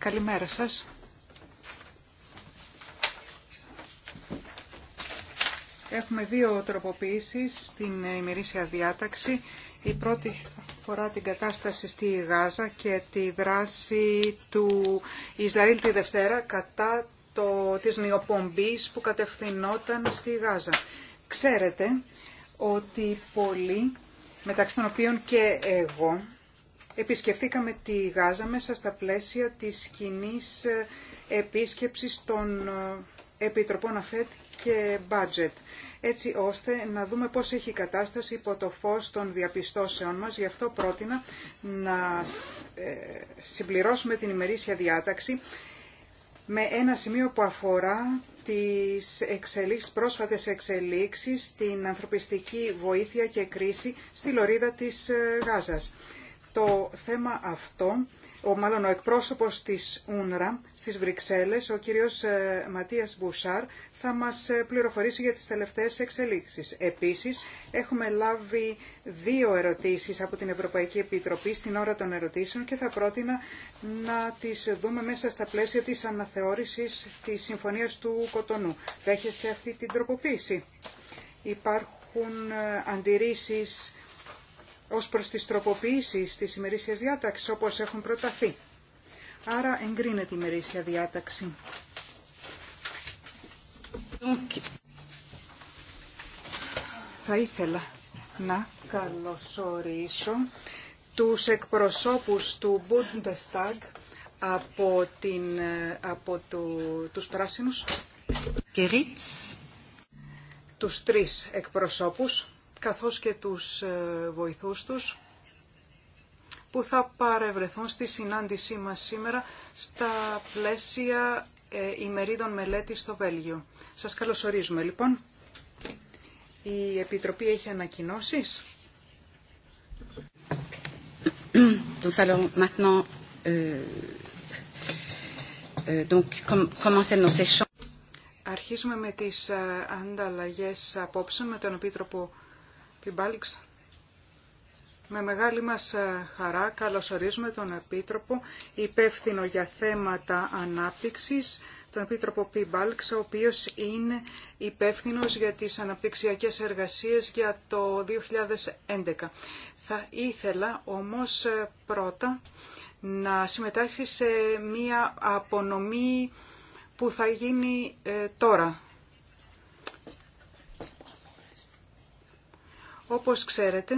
Καλημέρα σας. Έχουμε δύο τροποποιήσεις στην ημερήσια διάταξη. Η πρώτη φορά την κατάσταση στη Γάζα και τη δράση του Ισραήλ τη Δευτέρα κατά το, της νεοπομπής που κατευθυνόταν στη Γάζα. Ξέρετε ότι πολλοί μεταξύ των οποίων και εγώ, επισκεφθήκαμε τη Γάζα μέσα στα πλαίσια της κοινή ε, επίσκεψης των ε, Επιτροπών ΑΦΕΤ και Budget, έτσι ώστε να δούμε πώς έχει η κατάσταση υπό το φως των διαπιστώσεων μας. Γι' αυτό πρότεινα να ε, συμπληρώσουμε την ημερήσια διάταξη με ένα σημείο που αφορά τις εξελίξεις, πρόσφατες εξελίξεις στην ανθρωπιστική βοήθεια και κρίση στη λωρίδα της ε, Γάζας. Το θέμα αυτό ο, μάλλον ο εκπρόσωπος της Ούνρα στις Βρυξέλλες, ο κύριος ε, Ματίας Μπουσάρ, θα μας ε, πληροφορήσει για τις τελευταίες εξελίξεις. Επίσης, έχουμε λάβει δύο ερωτήσεις από την Ευρωπαϊκή Επιτροπή στην ώρα των ερωτήσεων και θα πρότεινα να τις δούμε μέσα στα πλαίσια της αναθεώρησης της Συμφωνίας του Κοτονού. Δέχεστε αυτή την τροποποίηση. Υπάρχουν ε, αντιρρήσεις ως προς τις τροποποιήσεις της ημερήσια διάταξης όπως έχουν προταθεί. Άρα εγκρίνεται η ημερήσια διάταξη. Θα ήθελα να καλωσορίσω τους εκπροσώπους του Bundestag από, την, από το, τους πράσινους. Τους τρεις εκπροσώπους καθώς και τους ε, βοηθούς τους που θα παρευρεθούν στη συνάντησή μας σήμερα στα πλαίσια ε, ημερίδων μελέτης στο Βέλγιο. Σας καλωσορίζουμε λοιπόν. Η Επιτροπή έχει ανακοινώσεις. maintenant euh, euh, Αρχίζουμε με τις ε, ανταλλαγές απόψεων με τον Επίτροπο με μεγάλη μας ε, χαρά καλωσορίζουμε τον Επίτροπο υπεύθυνο για θέματα ανάπτυξης, τον Επίτροπο Πιμπάλξ, ο οποίος είναι υπεύθυνο για τις αναπτυξιακές εργασίες για το 2011. Θα ήθελα όμως ε, πρώτα να συμμετάσχει σε μία απονομή που θα γίνει ε, τώρα Όπως ξέρετε,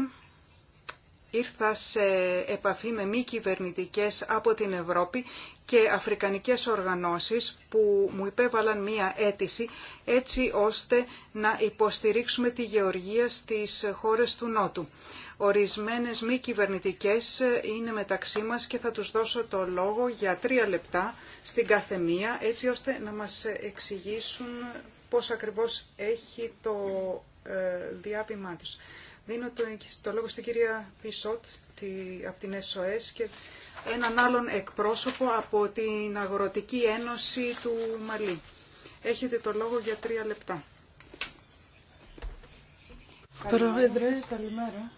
ήρθα σε επαφή με μη κυβερνητικέ από την Ευρώπη και αφρικανικές οργανώσεις που μου υπέβαλαν μία αίτηση έτσι ώστε να υποστηρίξουμε τη γεωργία στις χώρες του Νότου. Ορισμένες μη κυβερνητικέ είναι μεταξύ μας και θα τους δώσω το λόγο για τρία λεπτά στην καθεμία έτσι ώστε να μας εξηγήσουν πώς ακριβώς έχει το ε, διάπημά τους. Δίνω το, το λόγο στην κυρία Πισότ από την SOS και έναν άλλον εκπρόσωπο από την Αγροτική Ένωση του Μαλή. Έχετε το λόγο για τρία λεπτά. Πρόεδρε, καλημέρα.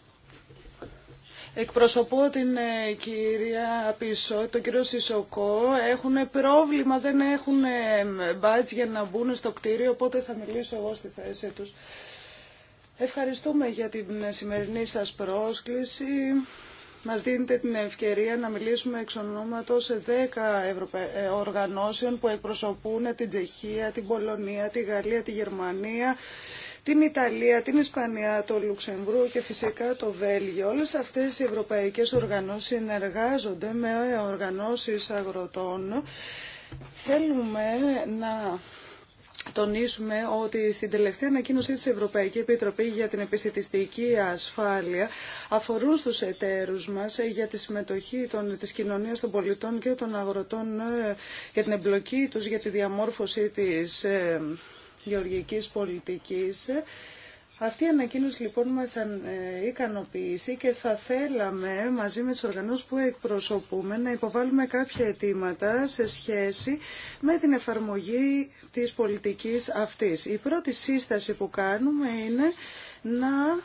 Εκπροσωπώ την ε, κυρία Πίσω, τον κύριο Σισοκό. Έχουν πρόβλημα, δεν έχουν ε, μπάτς για να μπουν στο κτίριο, οπότε θα μιλήσω εγώ στη θέση τους. Ευχαριστούμε για την σημερινή σας πρόσκληση. Μας δίνετε την ευκαιρία να μιλήσουμε εξ ονόματος 10 ε, οργανώσεων που εκπροσωπούν την Τσεχία, την Πολωνία, τη Γαλλία, τη Γερμανία, την Ιταλία, την Ισπανία, το Λουξεμβρού και φυσικά το Βέλγιο. Όλες αυτές οι ευρωπαϊκές οργανώσεις συνεργάζονται με οργανώσεις αγροτών. Θέλουμε να τονίσουμε ότι στην τελευταία ανακοίνωση της Ευρωπαϊκή Επιτροπή για την επιστημιστική ασφάλεια αφορούν στους εταίρους μας για τη συμμετοχή των, της κοινωνίας των πολιτών και των αγροτών ε, για την εμπλοκή τους για τη διαμόρφωση της ε, γεωργικής πολιτικής αυτή η ανακοίνωση λοιπόν μας ε, ικανοποιήσει και θα θέλαμε μαζί με τις οργανώσεις που εκπροσωπούμε να υποβάλουμε κάποια αιτήματα σε σχέση με την εφαρμογή της πολιτικής αυτής. Η πρώτη σύσταση που κάνουμε είναι να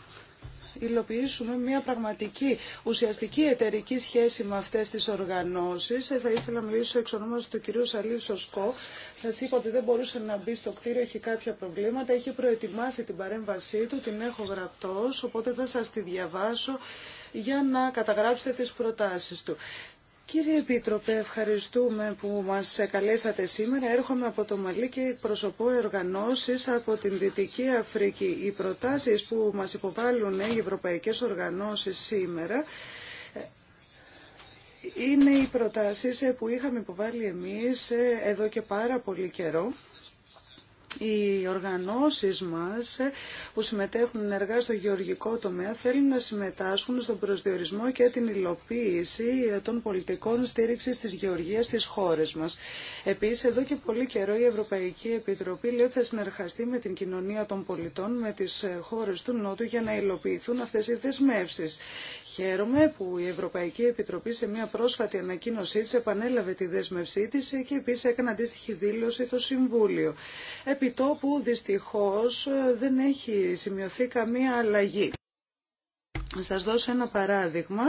υλοποιήσουμε μια πραγματική ουσιαστική εταιρική σχέση με αυτές τις οργανώσεις. Ε, θα ήθελα να μιλήσω εξ ονόματο του κυρίου Σαλή Σοσκό. Σα είπα ότι δεν μπορούσε να μπει στο κτίριο, έχει κάποια προβλήματα. Έχει προετοιμάσει την παρέμβασή του, την έχω γραπτό, οπότε θα σα τη διαβάσω για να καταγράψετε τις προτάσεις του. Κύριε Επίτροπε, ευχαριστούμε που μας καλέσατε σήμερα. Έρχομαι από το Μαλί και εκπροσωπώ οργανώσεις από την Δυτική Αφρική. Οι προτάσεις που μας υποβάλλουν οι ευρωπαϊκές οργανώσεις σήμερα ε, είναι οι προτάσεις που είχαμε υποβάλει εμείς ε, εδώ και πάρα πολύ καιρό οι οργανώσεις μας ε, που συμμετέχουν ενεργά στο γεωργικό τομέα θέλουν να συμμετάσχουν στον προσδιορισμό και την υλοποίηση ε, των πολιτικών στήριξης της γεωργίας στις χώρες μας. Επίσης, εδώ και πολύ καιρό η Ευρωπαϊκή Επιτροπή λέει ότι θα συνεργαστεί με την κοινωνία των πολιτών, με τις ε, χώρες του Νότου για να υλοποιηθούν αυτές οι δεσμεύσεις. Χαίρομαι που η Ευρωπαϊκή Επιτροπή σε μια πρόσφατη ανακοίνωσή της επανέλαβε τη δέσμευσή της και επίσης έκανε αντίστοιχη δήλωση το Συμβούλιο. Επιτόπου δυστυχώς δεν έχει σημειωθεί καμία αλλαγή. Σας δώσω ένα παράδειγμα.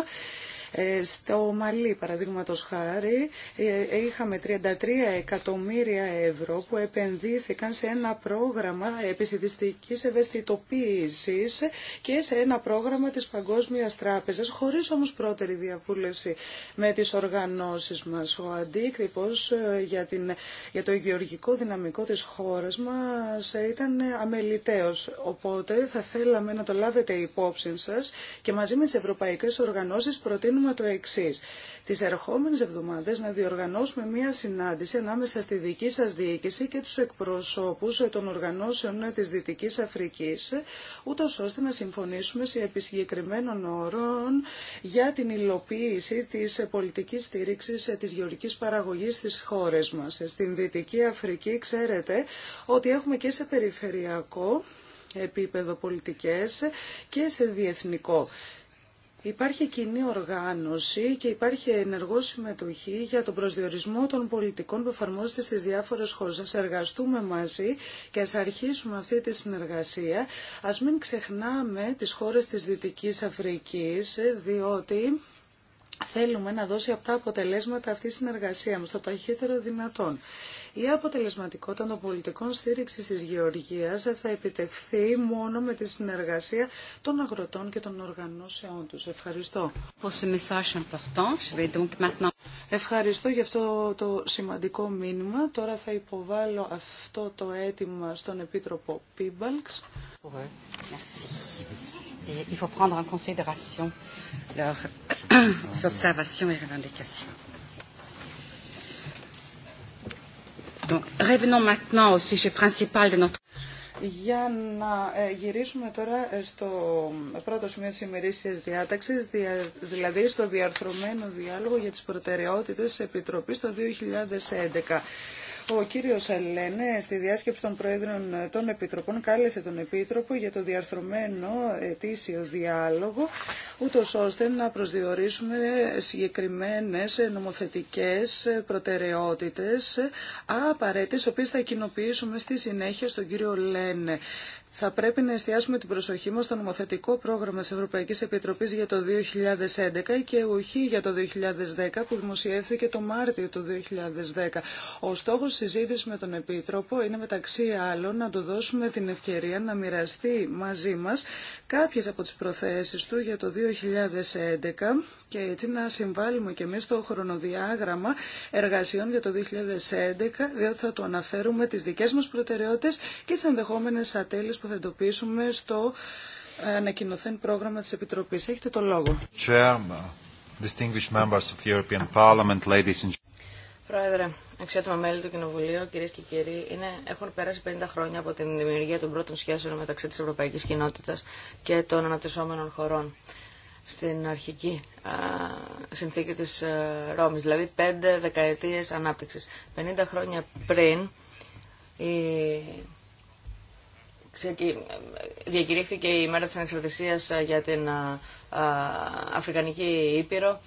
Ε, στο Μαλί, παραδείγματο χάρη, ε, είχαμε 33 εκατομμύρια ευρώ που επενδύθηκαν σε ένα πρόγραμμα επιστημιστική ευαισθητοποίησης και σε ένα πρόγραμμα της Παγκόσμια Τράπεζας, χωρίς όμως πρώτερη διαβούλευση με τις οργανώσεις μας. Ο αντίκτυπος ε, για, για το γεωργικό δυναμικό της χώρας μας ήταν αμεληταίο. Οπότε θα θέλαμε να το λάβετε υπόψη σα και μαζί με τι ευρωπαϊκέ οργανώσει προτείνουμε προτείνουμε το εξής. Τις ερχόμενες εβδομάδες να διοργανώσουμε μία συνάντηση ανάμεσα στη δική σας διοίκηση και τους εκπροσώπους των οργανώσεων της Δυτική Αφρικής, ούτω ώστε να συμφωνήσουμε σε επισκεκριμένων όρων για την υλοποίηση της πολιτικής στήριξη της γεωργικής παραγωγής στι χώρε μας. Στην Δυτική Αφρική ξέρετε ότι έχουμε και σε περιφερειακό επίπεδο πολιτικές και σε διεθνικό Υπάρχει κοινή οργάνωση και υπάρχει ενεργό συμμετοχή για τον προσδιορισμό των πολιτικών που εφαρμόζεται στις διάφορες χώρες. Ας εργαστούμε μαζί και ας αρχίσουμε αυτή τη συνεργασία. Ας μην ξεχνάμε τις χώρες της Δυτικής Αφρικής, διότι θέλουμε να δώσει τα αποτελέσματα αυτή η συνεργασία μας, το ταχύτερο δυνατόν. Η αποτελεσματικότητα των πολιτικών στήριξη τη γεωργίας θα επιτευχθεί μόνο με τη συνεργασία των αγροτών και των οργανώσεών του. Ευχαριστώ. Ευχαριστώ για αυτό το σημαντικό μήνυμα. Τώρα θα υποβάλω αυτό το αίτημα στον Επίτροπο Πίμπαλξ. Il faut prendre en considération leurs observations et revendications. Donc, Για να ε, γυρίσουμε τώρα ε, στο πρώτο σημείο της ημερήσιας διάταξης, δηλαδή στο διαρθρωμένο διάλογο για τις προτεραιότητες της Επιτροπής το 2011. Ο κύριος Ελένε στη διάσκεψη των Προέδρων των Επιτροπών κάλεσε τον Επίτροπο για το διαρθρωμένο ετήσιο διάλογο, ούτω ώστε να προσδιορίσουμε συγκεκριμένες νομοθετικές προτεραιότητες απαραίτητες, οποίες θα κοινοποιήσουμε στη συνέχεια στον κύριο Λένε θα πρέπει να εστιάσουμε την προσοχή μας στο νομοθετικό πρόγραμμα της Ευρωπαϊκής Επιτροπής για το 2011 και όχι για το 2010 που δημοσιεύθηκε το Μάρτιο του 2010. Ο στόχος συζήτηση με τον Επίτροπο είναι μεταξύ άλλων να του δώσουμε την ευκαιρία να μοιραστεί μαζί μας κάποιες από τις προθέσεις του για το 2011 και έτσι να συμβάλλουμε και εμείς στο χρονοδιάγραμμα εργασιών για το 2011, διότι θα το αναφέρουμε τις δικές μας προτεραιότητες και τις ενδεχόμενε ατέλειες που θα εντοπίσουμε στο ε, ανακοινωθέν πρόγραμμα της Επιτροπής. Έχετε το λόγο. Πρόεδρε, εξέτοιμα μέλη του Κοινοβουλίου, κυρίε και κύριοι, είναι, έχουν πέρασει 50 χρόνια από την δημιουργία των πρώτων σχέσεων μεταξύ τη Ευρωπαϊκή Κοινότητα και των αναπτυσσόμενων χωρών στην αρχική συνθήκη της Ρώμης, δηλαδή πέντε δεκαετίες ανάπτυξης. 50 χρόνια πριν η... διακηρύχθηκε η μέρα της ανεξαρτησίας για την Αφρικανική Ήπειρο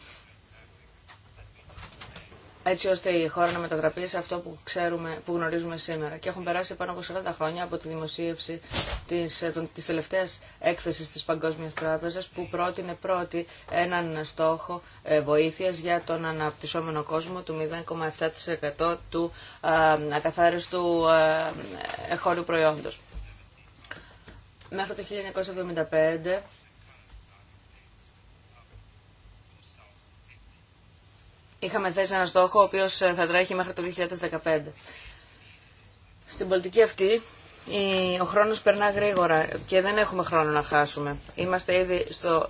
έτσι ώστε η χώρα να μετατραπεί σε αυτό που, ξέρουμε, που γνωρίζουμε σήμερα. Και έχουν περάσει πάνω από 40 χρόνια από τη δημοσίευση της, ε, της τελευταίας έκθεσης της Παγκόσμιας Τράπεζας που πρότεινε πρώτη έναν στόχο ε, βοήθειας για τον αναπτυσσόμενο κόσμο του 0,7% του ε, ακαθάριστου ε, χώρου προϊόντος. Μέχρι το 1975 είχαμε θέσει ένα στόχο ο οποίος ε, θα τρέχει μέχρι το 2015. Στην πολιτική αυτή ο χρόνος περνά γρήγορα και δεν έχουμε χρόνο να χάσουμε. Είμαστε ήδη στο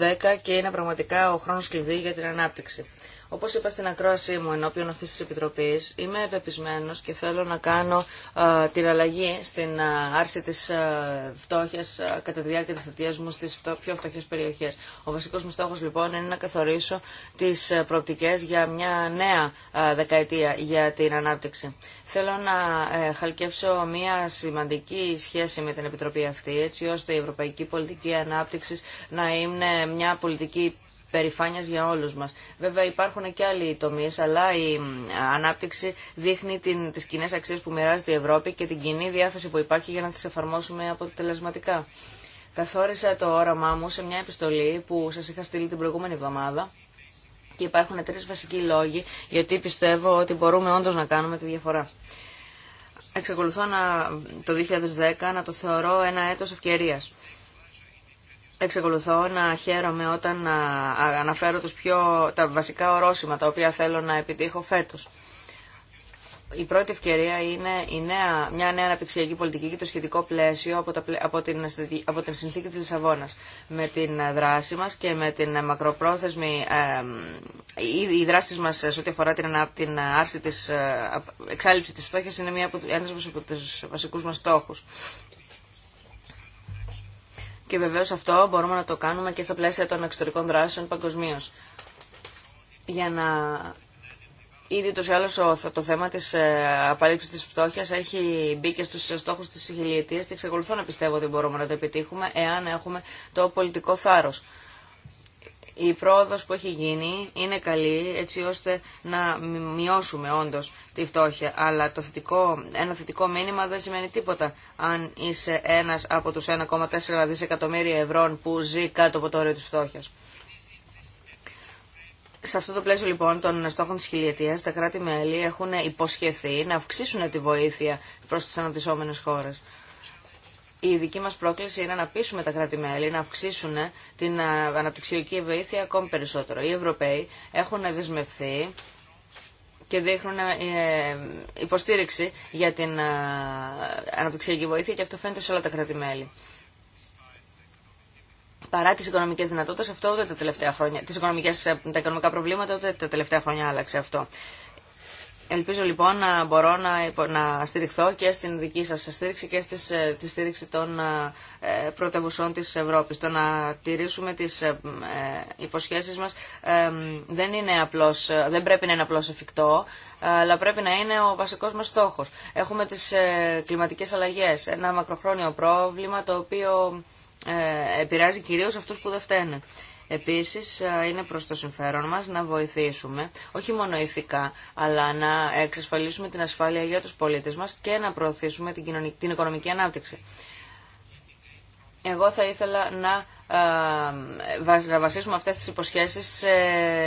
2010 και είναι πραγματικά ο χρόνος κλειδί για την ανάπτυξη. Όπω είπα στην ακρόασή μου ενώπιον αυτή τη επιτροπή, είμαι επεπισμένος και θέλω να κάνω ε, την αλλαγή στην ε, άρση της φτώχεια φτώχειας ε, κατά τη διάρκεια τη θετίας μου στι πιο φτωχέ περιοχέ. Ο βασικό μου στόχο λοιπόν είναι να καθορίσω τις ε, προοπτικέ για μια νέα δεκαετία για την ανάπτυξη. Θέλω να χαλκεύσω μια σημαντική σχέση με την Επιτροπή αυτή, έτσι ώστε η Ευρωπαϊκή Πολιτική Ανάπτυξη να είναι μια πολιτική περηφάνεια για όλου μα. Βέβαια υπάρχουν και άλλοι τομεί, αλλά η ανάπτυξη δείχνει τι κοινέ αξίε που μοιράζεται η Ευρώπη και την κοινή διάθεση που υπάρχει για να τι εφαρμόσουμε αποτελεσματικά. Καθόρισα το όραμά μου σε μια επιστολή που σα είχα στείλει την προηγούμενη εβδομάδα και υπάρχουν τρεις βασικοί λόγοι γιατί πιστεύω ότι μπορούμε όντως να κάνουμε τη διαφορά. Εξακολουθώ να, το 2010 να το θεωρώ ένα έτος ευκαιρίας. Εξακολουθώ να χαίρομαι όταν αναφέρω τους πιο, τα βασικά ορόσημα τα οποία θέλω να επιτύχω φέτος. Η πρώτη ευκαιρία είναι η νέα, μια νέα αναπτυξιακή πολιτική και το σχετικό πλαίσιο από, τα, από, την, από την συνθήκη της Λισαβόνας. Με την δράση μας και με την μακροπρόθεσμη, ε, η, η δράση μας σε ό,τι αφορά την, την άρση της ε, της φτώχειας είναι μια από, ένας από τους βασικούς μας στόχους. Και βεβαίω αυτό μπορούμε να το κάνουμε και στα πλαίσια των εξωτερικών δράσεων παγκοσμίω. Για να... Ήδη του ή το θέμα της ε, απαλήψη της φτώχεια έχει μπει και στους στόχου τη χιλιετίας και εξακολουθώ να πιστεύω ότι μπορούμε να το επιτύχουμε εάν έχουμε το πολιτικό θάρρο η πρόοδος που έχει γίνει είναι καλή έτσι ώστε να μειώσουμε όντως τη φτώχεια. Αλλά το θετικό, ένα θετικό μήνυμα δεν σημαίνει τίποτα αν είσαι ένας από τους 1,4 δισεκατομμύρια ευρώ που ζει κάτω από το όριο της φτώχειας. Σε αυτό το πλαίσιο λοιπόν των στόχων της χιλιετίας, τα κράτη-μέλη έχουν υποσχεθεί να αυξήσουν τη βοήθεια προς τις αναπτυσσόμενες χώρες η δική μας πρόκληση είναι να πείσουμε τα κράτη-μέλη να αυξήσουν ε, την ε, αναπτυξιακή βοήθεια ακόμη περισσότερο. Οι Ευρωπαίοι έχουν δεσμευθεί και δείχνουν ε, υποστήριξη για την αναπτυξιακή βοήθεια και αυτό φαίνεται σε όλα τα κράτη-μέλη. Παρά τις οικονομικές δυνατότητε, αυτό ούτε τα τελευταία χρόνια. Τις οικονομικές, τα οικονομικά προβλήματα ούτε τα τελευταία χρόνια άλλαξε αυτό. Ελπίζω λοιπόν να μπορώ να, στηριχθώ και στην δική σας στήριξη και στις, ε, τη στήριξη των ε, ε πρωτευουσών της Ευρώπης. Το να τηρήσουμε τις ε, ε υποσχέσεις μας δεν, είναι απλώς, δεν πρέπει να είναι απλώς εφικτό, αλλά πρέπει να είναι ο βασικός μας στόχος. Έχουμε τις κλιματικές αλλαγές, ένα μακροχρόνιο πρόβλημα το οποίο επηρεάζει κυρίως αυτούς που δεν φταίνε. Επίσης ε, είναι προς το συμφέρον μας να βοηθήσουμε, όχι μόνο ηθικά, αλλά να εξασφαλίσουμε την ασφάλεια για τους πολίτες μας και να προωθήσουμε την, κοινωνική, την οικονομική ανάπτυξη. Εγώ θα ήθελα να, ε, να βασίσουμε αυτές τις υποσχέσεις σε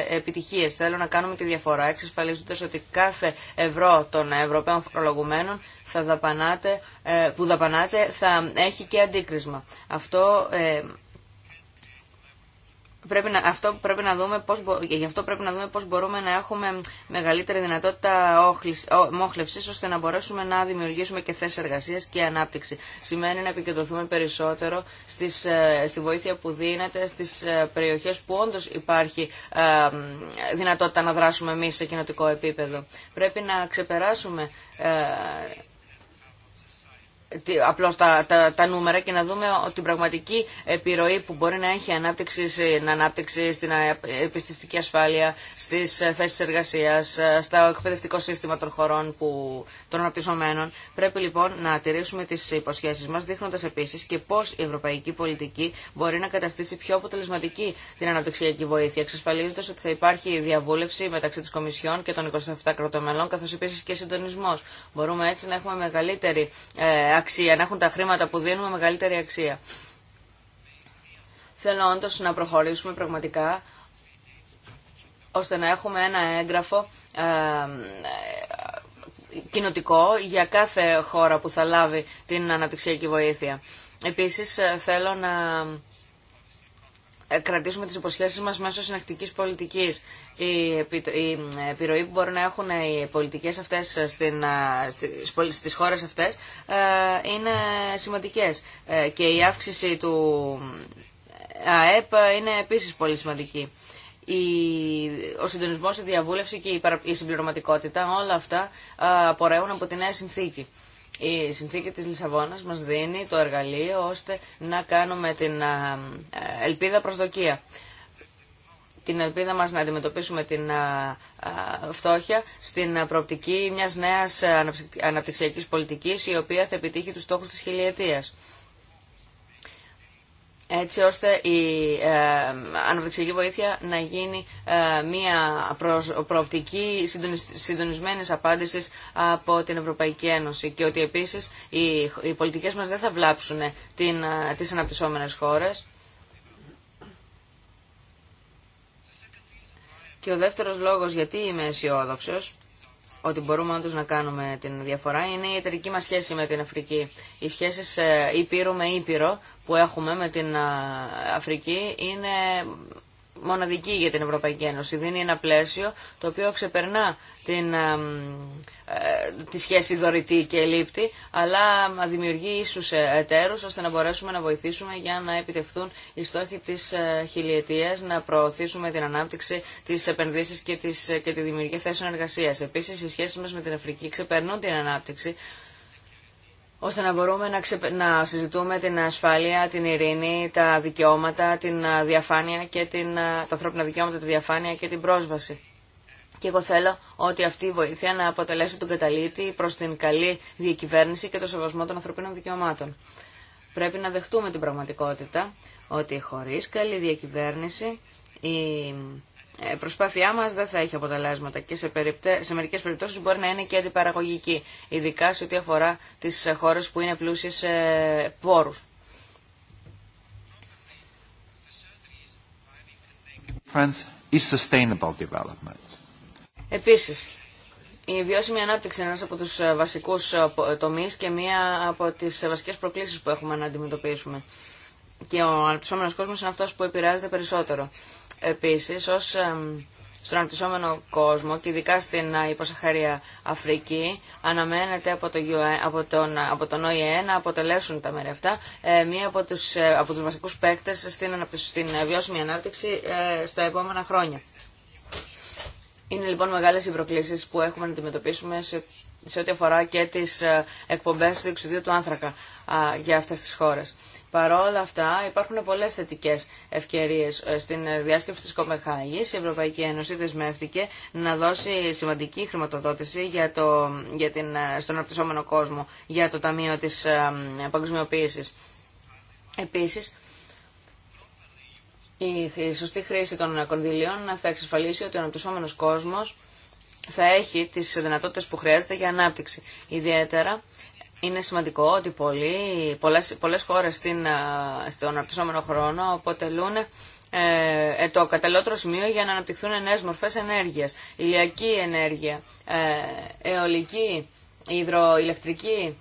επιτυχίες. Θέλω να κάνουμε τη διαφορά, εξασφαλίζοντας ότι κάθε ευρώ των Ευρωπαίων φορολογουμένων θα δαπανάτε, που δαπανάτε θα έχει και αντίκρισμα. Αυτό ε, πρέπει να, αυτό πρέπει να δούμε πώς, γι' αυτό πρέπει να δούμε πώς μπορούμε να έχουμε μεγαλύτερη δυνατότητα μόχλευσης ώστε να μπορέσουμε να δημιουργήσουμε και θέσεις εργασίας και ανάπτυξη. Σημαίνει να επικεντρωθούμε περισσότερο στις, ε, στη βοήθεια που δίνεται στις ε, περιοχές που όντως υπάρχει ε, δυνατότητα να δράσουμε εμείς σε κοινοτικό επίπεδο. Πρέπει να ξεπεράσουμε απλώς τα, τα, τα, νούμερα και να δούμε την πραγματική επιρροή που μπορεί να έχει ανάπτυξη, στην ανάπτυξη στην επιστηστική ασφάλεια, στις ε, θέσεις εργασίας, ε, στο εκπαιδευτικό σύστημα των χωρών που, των αναπτυσσομένων. Πρέπει λοιπόν να τηρήσουμε τις υποσχέσεις μας, δείχνοντας επίσης και πώς η ευρωπαϊκή πολιτική μπορεί να καταστήσει πιο αποτελεσματική την αναπτυξιακή βοήθεια, εξασφαλίζοντας ότι θα υπάρχει διαβούλευση μεταξύ της Κομισιόν και των 27 κρατομελών, καθώ επίση και συντονισμό. Μπορούμε έτσι να έχουμε μεγαλύτερη ε, αξία, να έχουν τα χρήματα που δίνουμε μεγαλύτερη αξία. Θέλω όντω να προχωρήσουμε πραγματικά ώστε να έχουμε ένα έγγραφο ε, ε, κοινοτικό για κάθε χώρα που θα λάβει την αναπτυξιακή βοήθεια. Επίσης ε, θέλω να κρατήσουμε τις υποσχέσεις μας μέσω συνακτικής πολιτικής. Η, ε, επιρροή που μπορούν να έχουν οι πολιτικές αυτές στην, ε, στις, στις χώρες αυτές ε, είναι σημαντικές. και η αύξηση του ΑΕΠ είναι επίσης πολύ σημαντική. ο συντονισμός, η διαβούλευση και η, συμπληρωματικότητα, όλα αυτά απορρέουν από τη νέα συνθήκη η συνθήκη της Λισαβόνας μας δίνει το εργαλείο ώστε να κάνουμε την ε, ελπίδα προσδοκία. Την ελπίδα μας να αντιμετωπίσουμε την φτώχεια στην προοπτική μιας νέας αναπτυξιακής πολιτικής η οποία θα επιτύχει τους στόχους της χιλιετίας έτσι ώστε η ε, βοήθεια να γίνει ε, μια προοπτική συντονισμένης απάντησης από την Ευρωπαϊκή Ένωση και ότι επίσης οι, οι πολιτικές μας δεν θα βλάψουν την, ε, τις αναπτυσσόμενες χώρες. Και ο δεύτερος λόγος γιατί είμαι αισιόδοξο ότι μπορούμε όντω να κάνουμε την διαφορά είναι η εταιρική μας σχέση με την Αφρική. Οι σχέσεις ε, Ήπειρο με Ήπειρο που έχουμε με την ε, Αφρική είναι μοναδική για την Ευρωπαϊκή Ένωση. Δίνει ένα πλαίσιο το οποίο ξεπερνά την, ε, τη σχέση δωρητή και λήπτη, αλλά δημιουργεί ίσους ε, εταίρους ώστε να μπορέσουμε να βοηθήσουμε για να επιτευχθούν οι στόχοι της ε, χιλιετίας, να προωθήσουμε την ανάπτυξη, τις επενδύσεις και, και τη δημιουργία θέσεων εργασίας. Επίσης, οι σχέσεις μας με την Αφρική ξεπερνούν την ανάπτυξη ώστε να μπορούμε να, να συζητούμε την ασφάλεια, την ειρήνη, τα δικαιώματα, την διαφάνεια και την... τα ανθρώπινα δικαιώματα, τη διαφάνεια και την πρόσβαση. Και εγώ θέλω ότι αυτή η βοήθεια να αποτελέσει τον καταλήτη προς την καλή διακυβέρνηση και το σεβασμό των ανθρωπίνων δικαιωμάτων. Πρέπει να δεχτούμε την πραγματικότητα ότι χωρίς καλή διακυβέρνηση η ε, προσπάθειά μας δεν θα έχει αποτελέσματα και σε, περιπτέ... σε μερικές περιπτώσεις μπορεί να είναι και αντιπαραγωγική, ειδικά σε ό,τι αφορά τις χώρες που είναι πλούσιες σε πόρους. Is Επίσης, η βιώσιμη ανάπτυξη είναι ένας από τους βασικούς ε, τομείς και μία από τις βασικές προκλήσεις που έχουμε να αντιμετωπίσουμε. Και ο αναπτυσσόμενο κόσμο είναι αυτό που επηρεάζεται περισσότερο. Επίσης, ως στον αναπτυσσόμενο κόσμο και ειδικά στην υποσαχαρία Αφρική αναμένεται από, το από, τον, από τον ΟΗΕ να αποτελέσουν τα μέρη αυτά ε, μία από τους, ε, από τους βασικούς παίκτες στην, στην ε, βιώσιμη ανάπτυξη στα επόμενα χρόνια. Είναι λοιπόν μεγάλες οι προκλήσεις που έχουμε να αντιμετωπίσουμε σε, σε ό,τι αφορά και τις εκπομπές του εξουδίου του άνθρακα για αυτές τις χώρες. Παρόλα αυτά, υπάρχουν πολλέ θετικέ ευκαιρίε. Ε, στην ε, διάσκεψη τη Κοπεχάγη, η Ευρωπαϊκή Ένωση δεσμεύτηκε να δώσει σημαντική χρηματοδότηση για το, για την, ε, στον αναπτυσσόμενο κόσμο για το Ταμείο τη Παγκοσμιοποίηση. Επίση, η σωστή χρήση των κονδυλίων θα εξασφαλίσει ότι ο αναπτυσσόμενο κόσμο θα έχει τις δυνατότητες που χρειάζεται για ανάπτυξη. Ιδιαίτερα είναι σημαντικό ότι πολλοί, πολλές, πολλές χώρες στον αναπτυσσόμενο χρόνο αποτελούν ε, ε, το καταλληλότερο σημείο για να αναπτυχθούν νέες μορφές ενέργειας. Ηλιακή ενέργεια, ε, αιωλική, υδροηλεκτρική.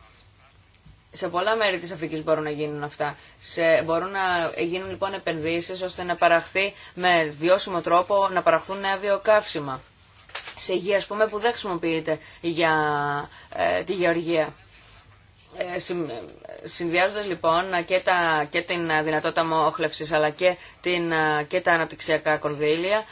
Σε πολλά μέρη της Αφρικής μπορούν να γίνουν αυτά. Σε, μπορούν να γίνουν λοιπόν επενδύσεις ώστε να παραχθεί με βιώσιμο τρόπο να παραχθούν νέα βιοκαύσιμα. Σε υγεία πούμε που δεν χρησιμοποιείται για ε, τη γεωργία. Ε, συνδυάζοντας λοιπόν και, τα, και την δυνατότητα μόχλευσης αλλά και, την, και τα αναπτυξιακά κονδύλια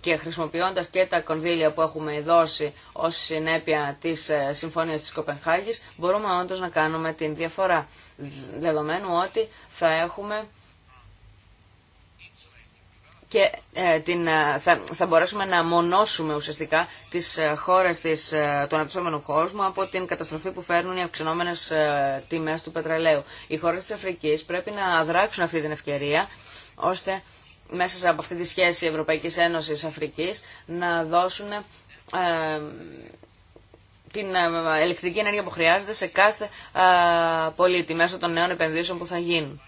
και χρησιμοποιώντας και τα κονδύλια που έχουμε δώσει ως συνέπεια της ε, Συμφωνίας της Κοπενχάγης μπορούμε όντως να κάνουμε την διαφορά δεδομένου ότι θα έχουμε και την, θα, θα μπορέσουμε να μονώσουμε ουσιαστικά τις χώρες της, του αναπτυσσόμενου κόσμου από την καταστροφή που φέρνουν οι αυξανόμενες τιμές του πετρελαίου. Οι χώρες της Αφρικής πρέπει να δράξουν αυτή την ευκαιρία ώστε μέσα από αυτή τη σχέση Ευρωπαϊκής Ένωσης Αφρικής να δώσουν την ηλεκτρική ενέργεια που χρειάζεται σε κάθε πολίτη μέσω των νέων επενδύσεων που θα γίνουν.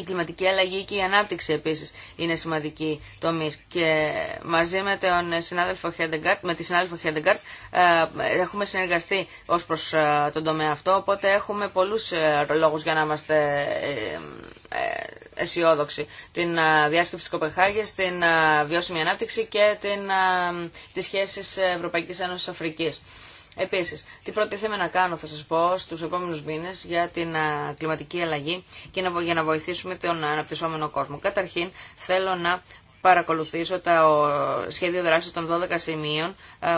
Η κλιματική αλλαγή και η ανάπτυξη επίσης είναι σημαντική τομή. και μαζί με, τον συνάδελφο Χέντεγκαρτ, με τη συνάδελφο Χέντεγκαρτ ε, έχουμε συνεργαστεί ως προς ε, τον τομέα αυτό οπότε έχουμε πολλούς ε, λόγου για να είμαστε αισιόδοξοι. Την διάσκεψη τη Κοπεχάγη, την βιώσιμη ανάπτυξη και την, τις σχέσεις Ευρωπαϊκής Ένωσης Αφρικής. Επίση, τι προτίθεμαι να κάνω, θα σας πω, στους επόμενου μήνε για την κλιματική αλλαγή και για να βοηθήσουμε τον αναπτυσσόμενο κόσμο. Καταρχήν, θέλω να παρακολουθήσω το σχέδιο δράσης των 12 σημείων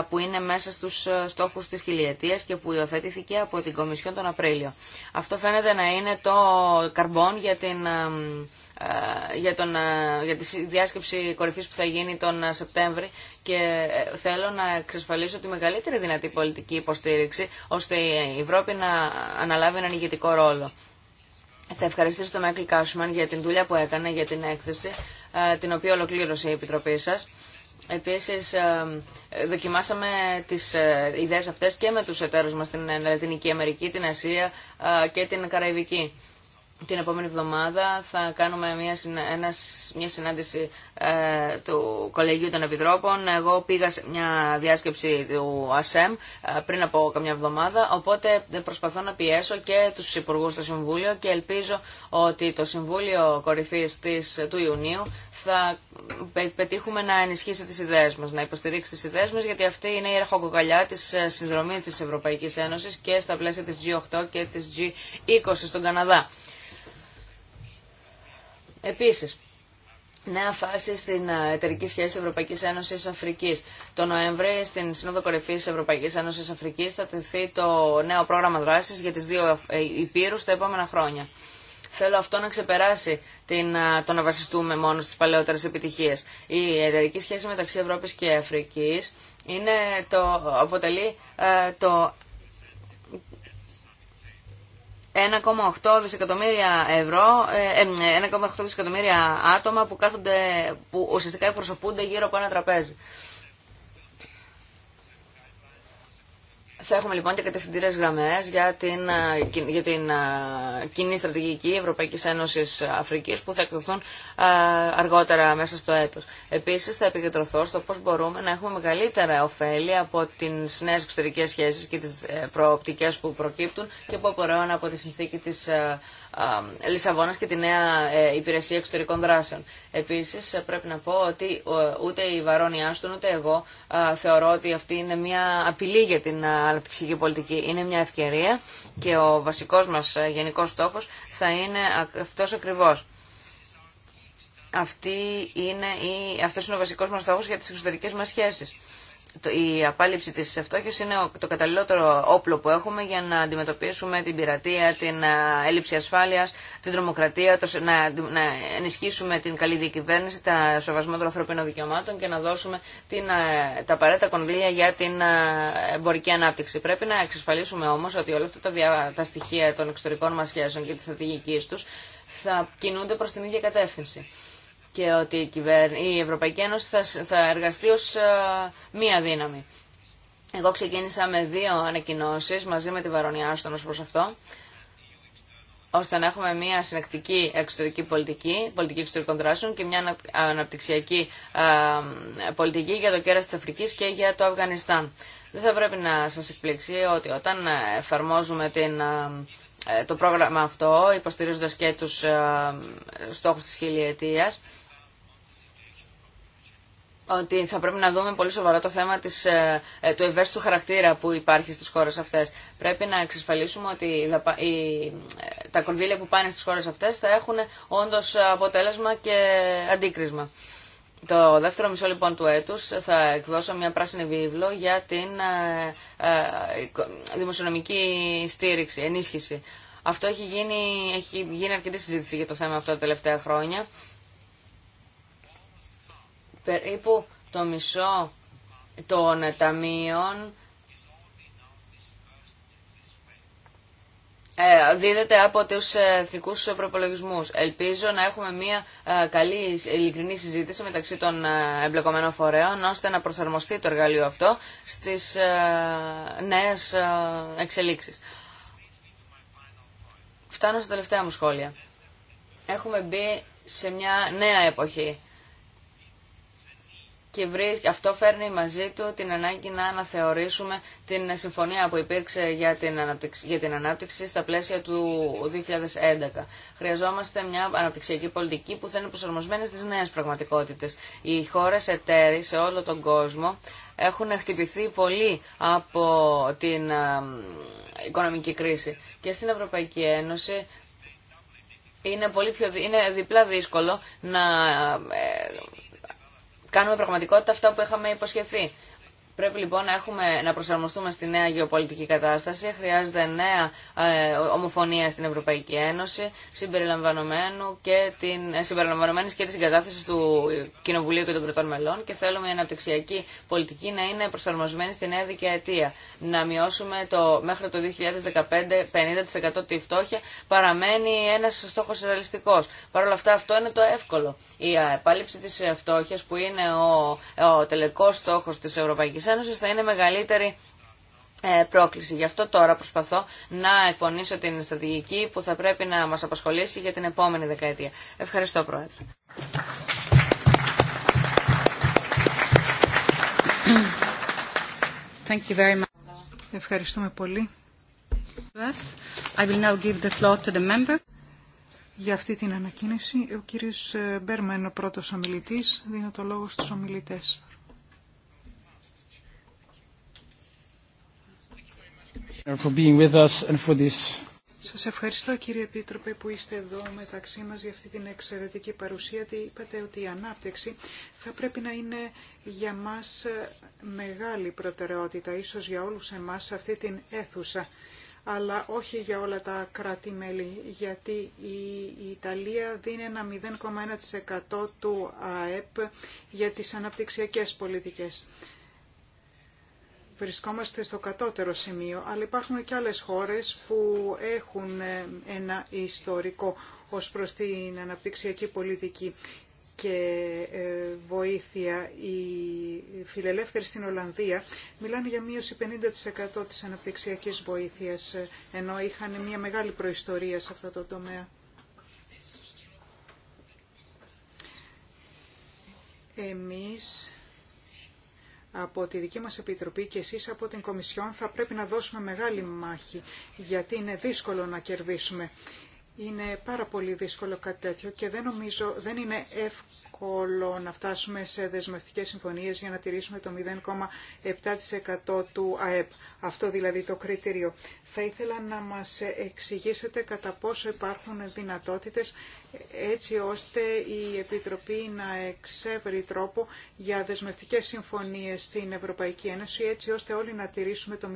που είναι μέσα στους στόχους της χιλιετίας και που υιοθετήθηκε από την Κομισιόν τον Απρίλιο. Αυτό φαίνεται να είναι το καρμπόν για την ε, για, τον, ε, για τη διάσκεψη κορυφής που θα γίνει τον ε, Σεπτέμβρη και θέλω να εξασφαλίσω τη μεγαλύτερη δυνατή πολιτική υποστήριξη ώστε η Ευρώπη να αναλάβει έναν ηγετικό ρόλο. Θα ευχαριστήσω τον Μέκλ Κάσμαν για την δουλειά που έκανε, για την έκθεση, την οποία ολοκλήρωσε η Επιτροπή σας. Επίσης, δοκιμάσαμε τις ιδέες αυτές και με τους εταίρους μας στην Λατινική Αμερική, την Ασία και την Καραϊβική την επόμενη εβδομάδα θα κάνουμε μια, μια συνάντηση ε, του Κολεγίου των Επιτρόπων. Εγώ πήγα σε μια διάσκεψη του ΑΣΕΜ ε, πριν από καμιά εβδομάδα, οπότε προσπαθώ να πιέσω και τους υπουργούς στο Συμβούλιο και ελπίζω ότι το Συμβούλιο Κορυφής της, του Ιουνίου θα πετύχουμε να ενισχύσει τις ιδέες μας, να υποστηρίξει τις ιδέες μας, γιατί αυτή είναι η ερχοκοκαλιά της ε, συνδρομής της Ευρωπαϊκής Ένωσης και στα πλαίσια της G8 και της G20 στον Καναδά. Επίσης, νέα φάση στην ε, εταιρική σχέση Ευρωπαϊκή Ένωση Αφρική. Το Νοέμβρη, στην Σύνοδο Κορυφή Ευρωπαϊκή Ένωση Αφρική, θα τεθεί το νέο πρόγραμμα δράση για τι δύο ε, υπήρου τα επόμενα χρόνια. Θέλω αυτό να ξεπεράσει την, ε, το να βασιστούμε μόνο στις παλαιότερες επιτυχίες. Η εταιρική σχέση μεταξύ Ευρώπης και Αφρικής αποτελεί το 1,8 δισεκατομμύρια ευρώ, 1,8 ε, ε, δισεκατομμύρια άτομα που, κάθονται, που ουσιαστικά εκπροσωπούνται γύρω από ένα τραπέζι. Θα έχουμε λοιπόν και κατευθυντήρες γραμμές για την, ε, για την ε, κοινή στρατηγική Ευρωπαϊκής Ένωσης Αφρικής που θα εκδοθούν ε, αργότερα μέσα στο έτος. Επίσης θα επικεντρωθώ στο πώς μπορούμε να έχουμε μεγαλύτερα ωφέλη από τις νέες εξωτερικές σχέσεις και τις προοπτικές που προκύπτουν και που απορρέουν από τη συνθήκη της Λισαβόνας και τη νέα ε, υπηρεσία εξωτερικών δράσεων. Επίσης ε, πρέπει να πω ότι ούτε η Βαρόνι Άστον ούτε εγώ θεωρώ ότι αυτή είναι μια απειλή για την αναπτυξιακή πολιτική. Είναι μια ευκαιρία και ο βασικός μας ε, γενικός στόχος θα είναι αυτός ακριβώς. Αυτή είναι η, αυτός είναι ο βασικός μας στόχος για τις εξωτερικές μας σχέσεις η απάλληψη της φτώχειας είναι το καταλληλότερο όπλο που έχουμε για να αντιμετωπίσουμε την πειρατεία, την έλλειψη ασφάλειας, την τρομοκρατία, να, ενισχύσουμε την καλή διακυβέρνηση, τα σοβασμό των ανθρωπίνων δικαιωμάτων και να δώσουμε την, τα απαραίτητα κονδύλια για την εμπορική ανάπτυξη. Πρέπει να εξασφαλίσουμε όμως ότι όλα αυτά τα, τα στοιχεία των εξωτερικών μας σχέσεων και της στρατηγικής τους θα κινούνται προς την ίδια κατεύθυνση και ότι η, Ευρωπαϊκή Ένωση θα, θα εργαστεί ως ε, μία δύναμη. Εγώ ξεκίνησα με δύο ανακοινώσεις μαζί με τη Βαρονιά Άστον ως προς αυτό, ώστε να έχουμε μία συνεκτική εξωτερική πολιτική, πολιτική εξωτερικών δράσεων και μια αναπτυξιακή ε, πολιτική για το κέρας της Αφρικής και για το Αφγανιστάν. Δεν θα πρέπει να σας εκπληξεί ότι όταν εφαρμόζουμε την ε, ε, το πρόγραμμα αυτό, υποστηρίζοντας και τους ε, στόχους της χιλιετίας, ότι θα πρέπει να δούμε πολύ σοβαρά το θέμα της, ε, του ευαίσθητου χαρακτήρα που υπάρχει στις χώρες αυτές. Πρέπει να εξασφαλίσουμε ότι τα κονδύλια που πάνε στις χώρες αυτές θα έχουν όντως αποτέλεσμα και αντίκρισμα. Το δεύτερο μισό λοιπόν του έτους θα εκδώσω μια πράσινη βίβλο για την ε, ε, δημοσιονομική στήριξη, ενίσχυση. Αυτό έχει γίνει, έχει γίνει αρκετή συζήτηση για το θέμα αυτό τα τελευταία χρόνια. Περίπου το μισό των ταμείων Ε, δίδεται από του ε, εθνικού προπολογισμού. Ελπίζω να έχουμε μια ε, καλή ειλικρινή συζήτηση μεταξύ των εμπλεκομένων φορέων ώστε να προσαρμοστεί το εργαλείο αυτό στις νέες εξελίξεις. Φτάνω στα τελευταία μου σχόλια. Έχουμε μπει σε μια νέα εποχή και αυτό φέρνει μαζί του την ανάγκη να αναθεωρήσουμε την συμφωνία που υπήρξε για την, ανάπτυξη, για την ανάπτυξη στα πλαίσια του 2011. Χρειαζόμαστε μια αναπτυξιακή πολιτική που θα είναι προσαρμοσμένη στις νέες πραγματικότητες. Οι χώρες εταίροι σε όλο τον κόσμο έχουν χτυπηθεί πολύ από την ε, οικονομική κρίση. Και στην Ευρωπαϊκή Ένωση είναι, πολύ είναι διπλά δύσκολο να ε, κάνουμε πραγματικότητα αυτά που είχαμε υποσχεθεί. Πρέπει λοιπόν να, έχουμε, να προσαρμοστούμε στη νέα γεωπολιτική κατάσταση. Χρειάζεται νέα ε, ομοφωνία στην Ευρωπαϊκή Ένωση, συμπεριλαμβανομένου και την, ε, συμπεριλαμβανομένης και της εγκατάθεσης του Κοινοβουλίου και των Κρετών μελών και θέλουμε η αναπτυξιακή πολιτική να είναι προσαρμοσμένη στη νέα δικαιατία. Να μειώσουμε το, μέχρι το 2015 50% τη φτώχεια παραμένει ένας στόχος ρεαλιστικός. Παρ' όλα αυτά αυτό είναι το εύκολο. Η ε, επάλυψη της φτώχεια που είναι ο, ο τελικός στόχος της Ευρωπαϊκής Ένωση θα είναι μεγαλύτερη ε, πρόκληση. Γι' αυτό τώρα προσπαθώ να εκπονήσω την στρατηγική που θα πρέπει να μας απασχολήσει για την επόμενη δεκαετία. Ευχαριστώ Πρόεδρε. Thank you very much. Ευχαριστούμε πολύ. I will now give the floor to the member. Για αυτή την ανακοίνωση, ο κύριος είναι ο πρώτος ομιλητής, δίνω το λόγο στους ομιλητές. Σα ευχαριστώ κύριε Επίτροπε που είστε εδώ μεταξύ μας για αυτή την εξαιρετική παρουσία. Είπατε ότι η ανάπτυξη θα πρέπει να είναι για μας ε, μεγάλη προτεραιότητα, ίσως για όλους εμάς σε αυτή την αίθουσα, αλλά όχι για όλα τα κράτη-μέλη, γιατί η Ιταλία δίνει ένα 0,1% του ΑΕΠ για τις αναπτυξιακές πολιτικές βρισκόμαστε στο κατώτερο σημείο, αλλά υπάρχουν και άλλες χώρες που έχουν ε, ένα ιστορικό ως προς την αναπτυξιακή πολιτική και ε, βοήθεια. Οι φιλελεύθεροι στην Ολλανδία μιλάνε για μείωση 50% της αναπτυξιακής βοήθειας, ε, ενώ είχαν μια μεγάλη προϊστορία σε αυτό το τομέα. Εμείς από τη δική μας Επιτροπή και εσείς από την Κομισιόν θα πρέπει να δώσουμε μεγάλη μάχη γιατί είναι δύσκολο να κερδίσουμε. Είναι πάρα πολύ δύσκολο κάτι τέτοιο και δεν νομίζω, δεν είναι εύκολο να φτάσουμε σε δεσμευτικές συμφωνίες για να τηρήσουμε το 0,7% του ΑΕΠ. Αυτό δηλαδή το κριτήριο. Θα ήθελα να μας εξηγήσετε κατά πόσο υπάρχουν δυνατότητες έτσι ώστε η Επιτροπή να εξεύρει τρόπο για δεσμευτικές συμφωνίες στην Ευρωπαϊκή Ένωση έτσι ώστε όλοι να τηρήσουμε το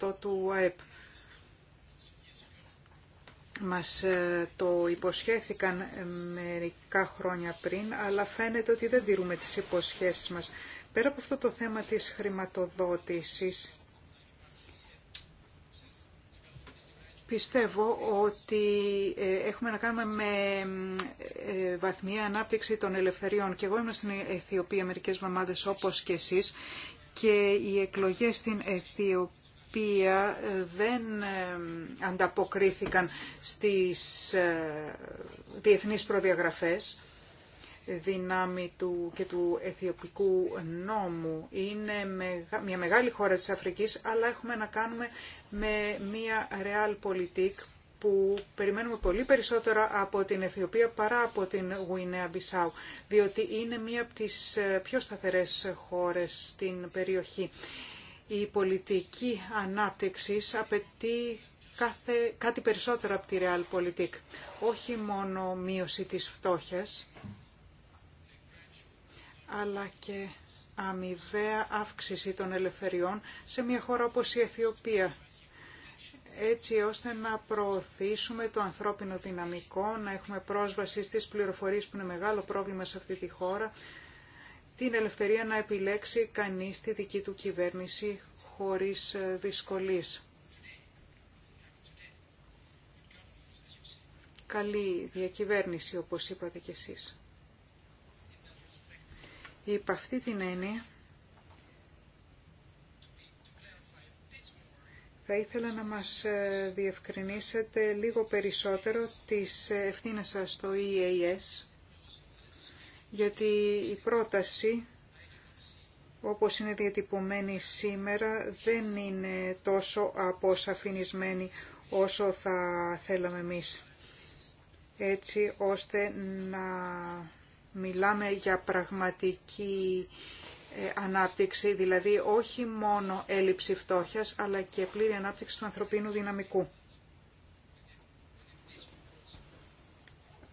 0,7% του ΑΕΠ. Μας ε, το υποσχέθηκαν ε, μερικά χρόνια πριν, αλλά φαίνεται ότι δεν τηρούμε τις υποσχέσεις μας. Πέρα από αυτό το θέμα της χρηματοδότησης, πιστεύω ότι ε, έχουμε να κάνουμε με βαθμία ανάπτυξη των ελευθεριών. Και εγώ ήμουν στην Αιθιοπία μερικές βαμάδες όπως και εσείς και οι εκλογές στην Αιθιοπία οποία ε, δεν ε, ανταποκρίθηκαν στις ε, διεθνείς προδιαγραφές δυνάμει του και του αιθιοπικού νόμου. Είναι μια μεγάλη χώρα της Αφρικής, αλλά έχουμε να κάνουμε με μια realpolitik που περιμένουμε πολύ περισσότερα από την Αιθιοπία παρά από την Γουινέα Μπισάου, διότι είναι μία από τις πιο σταθερές χώρες στην περιοχή. Η πολιτική ανάπτυξη απαιτεί κάθε, κάτι περισσότερο από τη Realpolitik. Όχι μόνο μείωση της φτώχειας, αλλά και αμοιβαία αύξηση των ελευθεριών σε μια χώρα όπως η Αιθιοπία έτσι ώστε να προωθήσουμε το ανθρώπινο δυναμικό, να έχουμε πρόσβαση στις πληροφορίες που είναι μεγάλο πρόβλημα σε αυτή τη χώρα, την ελευθερία να επιλέξει κανείς τη δική του κυβέρνηση χωρίς ε, δυσκολίες. Καλή διακυβέρνηση, όπως είπατε κι εσείς. Υπ' αυτή την έννοια, θα ήθελα να μας ε, διευκρινίσετε λίγο περισσότερο τις ε, ευθύνες σας στο EAS γιατί η πρόταση όπως είναι διατυπωμένη σήμερα δεν είναι τόσο αποσαφηνισμένη όσο θα θέλαμε εμείς. Έτσι ώστε να μιλάμε για πραγματική ε, ανάπτυξη, δηλαδή όχι μόνο έλλειψη φτώχειας, αλλά και πλήρη ανάπτυξη του ανθρωπίνου δυναμικού.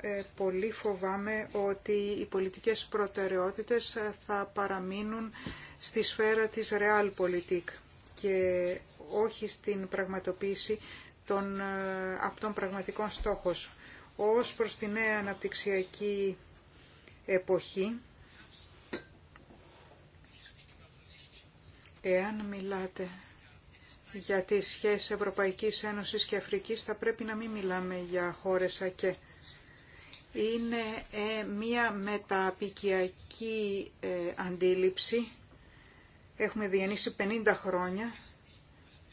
ε, πολύ φοβάμαι ότι οι πολιτικές προτεραιότητες θα παραμείνουν στη σφαίρα της realpolitik και όχι στην πραγματοποίηση των ε, αυτών πραγματικών στόχων. Ως προς τη νέα αναπτυξιακή εποχή, εάν μιλάτε για τις σχέσεις Ευρωπαϊκής Ένωσης και Αφρικής, θα πρέπει να μην μιλάμε για χώρες ΑΚΕ είναι ε, μία μεταπικιακή ε, αντίληψη. Έχουμε διανύσει 50 χρόνια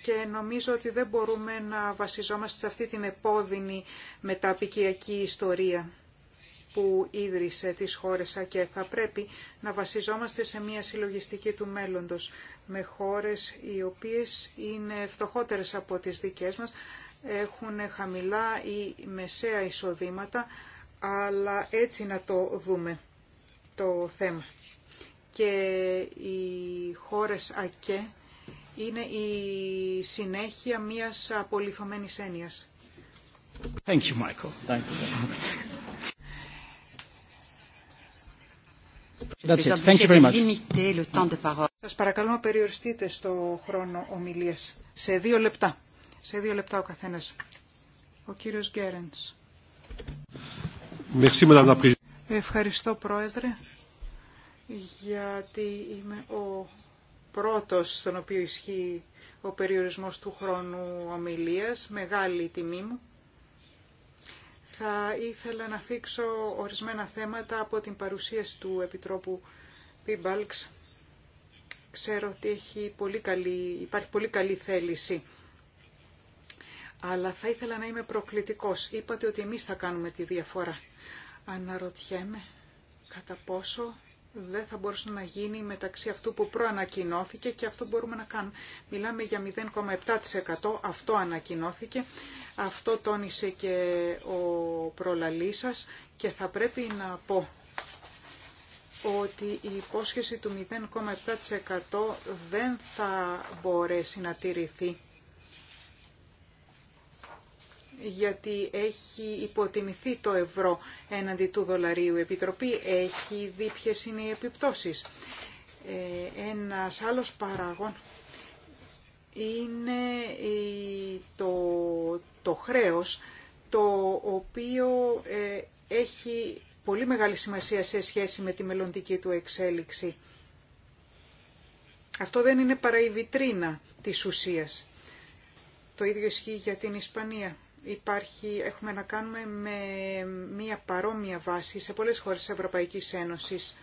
και νομίζω ότι δεν μπορούμε να βασιζόμαστε σε αυτή την επώδυνη μεταπικιακή ιστορία που ίδρυσε τις χώρες και Θα πρέπει να βασιζόμαστε σε μια συλλογιστική του μέλλοντος με χώρες οι οποίες είναι φτωχότερες από τις δικές μας, έχουν χαμηλά ή μεσαία εισοδήματα, αλλά έτσι να το δούμε το θέμα. Και οι χώρες ΑΚΕ είναι η συνέχεια μιας απολυθωμένης έννοιας. Thank you, Michael. Thank you. παρακαλώ να περιοριστείτε στο χρόνο ομιλίας. Σε δύο λεπτά. Σε δύο λεπτά ο καθένας. Ο κύριος Γκέρενς. Ευχαριστώ Πρόεδρε, γιατί είμαι ο πρώτος στον οποίο ισχύει ο περιορισμός του χρόνου ομιλίας, μεγάλη τιμή μου. Θα ήθελα να θίξω ορισμένα θέματα από την παρουσίαση του Επιτρόπου Πιμπάλξ. Ξέρω ότι έχει πολύ καλή, υπάρχει πολύ καλή θέληση. Αλλά θα ήθελα να είμαι προκλητικός. Είπατε ότι εμείς θα κάνουμε τη διαφορά. Αναρωτιέμαι κατά πόσο δεν θα μπορούσε να γίνει μεταξύ αυτού που προανακοινώθηκε και αυτό μπορούμε να κάνουμε. Μιλάμε για 0,7%. Αυτό ανακοινώθηκε. Αυτό τόνισε και ο προλαλής σας και θα πρέπει να πω ότι η υπόσχεση του 0,7% δεν θα μπορέσει να τηρηθεί γιατί έχει υποτιμηθεί το ευρώ έναντι του δολαρίου. Η Επιτροπή έχει δει ποιε είναι οι επιπτώσεις. Ε, ένας άλλος παράγον είναι το, το χρέος, το οποίο ε, έχει πολύ μεγάλη σημασία σε σχέση με τη μελλοντική του εξέλιξη. Αυτό δεν είναι παρά η βιτρίνα της ουσίας. Το ίδιο ισχύει για την Ισπανία υπάρχει, έχουμε να κάνουμε με μια παρόμοια βάση σε πολλές χώρες της Ευρωπαϊκής Ένωσης.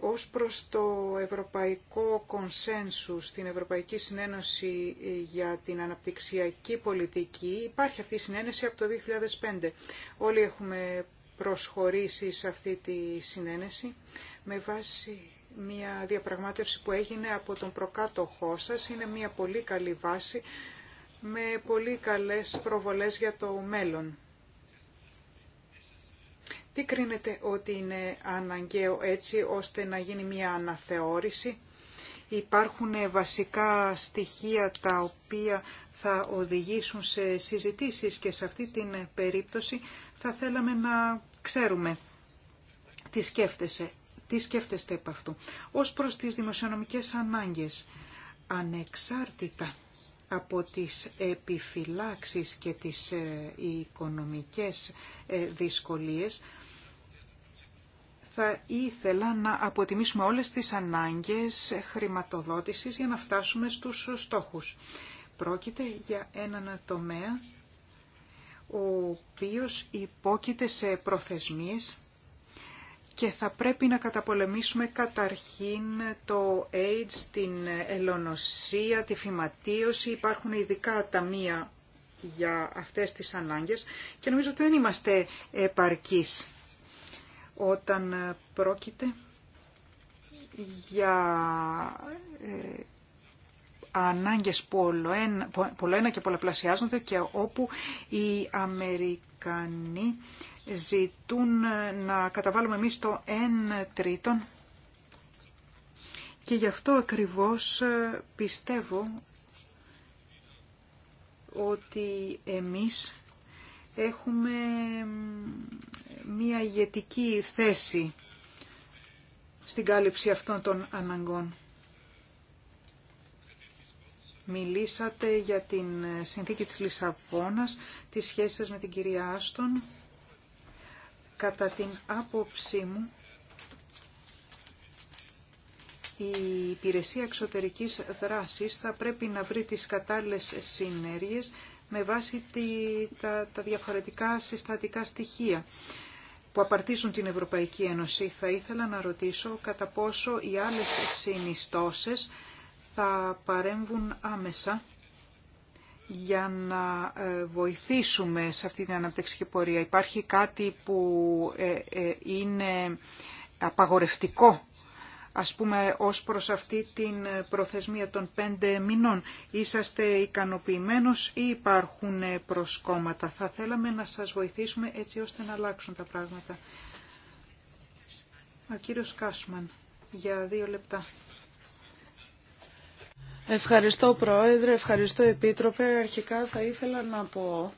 Ως προς το ευρωπαϊκό κονσένσου στην Ευρωπαϊκή Συνένωση για την Αναπτυξιακή Πολιτική υπάρχει αυτή η συνένεση από το 2005. Όλοι έχουμε προσχωρήσει σε αυτή τη συνένεση με βάση μια διαπραγμάτευση που έγινε από τον προκάτοχό σας. Είναι μια πολύ καλή βάση με πολύ καλές προβολές για το μέλλον. Τι κρίνεται ότι είναι αναγκαίο έτσι ώστε να γίνει μια αναθεώρηση. Υπάρχουν βασικά στοιχεία τα οποία θα οδηγήσουν σε συζητήσεις και σε αυτή την περίπτωση θα θέλαμε να ξέρουμε τι σκέφτεσαι, τι σκέφτεστε επ' αυτού. Ως προς τις δημοσιονομικές ανάγκες, ανεξάρτητα από τις επιφυλάξεις και τις ε, οικονομικές ε, δυσκολίες, θα ήθελα να αποτιμήσουμε όλες τις ανάγκες χρηματοδότησης για να φτάσουμε στους στόχους. Πρόκειται για έναν τομέα ο οποίος υπόκειται σε προθεσμίες και θα πρέπει να καταπολεμήσουμε καταρχήν το AIDS, την ελονοσία, τη φυματίωση. Υπάρχουν ειδικά ταμεία για αυτές τις ανάγκες και νομίζω ότι δεν είμαστε επαρκείς όταν πρόκειται για ε, ανάγκες πολλοένα και πολλαπλασιάζονται και όπου οι Αμερικανοί ζητούν ε, να καταβάλουμε εμείς το 1 τρίτον και γι' αυτό ακριβώς ε, πιστεύω ότι εμείς έχουμε μία ηγετική θέση στην κάλυψη αυτών των αναγκών. Μιλήσατε για την ε, συνθήκη της Λισαβόνας, τις σχέσεις με την κυρία Άστον Κατά την άποψή μου, η υπηρεσία εξωτερικής δράσης θα πρέπει να βρει τις κατάλληλες συνέργειες με βάση τη, τα, τα διαφορετικά συστατικά στοιχεία που απαρτίζουν την Ευρωπαϊκή Ένωση. Θα ήθελα να ρωτήσω κατά πόσο οι άλλες συνιστώσεις θα παρέμβουν άμεσα για να ε, βοηθήσουμε σε αυτή την αναπτυξική πορεία. Υπάρχει κάτι που ε, ε, είναι απαγορευτικό, ας πούμε, ως προς αυτή την προθεσμία των πέντε μηνών. Είσαστε ικανοποιημένος ή υπάρχουν προσκόμματα. Θα θέλαμε να σας βοηθήσουμε έτσι ώστε να αλλάξουν τα πράγματα. Ο κύριος Κάσμαν, για δύο λεπτά. Ευχαριστώ Πρόεδρε, ευχαριστώ Επίτροπε. Αρχικά θα ήθελα να πω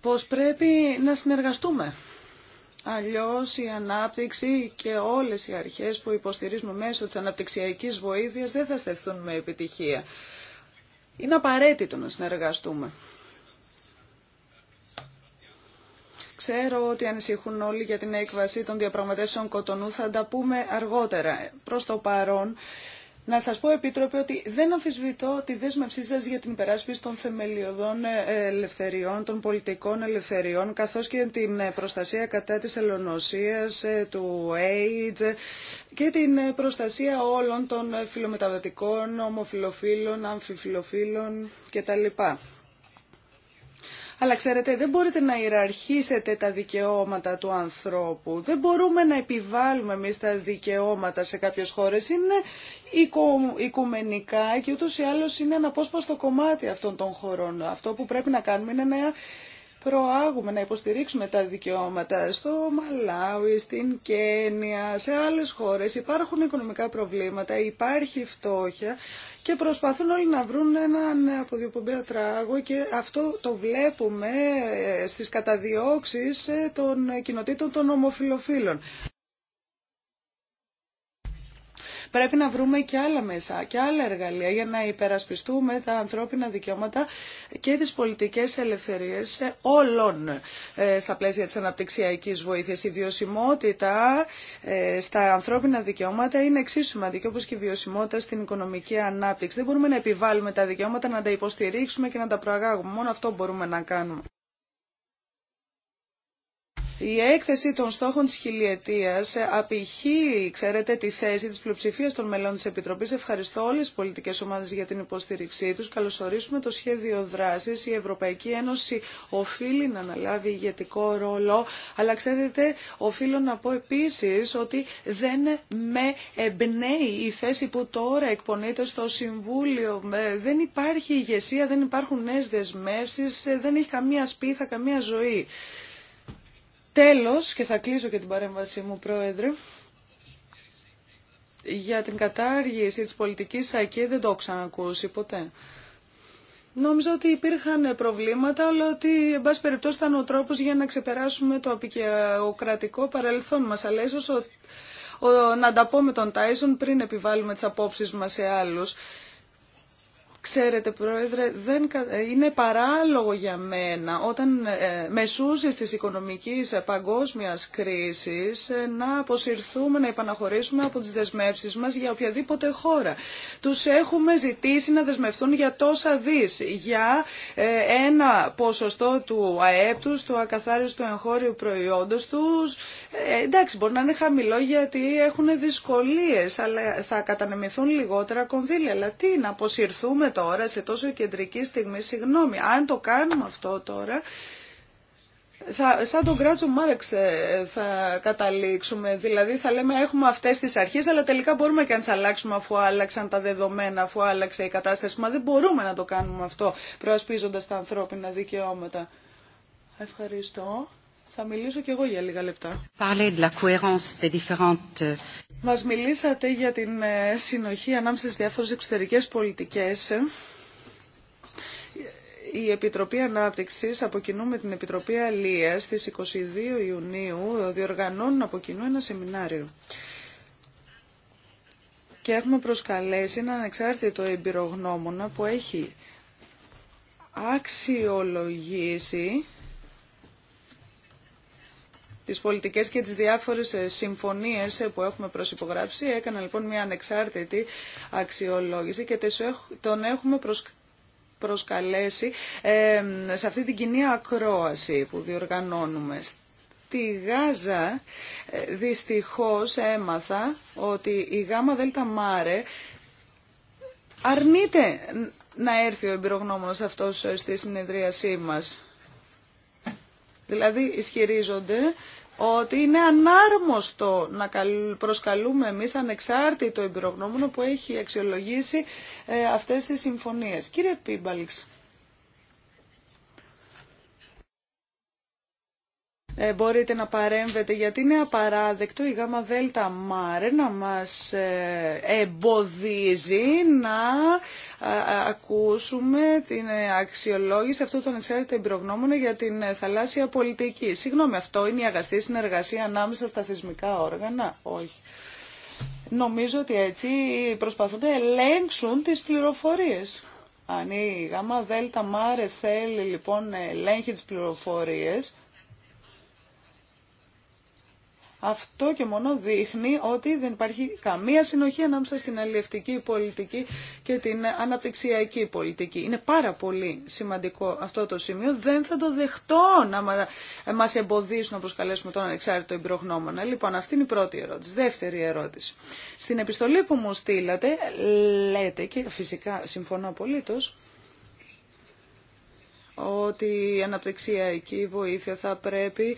πως πρέπει να συνεργαστούμε. Αλλιώς η ανάπτυξη και όλες οι αρχές που υποστηρίζουμε μέσω της αναπτυξιακής βοήθειας δεν θα στεφθούν με επιτυχία. Είναι απαραίτητο να συνεργαστούμε. Ξέρω ότι ανησυχούν όλοι για την έκβαση των διαπραγματεύσεων Κοτονού. Θα τα πούμε αργότερα. Προς το παρόν, να σας πω, Επίτροπε, ότι δεν αμφισβητώ τη δέσμευσή σα για την υπεράσπιση των θεμελιωδών ε, ελευθεριών, των πολιτικών ελευθεριών, καθώς και την ε, προστασία κατά της ελονοσία, ε, του AIDS και την προστασία όλων των φιλομεταβατικών, ομοφιλοφίλων, αμφιφιλοφίλων κτλ. Αλλά ξέρετε, δεν μπορείτε να ιεραρχήσετε τα δικαιώματα του ανθρώπου. Δεν μπορούμε να επιβάλλουμε εμεί τα δικαιώματα σε κάποιε χώρε. Είναι οικουμενικά και ούτω ή άλλω είναι αναπόσπαστο κομμάτι αυτών των χωρών. Αυτό που πρέπει να κάνουμε είναι να προάγουμε, να υποστηρίξουμε τα δικαιώματα στο Μαλάουι, στην Κένια, σε άλλες χώρες. Υπάρχουν οικονομικά προβλήματα, υπάρχει φτώχεια και προσπαθούν όλοι να βρουν έναν αποδιοπομπέα τράγο και αυτό το βλέπουμε στις καταδιώξεις των κοινοτήτων των ομοφιλοφίλων. Πρέπει να βρούμε και άλλα μέσα και άλλα εργαλεία για να υπερασπιστούμε τα ανθρώπινα δικαιώματα και τις πολιτικές ελευθερίες όλων ε, στα πλαίσια της αναπτυξιακής βοήθειας. Η βιωσιμότητα ε, στα ανθρώπινα δικαιώματα είναι εξίσου σημαντική όπως και η βιωσιμότητα στην οικονομική ανάπτυξη. Δεν μπορούμε να επιβάλλουμε τα δικαιώματα, να τα υποστηρίξουμε και να τα προαγάγουμε. Μόνο αυτό μπορούμε να κάνουμε. Η έκθεση των στόχων της χιλιετίας απηχεί, ξέρετε, τη θέση της πλειοψηφίας των μελών της Επιτροπής. Ευχαριστώ όλες τις πολιτικές ομάδες για την υποστήριξή τους. Καλωσορίσουμε το σχέδιο δράσης. Η Ευρωπαϊκή Ένωση οφείλει να αναλάβει ηγετικό ρόλο, αλλά ξέρετε, οφείλω να πω επίσης ότι δεν με εμπνέει η θέση που τώρα εκπονείται στο Συμβούλιο. Ε, δεν υπάρχει ηγεσία, δεν υπάρχουν νέες δεσμεύσεις, ε, δεν έχει καμία σπίθα, καμία ζωή. Τέλος, και θα κλείσω και την παρέμβασή μου, Πρόεδρε, για την κατάργηση της πολιτικής ΑΚΕ δεν το έχω ξανακούσει ποτέ. Νόμιζα ότι υπήρχαν προβλήματα, αλλά ότι, εν πάση περιπτώσει, ήταν ο τρόπος για να ξεπεράσουμε το κρατικό παρελθόν μας. Αλλά ίσως ο, να τα με τον Τάισον πριν επιβάλλουμε τις απόψεις μας σε άλλους. Ξέρετε, Πρόεδρε, δεν, ε, είναι παράλογο για μένα όταν ε, τη της οικονομικής ε, παγκόσμιας κρίσης ε, να αποσυρθούμε, να επαναχωρήσουμε από τις δεσμεύσεις μας για οποιαδήποτε χώρα. Τους έχουμε ζητήσει να δεσμευθούν για τόσα δις, για ένα ποσοστό του ΑΕΠ τους, του ακαθάριστου εγχώριου προϊόντος τους. εντάξει, μπορεί να είναι χαμηλό γιατί έχουν δυσκολίες, αλλά θα κατανεμηθούν λιγότερα κονδύλια. Αλλά τι, να αποσυρθούμε τώρα σε τόσο κεντρική στιγμή. Συγγνώμη, αν το κάνουμε αυτό τώρα, θα, σαν τον Κράτσο Μάρξ θα καταλήξουμε. Δηλαδή θα λέμε έχουμε αυτές τις αρχές, αλλά τελικά μπορούμε και να τις αλλάξουμε αφού άλλαξαν τα δεδομένα, αφού άλλαξε η κατάσταση. Μα δεν μπορούμε να το κάνουμε αυτό, προασπίζοντας τα ανθρώπινα δικαιώματα. Ευχαριστώ. Θα μιλήσω κι εγώ για λίγα λεπτά. Euh, Μας μιλήσατε για την ε, συνοχή ανάμεσα στις διάφορες εξωτερικές πολιτικές. Η Επιτροπή Ανάπτυξης από κοινού με την Επιτροπή Αλίας στις 22 Ιουνίου διοργανώνουν από κοινού ένα σεμινάριο. Και έχουμε προσκαλέσει έναν ανεξάρτητο εμπειρογνώμονα που έχει αξιολογήσει τις πολιτικές και τις διάφορες ε, συμφωνίες ε, που έχουμε προσυπογράψει. Έκανα λοιπόν μια ανεξάρτητη αξιολόγηση και τον έχουμε προσκαλέσει ε, σε αυτή την κοινή ακρόαση που διοργανώνουμε. Στη Γάζα δυστυχώς έμαθα ότι η γάμα δέλτα μάρε αρνείται να έρθει ο εμπειρογνώμονας αυτός στη συνεδρίασή μας. Δηλαδή ισχυρίζονται ότι είναι ανάρμοστο να προσκαλούμε εμείς ανεξάρτητο εμπειρογνώμονο που έχει αξιολογήσει ε, αυτές τις συμφωνίες. Κύριε Πίμπαλξ, Ε, μπορείτε να παρέμβετε γιατί είναι απαράδεκτο η ΓΑΜΑ ΔΕΛΤΑ ΜΑΡΕ να μας ε, εμποδίζει να ακούσουμε την ε, αξιολόγηση αυτού των εξάρτητων εμπειρογνώμων για την θαλάσσια πολιτική. Συγγνώμη, αυτό είναι η αγαστή συνεργασία ανάμεσα στα θεσμικά όργανα. Όχι. Νομίζω ότι έτσι προσπαθούν να ελέγξουν τις πληροφορίες. Αν η ΓΑΜΑ ΜΑΡΕ θέλει λοιπόν να ελέγχει τις πληροφορίες, αυτό και μόνο δείχνει ότι δεν υπάρχει καμία συνοχή ανάμεσα στην αλληλευτική πολιτική και την αναπτυξιακή πολιτική. Είναι πάρα πολύ σημαντικό αυτό το σημείο. Δεν θα το δεχτώ να μας εμποδίσουν να προσκαλέσουμε τον ανεξάρτητο εμπειρογνώμονα. Λοιπόν, αυτή είναι η πρώτη ερώτηση. Δεύτερη ερώτηση. Στην επιστολή που μου στείλατε, λέτε και φυσικά συμφωνώ απολύτω ότι η αναπτυξιακή βοήθεια θα πρέπει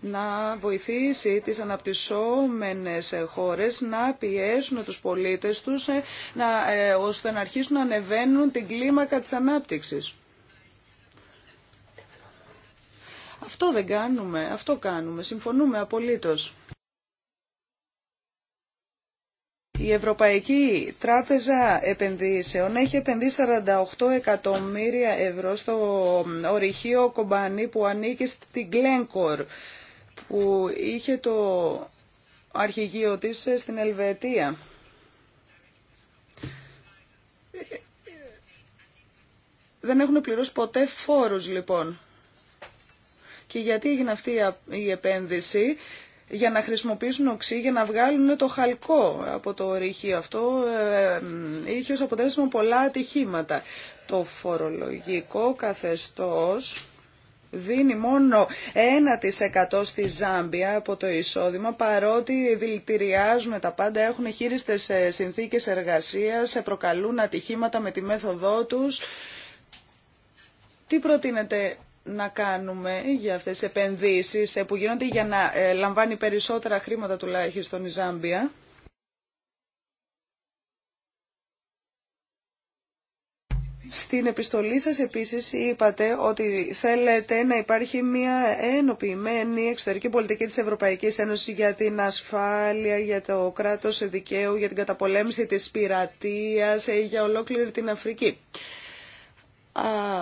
να βοηθήσει τις αναπτυσσόμενες χώρες να πιέσουν τους πολίτες τους ε, να, ε, ώστε να αρχίσουν να ανεβαίνουν την κλίμακα της ανάπτυξης. Αυτό δεν κάνουμε, αυτό κάνουμε, συμφωνούμε απολύτως. Η Ευρωπαϊκή Τράπεζα Επενδύσεων έχει επενδύσει 48 εκατομμύρια ευρώ στο ε, ορυχείο Κομπάνι που ανήκει στην Glencore που είχε το αρχηγείο της στην Ελβετία. Δεν έχουν πληρώσει ποτέ φόρους λοιπόν. Και γιατί έγινε αυτή η επένδυση για να χρησιμοποιήσουν οξύ, για να βγάλουν το χαλκό από το ρηχείο. Αυτό ε, είχε ως αποτέλεσμα πολλά ατυχήματα. Το φορολογικό καθεστώς δίνει μόνο 1% στη Ζάμπια από το εισόδημα, παρότι δηλητηριάζουν τα πάντα, έχουν χείριστες συνθήκες εργασίας, προκαλούν ατυχήματα με τη μέθοδό τους. Τι προτείνετε να κάνουμε για αυτές τις επενδύσεις ε, που γίνονται για να ε, λαμβάνει περισσότερα χρήματα τουλάχιστον η Ζάμπια. Στην επιστολή σας επίσης είπατε ότι θέλετε να υπάρχει μια ενοποιημένη εξωτερική πολιτική της Ευρωπαϊκής Ένωσης για την ασφάλεια, για το κράτος δικαίου, για την καταπολέμηση της πειρατείας, ε, για ολόκληρη την Αφρική.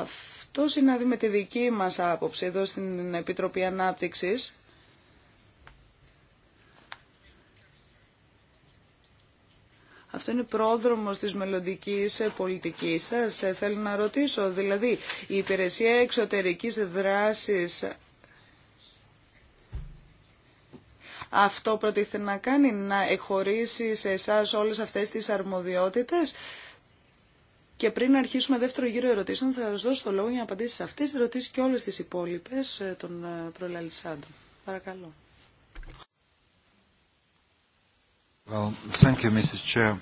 Αυτό συνάδει με τη δική μας άποψη εδώ στην Επιτροπή Ανάπτυξης Αυτό είναι πρόδρομος της μελλοντική ε, πολιτικής σας. Ε, θέλω να ρωτήσω, δηλαδή η υπηρεσία εξωτερικής δράσης αυτό προτίθεται να κάνει, να εκχωρήσει σε εσά όλες αυτές τις αρμοδιότητες. Και πριν αρχίσουμε δεύτερο γύρο ερωτήσεων, θα σας δώσω το λόγο για να απαντήσει σε αυτές τις ερωτήσεις και όλες τις υπόλοιπες ε, των προλαλισσάντων. Παρακαλώ. Well, thank you, Mrs.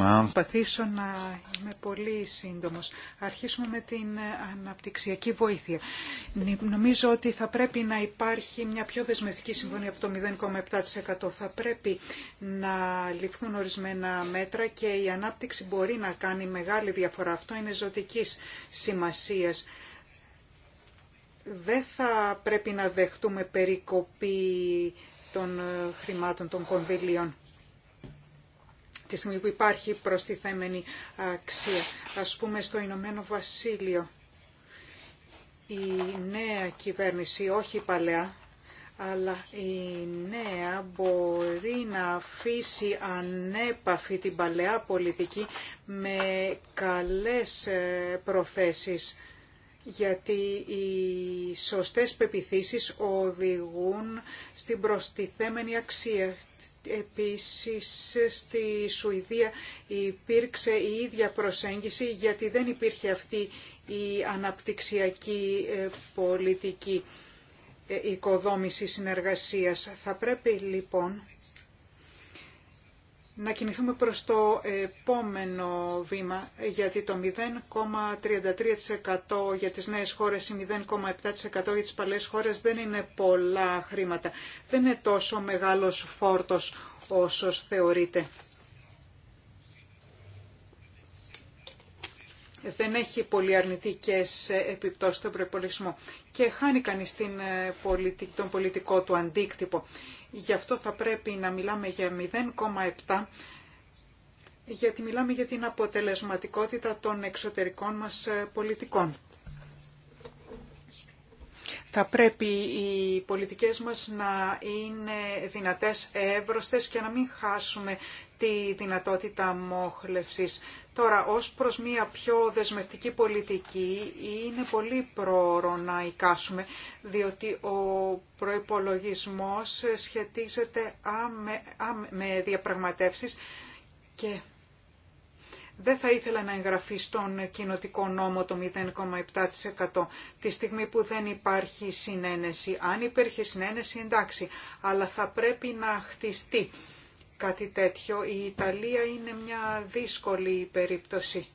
Προσπαθήσω να είμαι πολύ σύντομος. Αρχίσουμε με την ε, αναπτυξιακή βοήθεια. Νομίζω ότι θα πρέπει να υπάρχει μια πιο δεσμευτική συμφωνία από το 0,7%. Θα πρέπει να ληφθούν ορισμένα μέτρα και η ανάπτυξη μπορεί να κάνει μεγάλη διαφορά. Αυτό είναι ζωτικής σημασίας. Δεν θα πρέπει να δεχτούμε περικοπή των ε, χρημάτων των κονδυλίων τη στιγμή που υπάρχει προστιθέμενη αξία. Ας πούμε στο Ηνωμένο Βασίλειο η νέα κυβέρνηση, όχι η παλαιά, αλλά η νέα μπορεί να αφήσει ανέπαφη την παλαιά πολιτική με καλές ε, προθέσεις γιατί οι σωστές πεπιθήσεις οδηγούν στην προστιθέμενη αξία. Επίσης στη Σουηδία υπήρξε η ίδια προσέγγιση γιατί δεν υπήρχε αυτή η αναπτυξιακή ε, πολιτική ε, οικοδόμηση συνεργασίας. Θα πρέπει λοιπόν να κινηθούμε προς το επόμενο βήμα, γιατί το 0,33% για τις νέες χώρες ή 0,7% για τις παλαιές χώρες δεν είναι πολλά χρήματα. Δεν είναι τόσο μεγάλος φόρτος όσο θεωρείται. Δεν έχει πολύ αρνητικές επιπτώσεις στον προπολογισμό και χάνει κανείς την ε, τον πολιτικό του αντίκτυπο. Γι' αυτό θα πρέπει να μιλάμε για 0,7 γιατί μιλάμε για την αποτελεσματικότητα των εξωτερικών μας ε, πολιτικών. Θα πρέπει οι πολιτικές μας να είναι δυνατές, εύρωστες και να μην χάσουμε τη δυνατότητα μόχλευσης. Τώρα, ως προς μια πιο δεσμευτική πολιτική είναι πολύ πρόωρο να εικάσουμε, διότι ο προϋπολογισμός σχετίζεται με διαπραγματεύσεις και δεν θα ήθελα να εγγραφεί στον κοινοτικό νόμο το 0,7% τη στιγμή που δεν υπάρχει συνένεση. Αν υπήρχε συνένεση εντάξει, αλλά θα πρέπει να χτιστεί κάτι τέτοιο. Η Ιταλία είναι μια δύσκολη περίπτωση.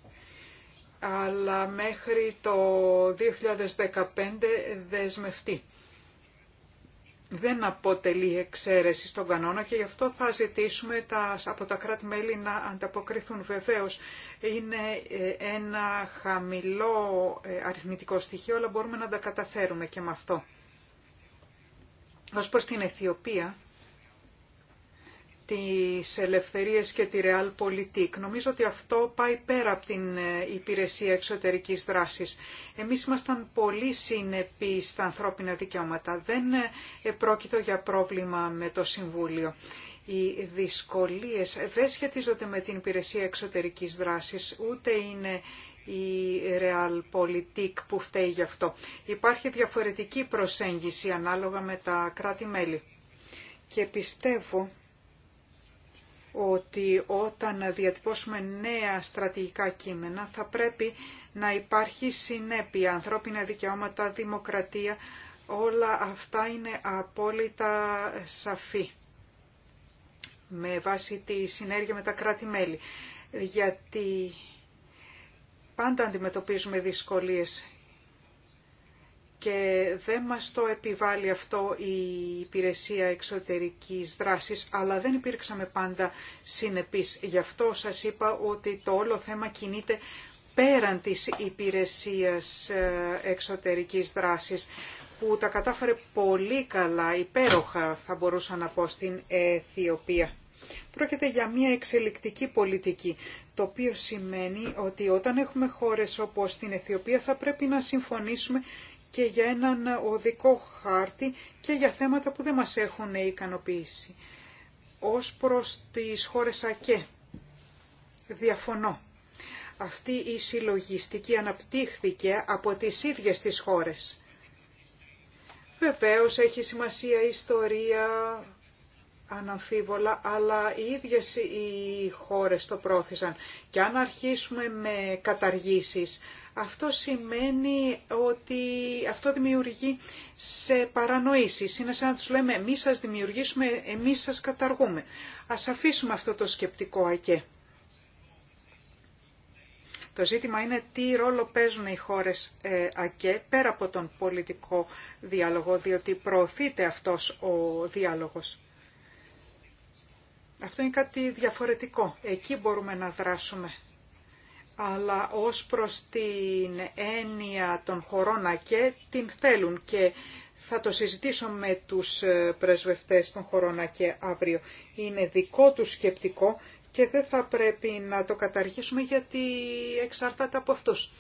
Αλλά μέχρι το 2015 δεσμευτεί. Δεν αποτελεί εξαίρεση στον κανόνα και γι' αυτό θα ζητήσουμε τα, από τα κράτη-μέλη να ανταποκριθούν. Βεβαίως είναι ε, ένα χαμηλό ε, αριθμητικό στοιχείο, αλλά μπορούμε να τα καταφέρουμε και με αυτό. Ως προς την Αιθιοπία, τις ελευθερίες και τη Realpolitik. Νομίζω ότι αυτό πάει πέρα από την ε, υπηρεσία εξωτερικής δράσης. Εμείς ήμασταν πολύ συνεπείς στα ανθρώπινα δικαιώματα. Δεν ε, πρόκειτο για πρόβλημα με το Συμβούλιο. Οι δυσκολίες δεν σχετίζονται με την υπηρεσία εξωτερικής δράσης, ούτε είναι η Realpolitik που φταίει γι' αυτό. Υπάρχει διαφορετική προσέγγιση ανάλογα με τα κράτη-μέλη. Και πιστεύω ότι όταν διατυπώσουμε νέα στρατηγικά κείμενα θα πρέπει να υπάρχει συνέπεια, ανθρώπινα δικαιώματα, δημοκρατία, όλα αυτά είναι απόλυτα σαφή με βάση τη συνέργεια με τα κράτη-μέλη. Γιατί πάντα αντιμετωπίζουμε δυσκολίες και δεν μας το επιβάλλει αυτό η υπηρεσία εξωτερικής δράσης, αλλά δεν υπήρξαμε πάντα συνεπείς. Γι' αυτό σας είπα ότι το όλο θέμα κινείται πέραν της υπηρεσίας ε, εξωτερικής δράσης, που τα κατάφερε πολύ καλά, υπέροχα θα μπορούσα να πω στην Αιθιοπία. Πρόκειται για μια εξελικτική πολιτική, το οποίο σημαίνει ότι όταν έχουμε χώρες όπως την Αιθιοπία θα πρέπει να συμφωνήσουμε και για έναν οδικό χάρτη και για θέματα που δεν μας έχουν ικανοποιήσει. Ως προς τις χώρες ΑΚΕ, διαφωνώ. Αυτή η συλλογιστική αναπτύχθηκε από τις ίδιες τις χώρες. Βεβαίως έχει σημασία η ιστορία, αναμφίβολα, αλλά οι ίδιες οι χώρες το πρόθεσαν. Και αν αρχίσουμε με καταργήσεις, αυτό σημαίνει ότι αυτό δημιουργεί σε παρανοήσεις. Είναι σαν να τους λέμε εμείς σας δημιουργήσουμε, εμείς σας καταργούμε. Ας αφήσουμε αυτό το σκεπτικό ακέ. Το ζήτημα είναι τι ρόλο παίζουν οι χώρες ε, ΑΚΕ πέρα από τον πολιτικό διάλογο, διότι προωθείται αυτός ο διάλογος. Αυτό είναι κάτι διαφορετικό. Εκεί μπορούμε να δράσουμε αλλά ως προς την έννοια των χωρών και την θέλουν και θα το συζητήσω με τους ε, πρεσβευτές των χωρών και αύριο. Είναι δικό του σκεπτικό και δεν θα πρέπει να το καταργήσουμε γιατί εξαρτάται από αυτούς.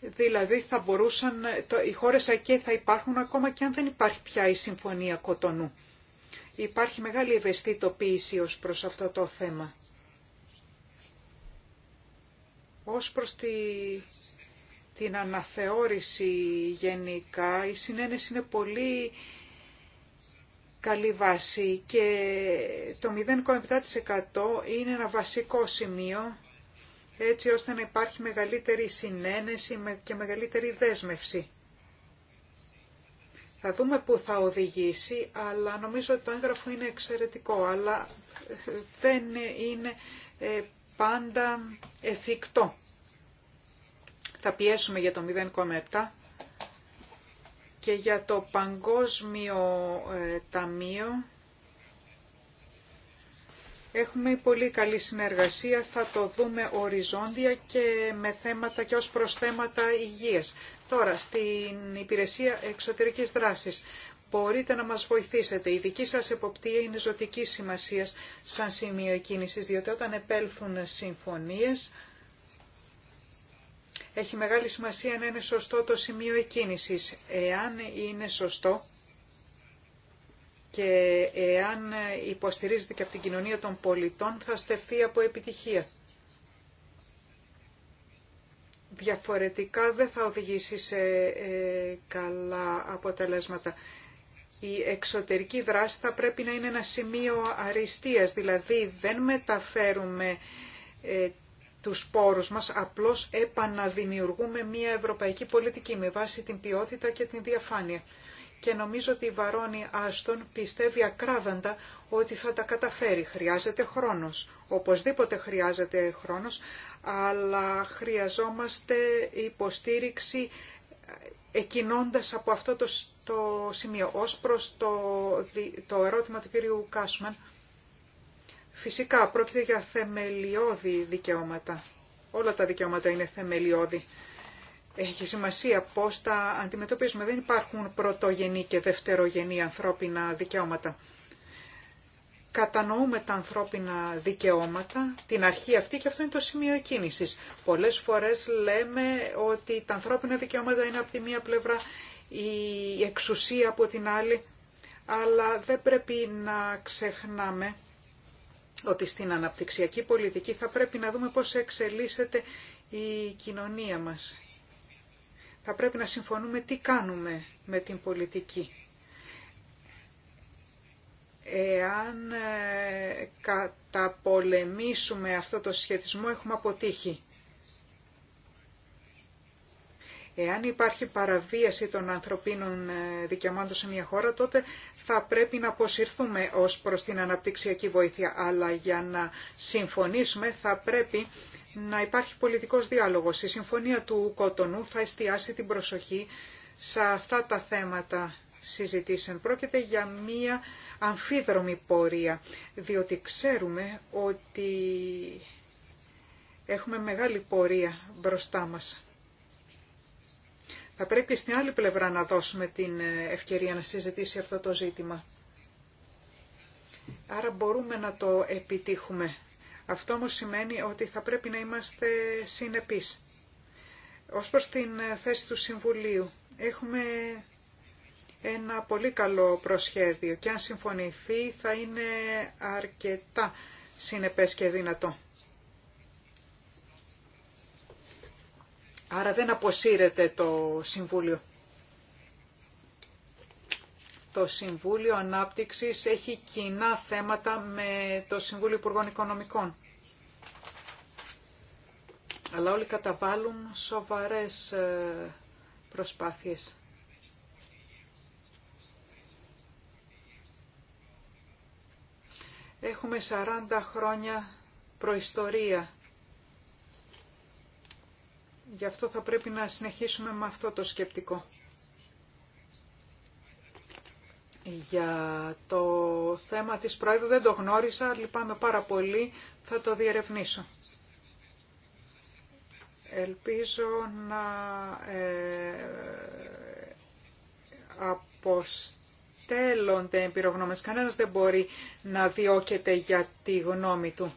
Δηλαδή θα μπορούσαν, το, οι χώρες ΑΚΕ θα υπάρχουν ακόμα και αν δεν υπάρχει πια η Συμφωνία Κοτονού. Υπάρχει μεγάλη ευαισθητοποίηση ως προς αυτό το θέμα. Ως προς την αναθεώρηση γενικά, η συνένεση είναι πολύ καλή βάση και το 0,7% είναι ένα βασικό σημείο έτσι ώστε να υπάρχει μεγαλύτερη συνένεση και μεγαλύτερη δέσμευση. Θα δούμε πού θα οδηγήσει, αλλά νομίζω ότι το έγγραφο είναι εξαιρετικό, αλλά δεν είναι ε, πάντα εφικτό. Θα πιέσουμε για το 0,7 και για το Παγκόσμιο ε, Ταμείο έχουμε πολύ καλή συνεργασία, θα το δούμε οριζόντια και με θέματα και ως προς θέματα υγείας. Τώρα, στην Υπηρεσία Εξωτερικής Δράσης, μπορείτε να μας βοηθήσετε. Η δική σας εποπτεία είναι ζωτική σημασία σαν σημείο κίνησης, διότι όταν επέλθουν συμφωνίες, έχει μεγάλη σημασία να είναι σωστό το σημείο εκκίνησης. Εάν είναι σωστό και εάν υποστηρίζεται και από την κοινωνία των πολιτών, θα στεφθεί από επιτυχία. Διαφορετικά δεν θα οδηγήσει σε ε, καλά αποτελέσματα η εξωτερική δράση θα πρέπει να είναι ένα σημείο αριστείας, δηλαδή δεν μεταφέρουμε ε, τους πόρους μας, απλώς επαναδημιουργούμε μια ευρωπαϊκή πολιτική με βάση την ποιότητα και την διαφάνεια. Και νομίζω ότι η Βαρόνη Άστον πιστεύει ακράδαντα ότι θα τα καταφέρει. Χρειάζεται χρόνος. Οπωσδήποτε χρειάζεται χρόνος, αλλά χρειαζόμαστε υποστήριξη εκινώντας από αυτό το, το σημείο. Ως προς το, το ερώτημα του κύριου Κάσμαν, φυσικά πρόκειται για θεμελιώδη δικαιώματα. Όλα τα δικαιώματα είναι θεμελιώδη. Έχει σημασία πώς τα αντιμετωπίζουμε. Δεν υπάρχουν πρωτογενή και δευτερογενή ανθρώπινα δικαιώματα κατανοούμε τα ανθρώπινα δικαιώματα, την αρχή αυτή και αυτό είναι το σημείο κίνησης. Πολλές φορές λέμε ότι τα ανθρώπινα δικαιώματα είναι από τη μία πλευρά η εξουσία από την άλλη, αλλά δεν πρέπει να ξεχνάμε ότι στην αναπτυξιακή πολιτική θα πρέπει να δούμε πώς εξελίσσεται η κοινωνία μας. Θα πρέπει να συμφωνούμε τι κάνουμε με την πολιτική Εάν ε, καταπολεμήσουμε αυτό το σχετισμό έχουμε αποτύχει. Εάν υπάρχει παραβίαση των ανθρωπίνων ε, δικαιωμάτων σε μια χώρα, τότε θα πρέπει να αποσυρθούμε ως προς την αναπτυξιακή βοήθεια. Αλλά για να συμφωνήσουμε θα πρέπει να υπάρχει πολιτικός διάλογος. Η Συμφωνία του Κότονου θα εστιάσει την προσοχή σε αυτά τα θέματα συζητήσεων. Πρόκειται για μία αμφίδρομη πορεία, διότι ξέρουμε ότι έχουμε μεγάλη πορεία μπροστά μας. Θα πρέπει στην άλλη πλευρά να δώσουμε την ευκαιρία να συζητήσει αυτό το ζήτημα. Άρα μπορούμε να το επιτύχουμε. Αυτό όμως σημαίνει ότι θα πρέπει να είμαστε συνεπείς. Ως προς την θέση του Συμβουλίου, έχουμε ένα πολύ καλό προσχέδιο και αν συμφωνηθεί θα είναι αρκετά συνεπές και δυνατό. Άρα δεν αποσύρεται το Συμβούλιο. Το Συμβούλιο Ανάπτυξης έχει κοινά θέματα με το Συμβούλιο Υπουργών Οικονομικών. Αλλά όλοι καταβάλουν σοβαρές ε, προσπάθειες. Έχουμε 40 χρόνια προϊστορία. Γι' αυτό θα πρέπει να συνεχίσουμε με αυτό το σκεπτικό. Για το θέμα της Προέδρου δεν το γνώρισα, λυπάμαι πάρα πολύ, θα το διερευνήσω. Ελπίζω να ε, αποστείλω Τέλονται εμπειρογνώμες. Κανένας δεν μπορεί να διώκεται για τη γνώμη του.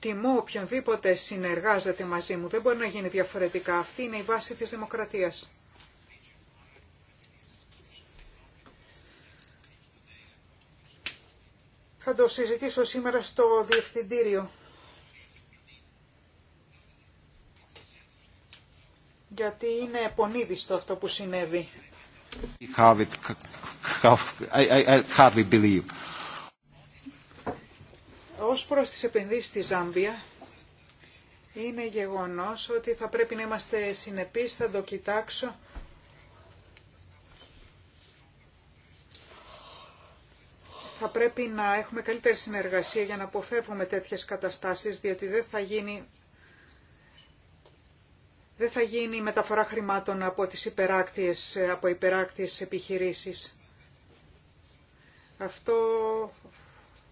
Τιμώ οποιονδήποτε συνεργάζεται μαζί μου. Δεν μπορεί να γίνει διαφορετικά. Αυτή είναι η βάση της δημοκρατίας. Θα το συζητήσω σήμερα στο Διευθυντήριο. γιατί είναι επονίδιστο αυτό που συνέβη. Ως προς τις επενδύσεις στη Ζάμπια, είναι γεγονός ότι θα πρέπει να είμαστε συνεπείς, θα το κοιτάξω. Θα πρέπει να έχουμε καλύτερη συνεργασία για να αποφεύγουμε τέτοιες καταστάσεις, διότι δεν θα γίνει δεν θα γίνει μεταφορά χρημάτων από, τις υπεράκτιες, από υπεράκτιες επιχειρήσεις. Αυτό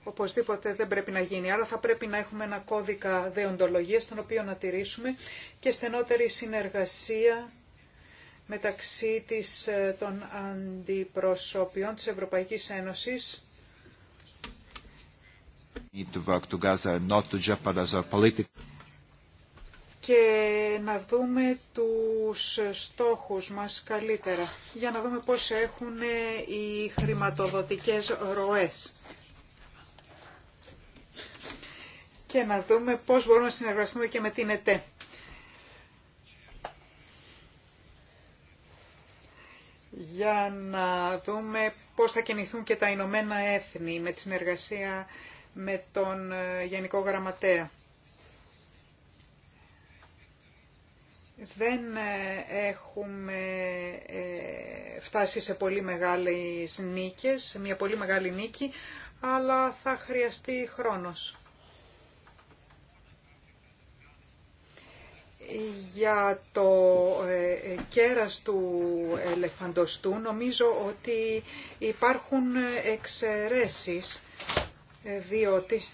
οπωσδήποτε δεν πρέπει να γίνει. Αλλά θα πρέπει να έχουμε ένα κώδικα δεοντολογίας, τον οποίο να τηρήσουμε και στενότερη συνεργασία μεταξύ της, ε, των αντιπροσώπιων της Ευρωπαϊκής Ένωσης και να δούμε τους στόχους μας καλύτερα, για να δούμε πώς έχουν οι χρηματοδοτικές ροές. Και να δούμε πώς μπορούμε να συνεργαστούμε και με την ΕΤΕ. Για να δούμε πώς θα κινηθούν και τα Ηνωμένα Έθνη με τη συνεργασία με τον Γενικό Γραμματέα. δεν ε, έχουμε ε, φτάσει σε πολύ μεγάλες νίκες, μια πολύ μεγάλη νίκη, αλλά θα χρειαστεί χρόνος. Για το ε, κέρας του ελεφαντοστού νομίζω ότι υπάρχουν εξαιρέσεις, διότι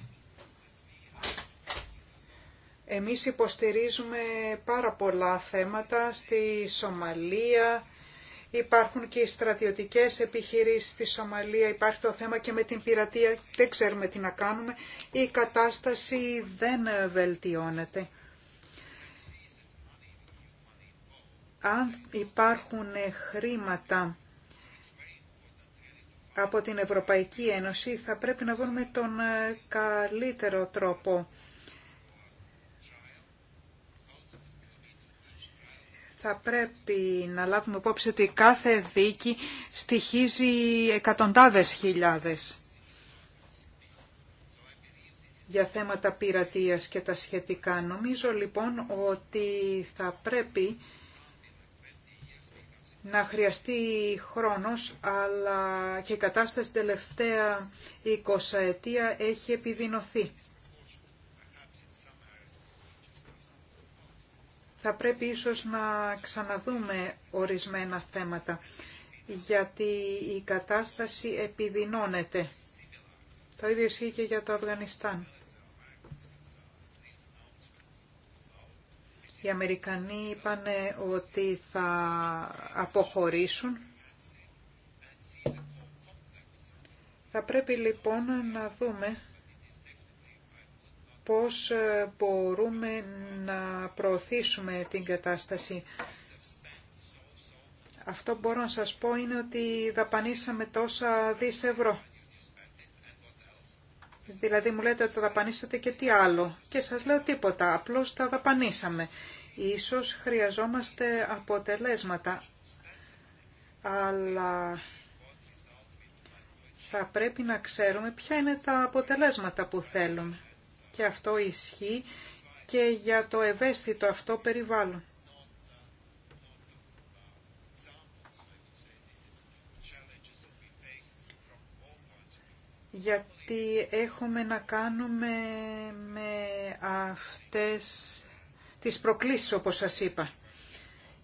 εμείς υποστηρίζουμε πάρα πολλά θέματα στη Σομαλία, υπάρχουν και οι στρατιωτικές επιχειρήσεις στη Σομαλία, υπάρχει το θέμα και με την πειρατεία, δεν ξέρουμε τι να κάνουμε, η κατάσταση δεν βελτιώνεται. Αν υπάρχουν χρήματα από την Ευρωπαϊκή Ένωση θα πρέπει να βρούμε τον καλύτερο τρόπο θα πρέπει να λάβουμε υπόψη ότι κάθε δίκη στοιχίζει εκατοντάδες χιλιάδες για θέματα πειρατείας και τα σχετικά. Νομίζω λοιπόν ότι θα πρέπει να χρειαστεί χρόνος, αλλά και η κατάσταση τελευταία 20 ετία έχει επιδεινωθεί. θα πρέπει ίσως να ξαναδούμε ορισμένα θέματα, γιατί η κατάσταση επιδεινώνεται. Το ίδιο ισχύει και για το Αφγανιστάν. Οι Αμερικανοί είπαν ότι θα αποχωρήσουν. Θα πρέπει λοιπόν να δούμε πώς ε, μπορούμε να προωθήσουμε την κατάσταση. Αυτό που μπορώ να σας πω είναι ότι δαπανίσαμε τόσα δις ευρώ. Δηλαδή μου λέτε ότι τα δαπανίσατε και τι άλλο. Και σας λέω τίποτα, απλώς τα δαπανίσαμε. Ίσως χρειαζόμαστε αποτελέσματα, αλλά θα πρέπει να ξέρουμε ποια είναι τα αποτελέσματα που θέλουμε και αυτό ισχύει και για το ευαίσθητο αυτό περιβάλλον. γιατί έχουμε να κάνουμε με αυτές τις προκλήσεις, όπως σας είπα,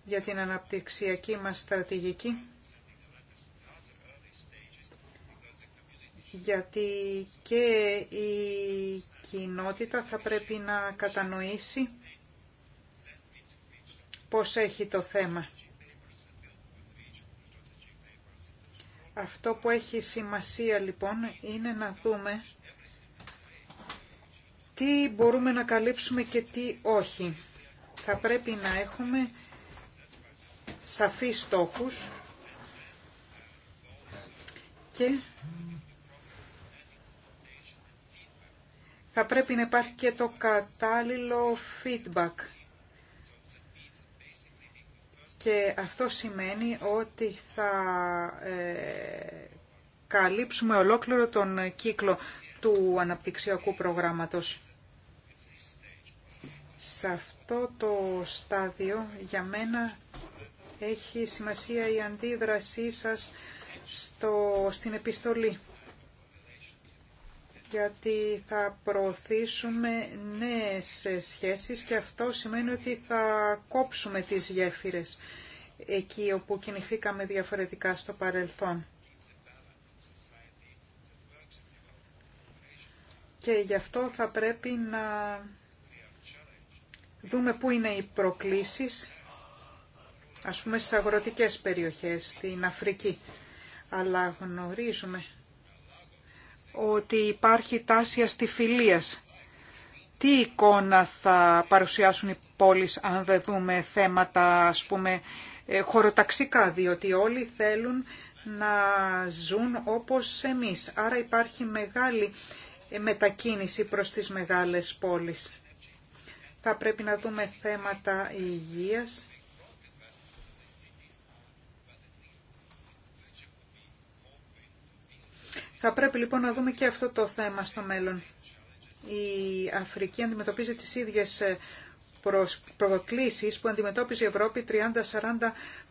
για την αναπτυξιακή μας στρατηγική. γιατί και η κοινότητα θα πρέπει να κατανοήσει πώς έχει το θέμα. Αυτό που έχει σημασία λοιπόν είναι να δούμε τι μπορούμε να καλύψουμε και τι όχι. Θα πρέπει να έχουμε σαφείς στόχους και θα πρέπει να υπάρχει και το κατάλληλο feedback. Και αυτό σημαίνει ότι θα ε, καλύψουμε ολόκληρο τον κύκλο του αναπτυξιακού προγράμματος. Σε αυτό το στάδιο για μένα έχει σημασία η αντίδρασή σας στο, στην επιστολή γιατί θα προωθήσουμε νέες σχέσεις και αυτό σημαίνει ότι θα κόψουμε τις γέφυρες εκεί όπου κινηθήκαμε διαφορετικά στο παρελθόν. Και γι' αυτό θα πρέπει να δούμε πού είναι οι προκλήσεις, ας πούμε στις αγροτικές περιοχές, στην Αφρική. Αλλά γνωρίζουμε ότι υπάρχει τάση αστιφιλίας. Τι εικόνα θα παρουσιάσουν οι πόλεις αν δεν δούμε θέματα, ας πούμε, ε, χωροταξικά, διότι όλοι θέλουν να ζουν όπως εμείς. Άρα υπάρχει μεγάλη ε, μετακίνηση προς τις μεγάλες πόλεις. Θα πρέπει να δούμε θέματα υγείας Θα πρέπει λοιπόν να δούμε και αυτό το θέμα στο μέλλον. Η Αφρική αντιμετωπίζει τις ίδιες ε, προκλήσεις που αντιμετώπιζε η Ευρώπη 30,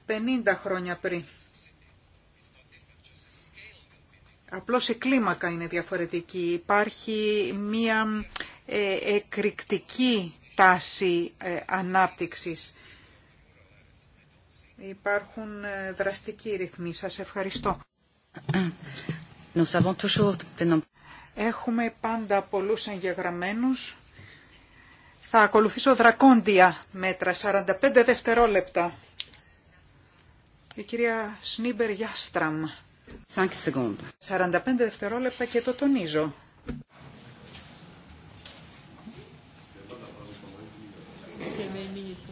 40, 50 χρόνια πριν. Απλώς η κλίμακα είναι διαφορετική. Υπάρχει μία ε, εκρηκτική τάση ε, ανάπτυξης. Υπάρχουν δραστικοί ρυθμοί. Σας ευχαριστώ. Έχουμε πάντα πολλούς εγγεγραμμένους. Θα ακολουθήσω δρακόντια μέτρα, 45 δευτερόλεπτα. Η κυρία Σνίμπερ Γιάστραμ. 45 δευτερόλεπτα και το τονίζω.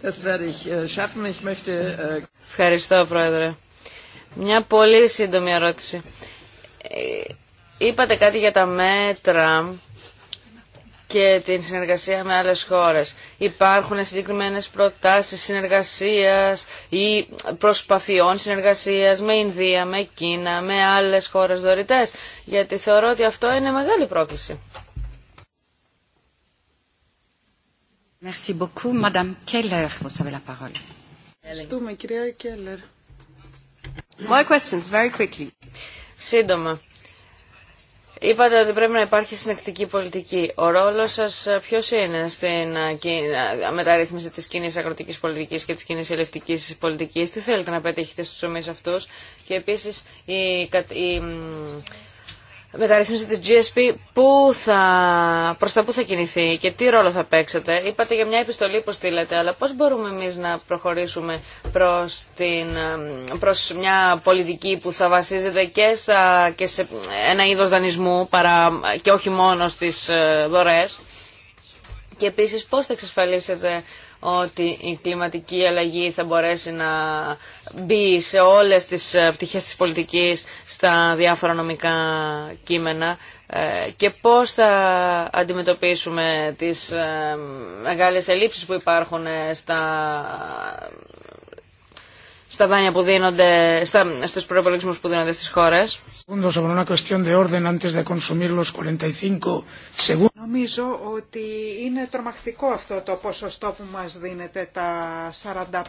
Äh, äh, Ευχαριστώ, Πρόεδρε. Μια πολύ σύντομη ερώτηση. Είπατε κάτι για τα μέτρα και την συνεργασία με άλλες χώρες. Υπάρχουν συγκεκριμένες προτάσεις συνεργασίας ή προσπαθειών συνεργασίας με Ινδία, με Κίνα, με άλλες χώρες δωρητές. Γιατί θεωρώ ότι αυτό είναι μεγάλη πρόκληση. Merci beaucoup. Madame Ευχαριστούμε, questions, very quickly. Σύντομα. Είπατε ότι πρέπει να υπάρχει συνεκτική πολιτική. Ο ρόλο σα ε, ποιο είναι στην ε, ε, μεταρρύθμιση τη κοινή αγροτική πολιτική και τη κοινή ελευτική πολιτική, τι θέλετε να πετύχετε στου τομεί αυτού και επίση η, η μεταρρύθμιση τη GSP που θα, προς τα που θα κινηθεί και τι ρόλο θα παίξετε. Είπατε για μια επιστολή που στείλετε, αλλά πώς μπορούμε εμείς να προχωρήσουμε προς, την, προς μια πολιτική που θα βασίζεται και, στα, και σε ένα είδος δανεισμού παρά, και όχι μόνο στις ε, δωρές. Και επίσης πώς θα εξασφαλίσετε ότι η κλιματική αλλαγή θα μπορέσει να μπει σε όλες τις ε, πτυχές της πολιτικής στα διάφορα νομικά κείμενα ε, και πώς θα αντιμετωπίσουμε τις ε, μεγάλες ελλείψεις που υπάρχουν στα στα δάνεια που δίνονται, στα, στους που δίνονται στις χώρες. Νομίζω ότι είναι τρομακτικό αυτό το ποσοστό που μας δίνεται τα 45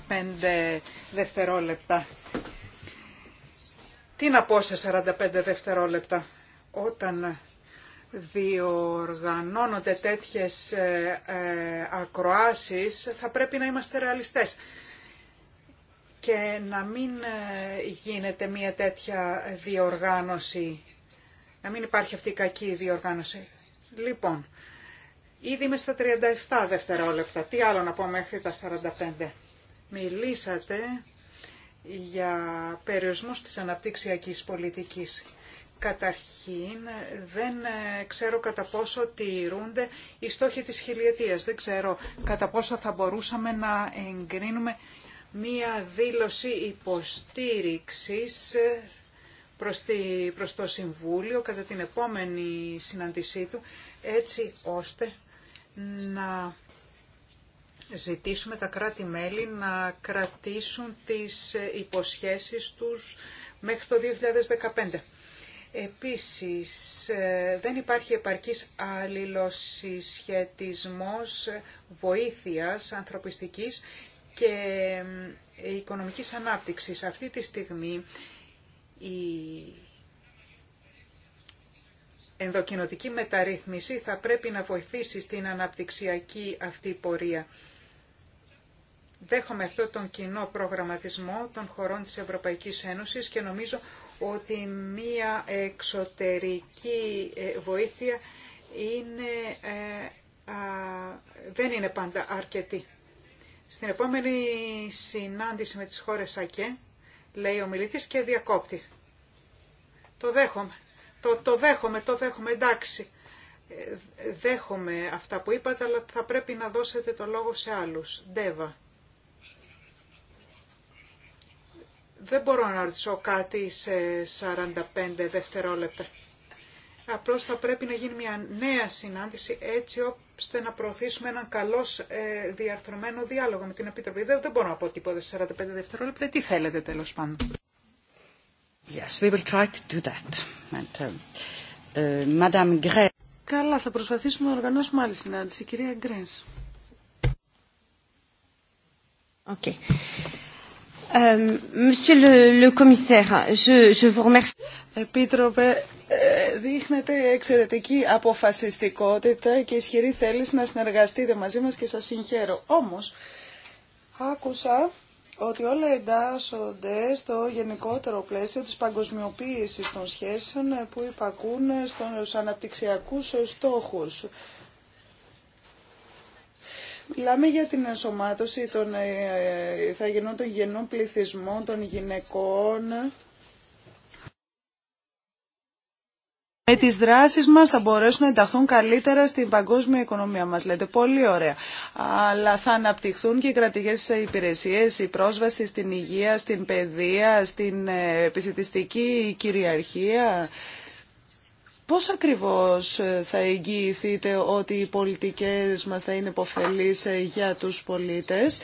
δευτερόλεπτα. Τι να πω σε 45 δευτερόλεπτα όταν διοργανώνονται τέτοιες ε, ε, ακροάσεις θα πρέπει να είμαστε ρεαλιστές και να μην ε, γίνεται μια τέτοια διοργάνωση, να μην υπάρχει αυτή η κακή διοργάνωση. Λοιπόν, ήδη είμαι στα 37 δευτερόλεπτα. Τι άλλο να πω μέχρι τα 45. Μιλήσατε για περιορισμούς της αναπτύξιακής πολιτικής. Καταρχήν, δεν ε, ξέρω κατά πόσο τηρούνται οι στόχοι της χιλιετίας. Δεν ξέρω κατά πόσο θα μπορούσαμε να εγκρίνουμε μία δήλωση υποστήριξης προς, το Συμβούλιο κατά την επόμενη συναντησή του, έτσι ώστε να ζητήσουμε τα κράτη-μέλη να κρατήσουν τις υποσχέσεις τους μέχρι το 2015. Επίσης, δεν υπάρχει επαρκής αλληλοσυσχετισμός βοήθειας ανθρωπιστικής και ε, οικονομικής ανάπτυξης. Αυτή τη στιγμή η ενδοκινοτική μεταρρύθμιση θα πρέπει να βοηθήσει στην αναπτυξιακή αυτή πορεία. Δέχομαι αυτό τον κοινό προγραμματισμό των χωρών της Ευρωπαϊκής Ένωσης και νομίζω ότι μία εξωτερική ε, βοήθεια είναι, ε, α, δεν είναι πάντα αρκετή. Στην επόμενη συνάντηση με τις χώρες ΑΚΕ, λέει ο μιλητής και διακόπτη. Το δέχομαι. Το, το δέχομαι, το δέχομαι, εντάξει. Ε, δέχομαι αυτά που είπατε, αλλά θα πρέπει να δώσετε το λόγο σε άλλους. Ντέβα. Δεν μπορώ να ρωτήσω κάτι σε 45 δευτερόλεπτα. Απλώς θα πρέπει να γίνει μια νέα συνάντηση έτσι ώστε να προωθήσουμε έναν καλός ε, διαρθρωμένο διάλογο με την Επιτροπή. Δεν, μπορώ να πω τίποτα σε 45 δευτερόλεπτα. Τι θέλετε τέλος πάντων. Yes, we will try to do that. And, um, uh, Madame Gre... Καλά, θα προσπαθήσουμε να οργανώσουμε άλλη συνάντηση. Κυρία Γκρές. Okay. Euh, monsieur le Commissaire, je, je vous remercie. Επίτροπε, δείχνετε εξαιρετική αποφασιστικότητα και ισχυρή θέληση να συνεργαστείτε μαζί μας και σας συγχαίρω. Όμως, άκουσα ότι όλα εντάσσονται στο γενικότερο πλαίσιο της παγκοσμιοποίησης των σχέσεων που υπακούν στους αναπτυξιακούς στόχους. Μιλάμε για την ενσωμάτωση των ηθαγενών ε, των γενών πληθυσμών, των γυναικών, με τις δράσεις μας θα μπορέσουν να ενταχθούν καλύτερα στην παγκόσμια οικονομία μας, λέτε. Πολύ ωραία. Αλλά θα αναπτυχθούν και οι κρατικές υπηρεσίες, η πρόσβαση στην υγεία, στην παιδεία, στην ε, επιστημιστική κυριαρχία. Πώς ακριβώς ε, θα εγγυηθείτε ότι οι πολιτικές μας θα είναι υποφελείς ε, για τους πολίτες.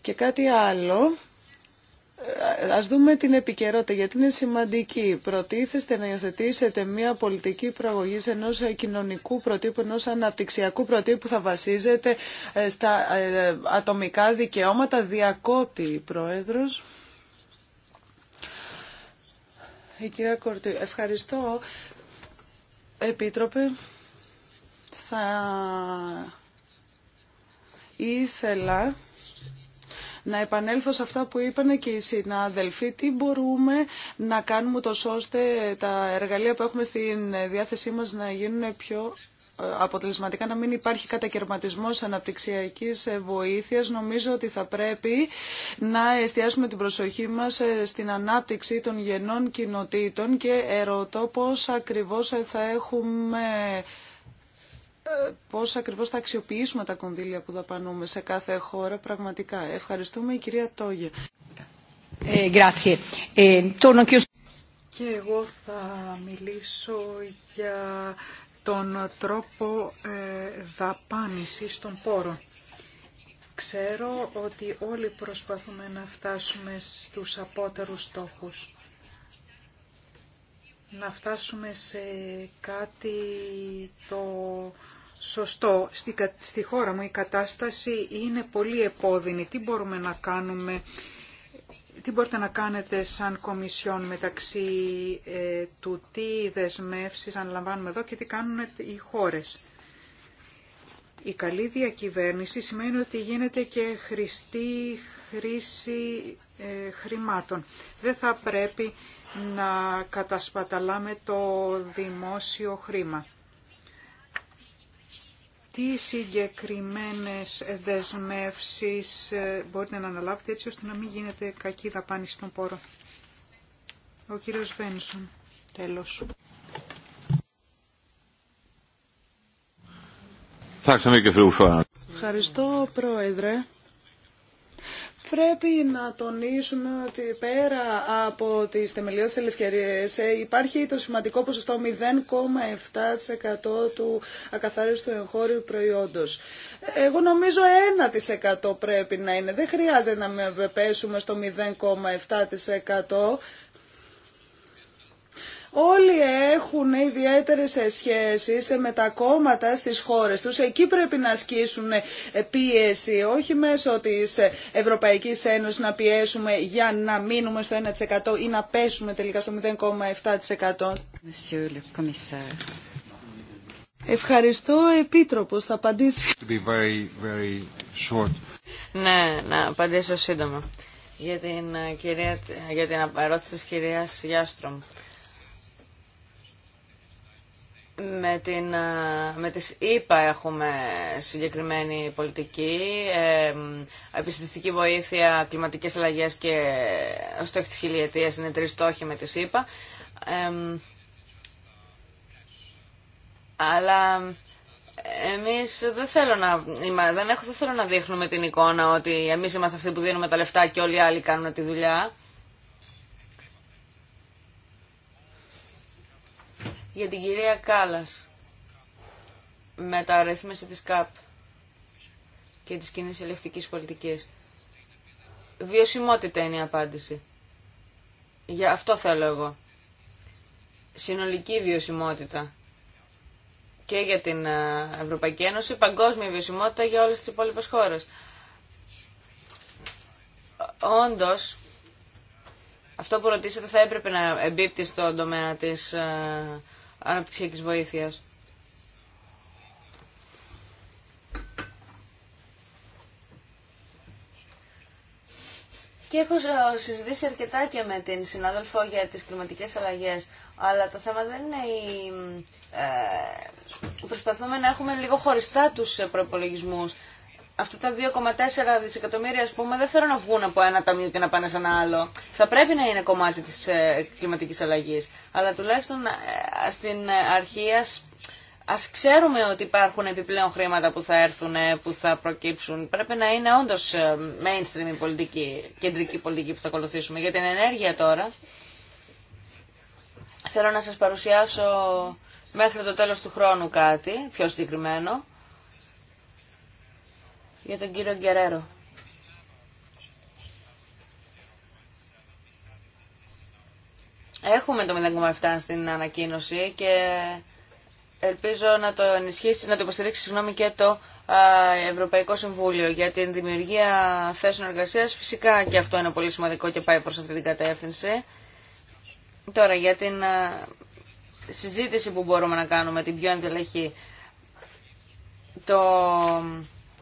Και κάτι άλλο, ε, ας δούμε την επικαιρότητα, γιατί είναι σημαντική. Προτίθεστε να υιοθετήσετε μια πολιτική προαγωγή ενό κοινωνικού προτύπου, ενό αναπτυξιακού προτύπου που θα βασίζεται ε, στα ε, ατομικά δικαιώματα. Διακόπτει η Πρόεδρος. Η κυρία Κορτή, ευχαριστώ. Επίτροπε, θα ήθελα να επανέλθω σε αυτά που είπαν και οι συνάδελφοι. Τι μπορούμε να κάνουμε τόσο ώστε τα εργαλεία που έχουμε στην διάθεσή μας να γίνουν πιο ε, αποτελεσματικά να μην υπάρχει κατακαιρματισμός αναπτυξιακής βοήθειας. Νομίζω ότι θα πρέπει να εστιάσουμε την προσοχή μας ε, στην ανάπτυξη των γενών κοινοτήτων και ερωτώ πώς ακριβώς θα έχουμε ε, πώς ακριβώς θα αξιοποιήσουμε τα κονδύλια που δαπανούμε σε κάθε χώρα πραγματικά. Ευχαριστούμε η κυρία Τόγια. Ε, ε Και εγώ θα μιλήσω για τον τρόπο ε, δαπάνησης των πόρων. Ξέρω ότι όλοι προσπαθούμε να φτάσουμε στους απότερους στόχους. Να φτάσουμε σε κάτι το σωστό. Στη, στη χώρα μου η κατάσταση είναι πολύ επώδυνη. Τι μπορούμε να κάνουμε, τι μπορείτε να κάνετε σαν Κομισιόν μεταξύ ε, του τι δεσμεύσεις αναλαμβάνουμε εδώ και τι κάνουν οι χώρες. Η καλή διακυβέρνηση σημαίνει ότι γίνεται και χρηστή χρήση ε, χρημάτων. Δεν θα πρέπει να κατασπαταλάμε το δημόσιο χρήμα τι συγκεκριμένες δεσμεύσεις ε, μπορείτε να αναλάβετε έτσι ώστε να μην γίνεται κακή δαπάνηση των πόρο. Ο κύριος Βένσον, τέλος. Ευχαριστώ, Πρόεδρε. Πρέπει να τονίσουμε ότι πέρα από τις θεμελιώδει ελευθερίες ε, υπάρχει το σημαντικό ποσοστό 0,7% του ακαθάριστου εγχώριου προϊόντος. Εγώ νομίζω 1% πρέπει να είναι. Δεν χρειάζεται να με πέσουμε στο 0,7%. Όλοι έχουν ιδιαίτερες σχέσεις με τα κόμματα στις χώρες τους. Εκεί πρέπει να ασκήσουν πίεση, όχι μέσω τη Ευρωπαϊκή Ένωση να πιέσουμε για να μείνουμε στο 1% ή να πέσουμε τελικά στο 0,7%. Ευχαριστώ, Επίτροπος. Θα απαντήσει. very, very short. Ναι, να απαντήσω σύντομα για την, ε, κυρία, για την ερώτηση της κυρίας Γιάστρομ με, την, ε, με τις ΕΠΑ έχουμε συγκεκριμένη πολιτική, ε, επιστημιστική βοήθεια, κλιματικές αλλαγές και ως το της χιλιετίας είναι τρεις στόχοι με τις ΕΠΑ. αλλά εμείς δεν θέλω να, δεν, έχω, δεν θέλω να δείχνουμε την εικόνα ότι εμείς είμαστε αυτοί που δίνουμε τα λεφτά και όλοι οι άλλοι κάνουν τη δουλειά. για την κυρία Κάλλας μεταρρύθμιση της ΚΑΠ και της κοινή ελευθερικής πολιτικής. Βιωσιμότητα είναι η απάντηση. Για αυτό θέλω εγώ. Συνολική βιωσιμότητα και για την ε, Ευρωπαϊκή Ένωση, παγκόσμια βιωσιμότητα για όλες τις υπόλοιπες χώρες. Όντως, αυτό που ρωτήσατε θα έπρεπε να εμπίπτει στον τομέα της ε, αναπτυξιακή βοήθειας. Και έχω συζητήσει αρκετά και με την συνάδελφο για τις κλιματικές αλλαγές, αλλά το θέμα δεν είναι η... Ε, προσπαθούμε να έχουμε λίγο χωριστά τους προπολογισμού αυτά τα 2,4 δισεκατομμύρια, α πούμε, δεν θέλω να βγουν από ένα ταμείο και να πάνε σε ένα άλλο. Θα πρέπει να είναι κομμάτι της ε, κλιματικής αλλαγής. Αλλά τουλάχιστον ε, στην ε, αρχή ας, ξέρουμε ότι υπάρχουν επιπλέον χρήματα που θα έρθουν, ε, που θα προκύψουν. Πρέπει να είναι όντως mainstream η πολιτική, κεντρική πολιτική που θα ακολουθήσουμε. Για την ενέργεια τώρα, θέλω να σας παρουσιάσω μέχρι το τέλος του χρόνου κάτι πιο συγκεκριμένο για τον κύριο Γκερέρο. Έχουμε το 0,7 στην ανακοίνωση και ελπίζω να το ενισχύσει, να το υποστηρίξει συγγνώμη, και το Ευρωπαϊκό Συμβούλιο για την δημιουργία θέσεων εργασίας. Φυσικά και αυτό είναι πολύ σημαντικό και πάει προς αυτή την κατεύθυνση. Τώρα για την συζήτηση που μπορούμε να κάνουμε, την πιο εντελεχή. Το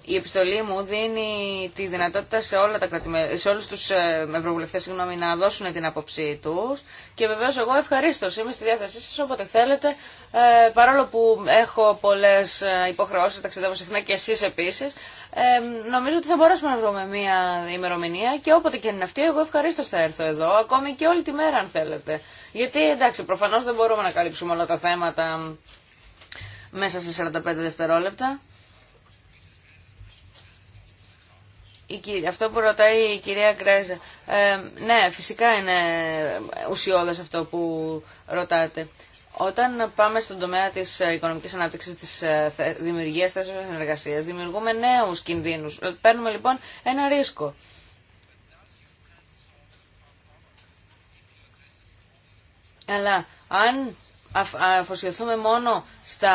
η επιστολή μου δίνει τη δυνατότητα σε, όλα τα κρατημέ... σε όλους τους ε, ευρωβουλευτές συγγνώμη, να δώσουν την άποψή τους και βεβαίως εγώ ευχαρίστω είμαι στη διάθεσή σας όποτε θέλετε ε, παρόλο που έχω πολλές ε, υποχρεώσεις, ταξιδεύω συχνά και εσείς επίσης ε, νομίζω ότι θα μπορέσουμε να βρούμε μια ημερομηνία και όποτε και είναι αυτή εγώ ευχαρίστω θα έρθω εδώ ακόμη και όλη τη μέρα αν θέλετε γιατί εντάξει προφανώς δεν μπορούμε να καλύψουμε όλα τα θέματα μέσα σε 45 δευτερόλεπτα Αυτό που ρωτάει η κυρία Γκρέζα. Ε, ναι, φυσικά είναι ουσιώδες αυτό που ρωτάτε. Όταν πάμε στον τομέα τη ε, οικονομική ανάπτυξη, τη ε, δημιουργία θέσεων εργασία, δημιουργούμε νέου κινδύνου. Παίρνουμε λοιπόν ένα ρίσκο. Αλλά αν αφοσιωθούμε μόνο στα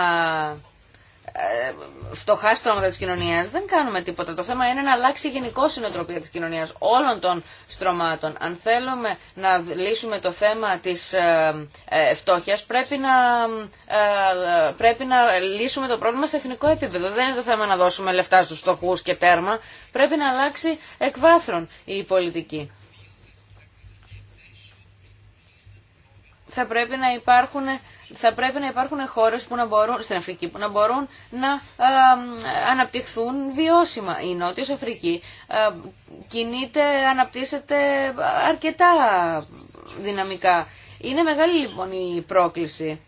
ε, φτωχά στρώματα της κοινωνίας δεν κάνουμε τίποτα. Το θέμα είναι να αλλάξει η γενικό νοοτροπία της κοινωνίας όλων των στρωμάτων. Αν θέλουμε να λύσουμε το θέμα της ε, ε, φτώχειας πρέπει να, πρέπει να λύσουμε το πρόβλημα σε εθνικό επίπεδο. Δεν είναι το θέμα να δώσουμε λεφτά στους φτωχούς και τέρμα. Πρέπει να αλλάξει εκ βάθρων η πολιτική. Θα πρέπει να υπάρχουν θα πρέπει να υπάρχουν χώρες που να μπορούν, στην Αφρική που να μπορούν να ε, αναπτυχθούν βιώσιμα. Η Νότιος Αφρική α, ε, κινείται, αναπτύσσεται αρκετά δυναμικά. Είναι μεγάλη λοιπόν η πρόκληση.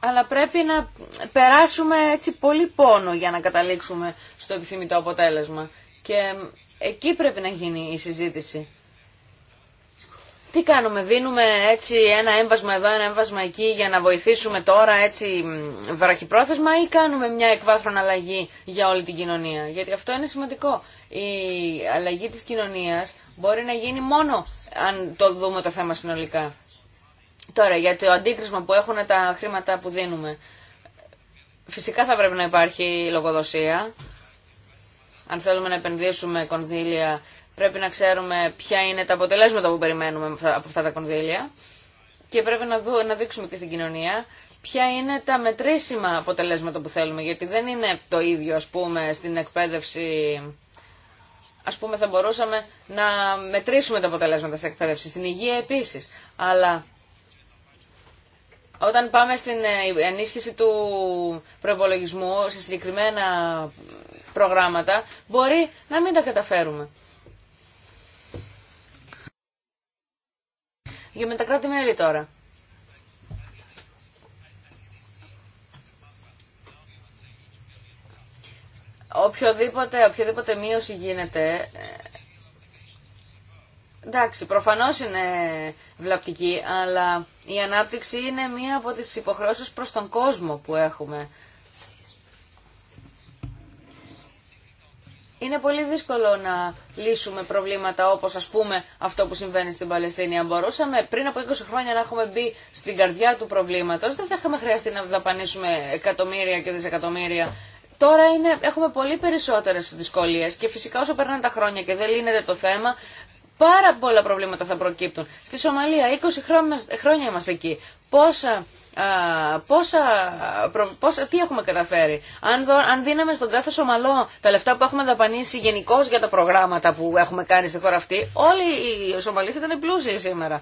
Αλλά πρέπει να περάσουμε έτσι πολύ πόνο για να καταλήξουμε στο επιθυμητό αποτέλεσμα. Και ε, εκεί πρέπει να γίνει η συζήτηση. Τι κάνουμε, δίνουμε έτσι ένα έμβασμα εδώ, ένα έμβασμα εκεί για να βοηθήσουμε τώρα έτσι βραχυπρόθεσμα ή κάνουμε μια εκβάθρον αλλαγή για όλη την κοινωνία. Γιατί αυτό είναι σημαντικό. Η αλλαγή της κοινωνίας μπορεί να γίνει μόνο αν το δούμε το θέμα συνολικά. Τώρα, για το αντίκρισμα που έχουν τα χρήματα που δίνουμε. Φυσικά θα πρέπει να υπάρχει λογοδοσία. Αν θέλουμε να επενδύσουμε κονδύλια Πρέπει να ξέρουμε ποια είναι τα αποτελέσματα που περιμένουμε από αυτά τα κονδύλια και πρέπει να, να δείξουμε και στην κοινωνία ποια είναι τα μετρήσιμα αποτελέσματα που θέλουμε. Γιατί δεν είναι το ίδιο, ας πούμε, στην εκπαίδευση. Ας πούμε, θα μπορούσαμε να μετρήσουμε τα αποτελέσματα στην εκπαίδευση, στην υγεία επίσης. Αλλά όταν πάμε στην ε, ενίσχυση του προπολογισμού σε συγκεκριμένα προγράμματα, μπορεί να μην τα καταφέρουμε. Για με τα κράτη-μέλη τώρα. Οποιοδήποτε, οποιοδήποτε μείωση γίνεται, ε, εντάξει, προφανώς είναι βλαπτική, αλλά η ανάπτυξη είναι μία από τις υποχρεώσεις προς τον κόσμο που έχουμε. είναι πολύ δύσκολο να λύσουμε προβλήματα όπως ας πούμε αυτό που συμβαίνει στην Παλαιστίνη. Αν μπορούσαμε πριν από 20 χρόνια να έχουμε μπει στην καρδιά του προβλήματος, δεν θα είχαμε χρειαστεί να δαπανίσουμε εκατομμύρια και δισεκατομμύρια. Τώρα είναι, έχουμε πολύ περισσότερες δυσκολίες και φυσικά όσο περνάνε τα χρόνια και δεν λύνεται το θέμα, Πάρα πολλά προβλήματα θα προκύπτουν. Στη Σομαλία 20 χρόνια, χρόνια είμαστε εκεί πόσα πόσα, τι έχουμε καταφέρει. Αν, αν δίναμε στον κάθε Σομαλό τα λεφτά που έχουμε δαπανίσει γενικώ για τα προγράμματα που έχουμε κάνει στη χώρα αυτή, όλοι οι Σομαλοί θα ήταν πλούσιοι σήμερα.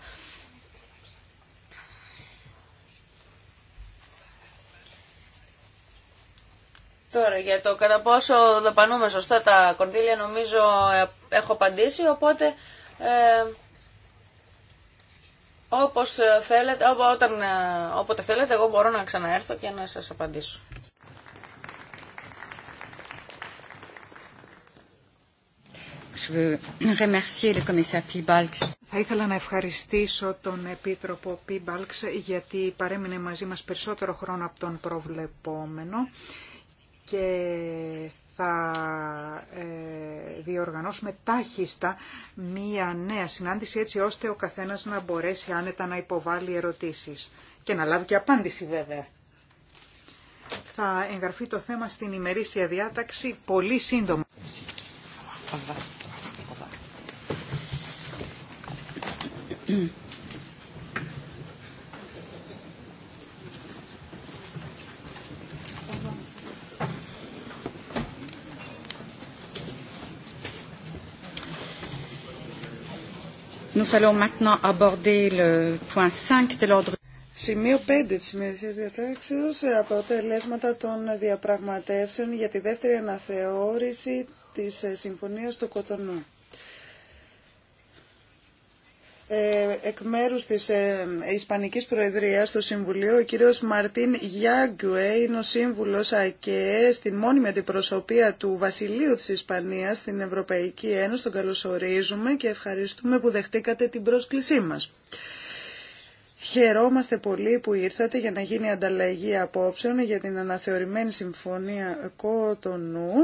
Τώρα για το κατά πόσο δαπανούμε σωστά τα κονδύλια νομίζω ε, έχω απαντήσει, οπότε... Ε, όπως ε, θέλετε, όταν, ε, όποτε θέλετε, εγώ μπορώ να ξαναέρθω και να σας απαντήσω. Θα ήθελα να ευχαριστήσω τον Επίτροπο Πίμπαλξ γιατί παρέμεινε μαζί μας περισσότερο χρόνο από τον προβλεπόμενο και θα ε, διοργανώσουμε τάχιστα μία νέα συνάντηση έτσι ώστε ο καθένας να μπορέσει άνετα να υποβάλει ερωτήσεις και να λάβει και απάντηση βέβαια. Θα εγγραφεί το θέμα στην ημερήσια διάταξη πολύ σύντομα. Nous allons maintenant aborder le point 5 de l'ordre. Σημείο 5 της Μέσης Διατάξεως, ε, αποτελέσματα των διαπραγματεύσεων για τη δεύτερη αναθεώρηση της ε, Συμφωνίας του Κοτονού. Ε, εκ μέρου τη ε, Ισπανική Προεδρία του Συμβουλίου, ο κύριος Μαρτίν Γιάγκουε είναι ο σύμβουλο ΑΚΕ στην μόνιμη αντιπροσωπεία του Βασιλείου τη Ισπανία στην Ευρωπαϊκή Ένωση. Τον καλωσορίζουμε και ευχαριστούμε που δεχτήκατε την πρόσκλησή μα. Χαιρόμαστε πολύ που ήρθατε για να γίνει ανταλλαγή απόψεων για την αναθεωρημένη συμφωνία Κότονου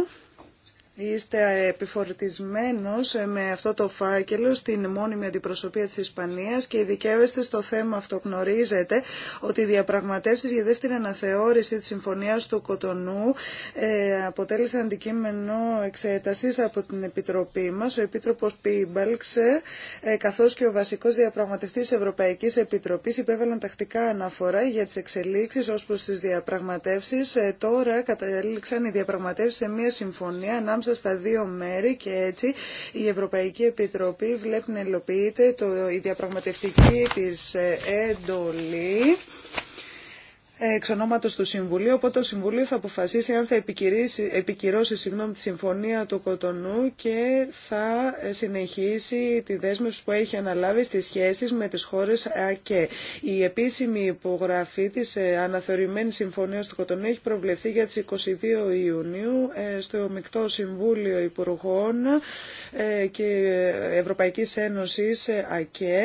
Είστε επιφορτισμένος με αυτό το φάκελο στην μόνιμη αντιπροσωπεία της Ισπανίας και ειδικεύεστε στο θέμα αυτό. Γνωρίζετε ότι οι διαπραγματεύσεις για δεύτερη αναθεώρηση της Συμφωνίας του Κοτονού ε, αποτέλεσαν αντικείμενο εξέτασης από την Επιτροπή μας. Ο Επίτροπος Πίμπαλξ ε, καθώς και ο βασικός διαπραγματευτής Ευρωπαϊκή Ευρωπαϊκής Επιτροπής υπέβαλαν τακτικά αναφορά για τις εξελίξεις ως προς τις διαπραγματεύσεις. Ε, τώρα καταλήξαν οι διαπραγματεύσεις σε μια συμφωνία ανάμεσα στα δύο μέρη και έτσι η Ευρωπαϊκή Επιτροπή βλέπει να υλοποιείται το, η διαπραγματευτική της ε, έντολη εξ ονόματος του Συμβουλίου, οπότε το Συμβουλίο θα αποφασίσει αν θα επικυρώσει τη Συμφωνία του Κοτονού και θα ε, συνεχίσει τη δέσμευση που έχει αναλάβει στις σχέσεις με τις χώρες ΑΚΕ. Η επίσημη υπογραφή της ε, αναθεωρημένης Συμφωνίας του Κοτονού έχει προβλεφθεί για τις 22 Ιουνίου ε, στο Μεικτό Συμβούλιο Υπουργών και Ευρωπαϊκής Ένωσης ΑΚΕ.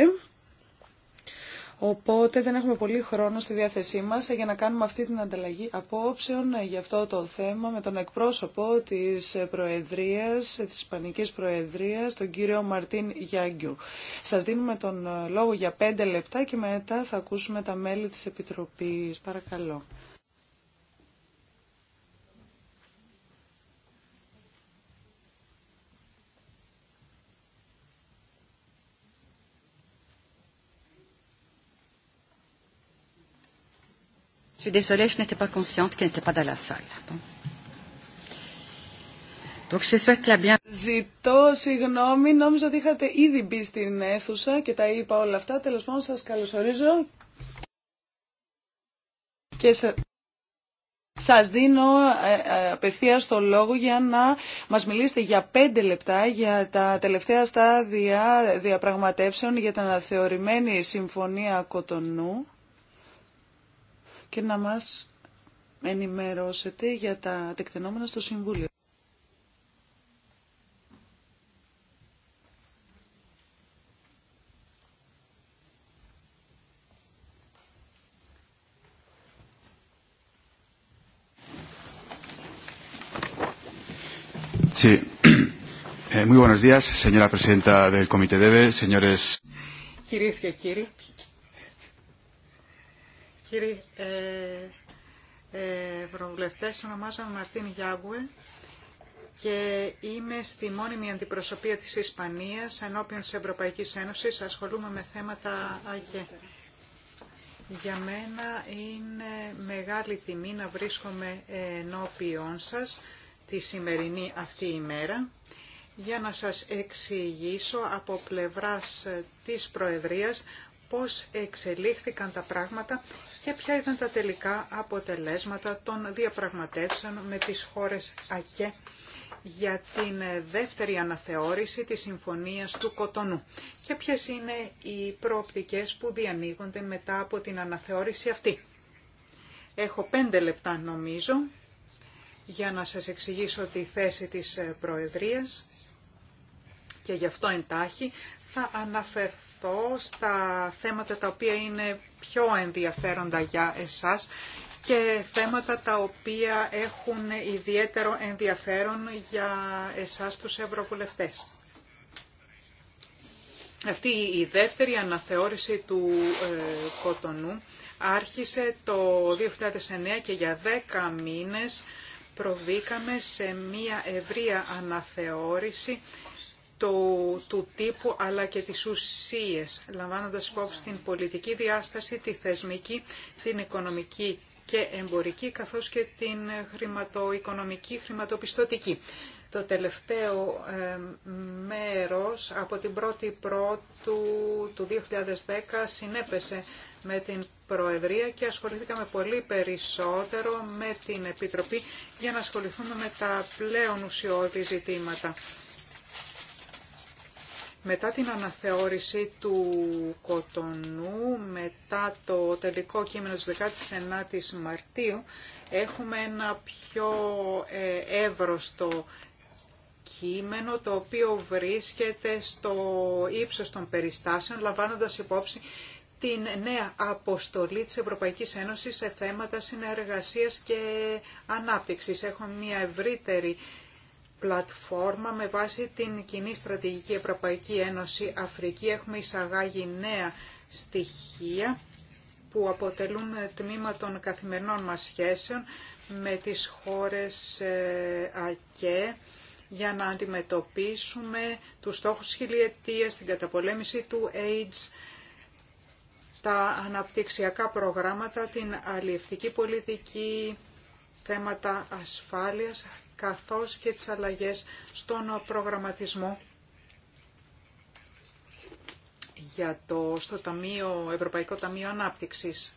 Οπότε δεν έχουμε πολύ χρόνο στη διάθεσή μας για να κάνουμε αυτή την ανταλλαγή απόψεων για αυτό το θέμα με τον εκπρόσωπο της Προεδρίας, της Ισπανικής Προεδρίας, τον κύριο Μαρτίν Γιάνγκιού. Σας δίνουμε τον λόγο για πέντε λεπτά και μετά θα ακούσουμε τα μέλη της Επιτροπής. Παρακαλώ. suis désolée, je n'étais pas consciente qu'elle n'était pas dans la salle. Donc, je souhaite la bien... Ζητώ συγγνώμη, νόμιζα ότι είχατε ήδη μπει στην αίθουσα και τα είπα όλα αυτά. Τέλος πάντων, σας καλωσορίζω και σε... Σας δίνω ε, ε, απευθεία το λόγο για να μα μιλήσετε για πέντε λεπτά για τα τελευταία στάδια διαπραγματεύσεων για την αναθεωρημένη συμφωνία Κοτονού και να μας ενημερώσετε για τα τεκτενόμενα στο Συμβούλιο. Sí. Eh, muy buenos días, señora presidenta del Comité DEVE, señores. Κυρίες και κύριοι, Κύριοι ε, ε, Ευρωβουλευτέ, ονομάζομαι Μαρτίν Γιάγκουε και είμαι στη μόνιμη αντιπροσωπεία της Ισπανίας ενώπιον της Ευρωπαϊκής Ένωσης. Ασχολούμαι με θέματα ΑΚΕ. Για μένα είναι μεγάλη τιμή να βρίσκομαι ενώπιον σας τη σημερινή αυτή ημέρα για να σας εξηγήσω από πλευράς της Προεδρίας πώς εξελίχθηκαν τα πράγματα και ποια ήταν τα τελικά αποτελέσματα των διαπραγματεύσεων με τις χώρες ΑΚΕ για την δεύτερη αναθεώρηση της Συμφωνίας του Κοτονού και ποιες είναι οι προοπτικές που διανοίγονται μετά από την αναθεώρηση αυτή. Έχω πέντε λεπτά νομίζω για να σας εξηγήσω τη θέση της Προεδρίας και γι' αυτό εντάχει θα αναφερθώ στα θέματα τα οποία είναι πιο ενδιαφέροντα για εσάς και θέματα τα οποία έχουν ιδιαίτερο ενδιαφέρον για εσάς τους Ευρωβουλευτές. Αυτή η δεύτερη αναθεώρηση του ε, Κοτονού άρχισε το 2009 και για 10 μήνες προβήκαμε σε μία ευρεία αναθεώρηση του, τύπου αλλά και τις ουσίες, λαμβάνοντας υπόψη την πολιτική διάσταση, τη θεσμική, την οικονομική και εμπορική, καθώς και την χρηματοοικονομική, χρηματοπιστωτική. Το τελευταίο ε, μέρος από την 1η Πρώτου του 2010 συνέπεσε με την Προεδρία και ασχοληθήκαμε πολύ περισσότερο με την Επιτροπή για να ασχοληθούμε με τα πλέον ουσιώδη ζητήματα μετά την αναθεώρηση του Κοτονού, μετά το τελικό κείμενο της 19ης Μαρτίου, έχουμε ένα πιο ε, εύρωστο κείμενο το οποίο βρίσκεται στο ύψος των περιστάσεων, λαμβάνοντας υπόψη την νέα αποστολή της Ευρωπαϊκής Ένωσης σε θέματα συνεργασίας και ανάπτυξης. Έχουμε μια ευρύτερη πλατφόρμα με βάση την κοινή στρατηγική Ευρωπαϊκή Ένωση Αφρική. Έχουμε εισαγάγει νέα στοιχεία που αποτελούν τμήμα των καθημερινών μας σχέσεων με τις χώρες ε, ΑΚΕ για να αντιμετωπίσουμε τους στόχους χιλιετίας, την καταπολέμηση του AIDS, τα αναπτυξιακά προγράμματα, την αλληλευτική πολιτική, θέματα ασφάλειας καθώς και τις αλλαγές στον προγραμματισμό για το στο Ταμείο, Ευρωπαϊκό Ταμείο Ανάπτυξης.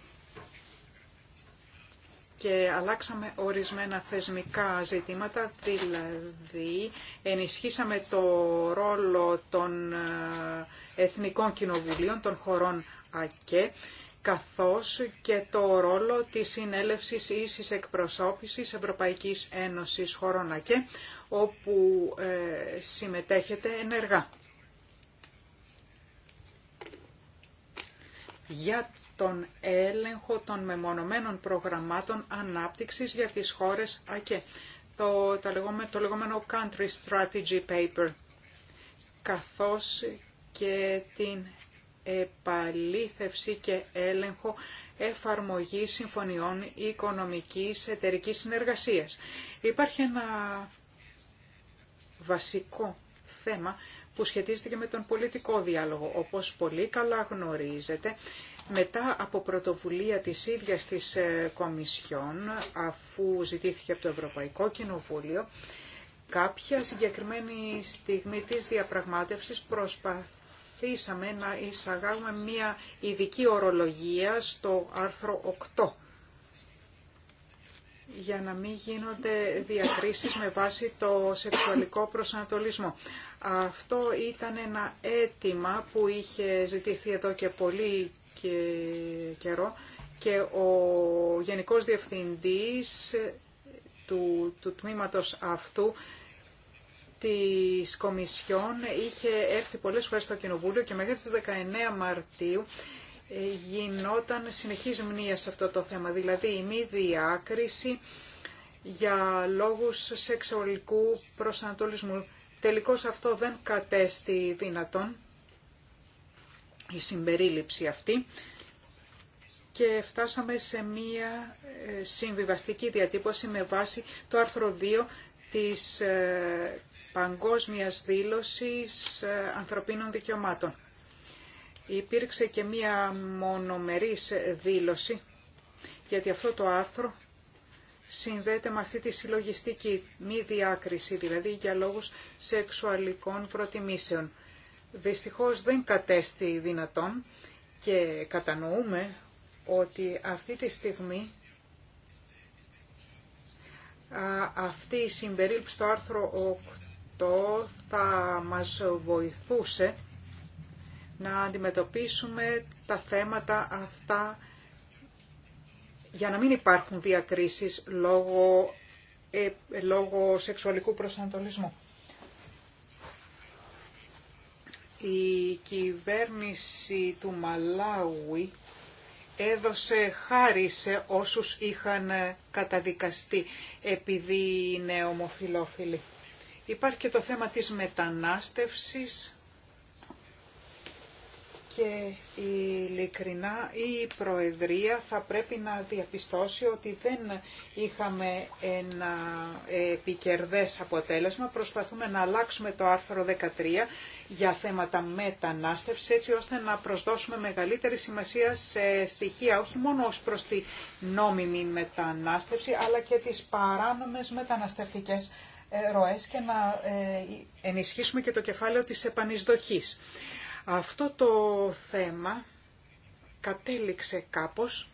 Και αλλάξαμε ορισμένα θεσμικά ζητήματα, δηλαδή ενισχύσαμε το ρόλο των ε, Εθνικών Κοινοβουλίων των χωρών ΑΚΕ καθώς και το ρόλο της συνέλευσης ίσης εκπροσώπησης Ευρωπαϊκής Ένωσης χωρών ΑΚΕ, όπου ε, συμμετέχετε ενεργά. Για τον έλεγχο των μεμονωμένων προγραμμάτων ανάπτυξης για τις χώρες ΑΚΕ, το, λεγόμενο, το λεγόμενο Country Strategy Paper, καθώς και την επαλήθευση και έλεγχο εφαρμογή συμφωνιών οικονομικής εταιρικής συνεργασίας. Υπάρχει ένα βασικό θέμα που σχετίζεται και με τον πολιτικό διάλογο. Όπως πολύ καλά γνωρίζετε, μετά από πρωτοβουλία της ίδιας της ε, Κομισιόν, αφού ζητήθηκε από το Ευρωπαϊκό Κοινοβούλιο, κάποια συγκεκριμένη στιγμή της διαπραγμάτευσης προσπαθεί αφήσαμε να εισαγάγουμε μια ειδική ορολογία στο άρθρο 8 για να μην γίνονται διακρίσεις με βάση το σεξουαλικό προσανατολισμό. Αυτό ήταν ένα αίτημα που είχε ζητηθεί εδώ και πολύ και καιρό και ο Γενικός Διευθυντής του, του τμήματος αυτού της Κομισιόν είχε έρθει πολλές φορές στο Κοινοβούλιο και μέχρι τις 19 Μαρτίου ε, γινόταν συνεχής μνήα σε αυτό το θέμα, δηλαδή η μη διάκριση για λόγους σεξουαλικού προσανατολισμού. Τελικώς αυτό δεν κατέστη δυνατόν η συμπερίληψη αυτή και φτάσαμε σε μία ε, συμβιβαστική διατύπωση με βάση το άρθρο 2 της ε, Παγκόσμιας Δήλωσης ε, Ανθρωπίνων Δικαιωμάτων. Υπήρξε και μία μονομερής δήλωση, γιατί αυτό το άρθρο συνδέεται με αυτή τη συλλογιστική μη διάκριση, δηλαδή για λόγους σεξουαλικών προτιμήσεων. Δυστυχώς δεν κατέστη δυνατόν και κατανοούμε ότι αυτή τη στιγμή αυτή η συμπερίληψη στο άρθρο αυτό θα μας βοηθούσε να αντιμετωπίσουμε τα θέματα αυτά για να μην υπάρχουν διακρίσεις λόγω, ε, λόγω σεξουαλικού προσανατολισμού. Η κυβέρνηση του Μαλάουι έδωσε χάρη σε όσους είχαν καταδικαστεί επειδή είναι ομοφιλόφιλοι. Υπάρχει και το θέμα της μετανάστευσης και η ειλικρινά η Προεδρία θα πρέπει να διαπιστώσει ότι δεν είχαμε ένα επικερδές αποτέλεσμα. Προσπαθούμε να αλλάξουμε το άρθρο 13 για θέματα μετανάστευσης έτσι ώστε να προσδώσουμε μεγαλύτερη σημασία σε στοιχεία όχι μόνο ως προς τη νόμιμη μετανάστευση αλλά και τις παράνομες μεταναστευτικές ε, ροές και να ε, ενισχύσουμε και το κεφάλαιο της επανεισδοχής. Αυτό το θέμα κατέληξε κάπως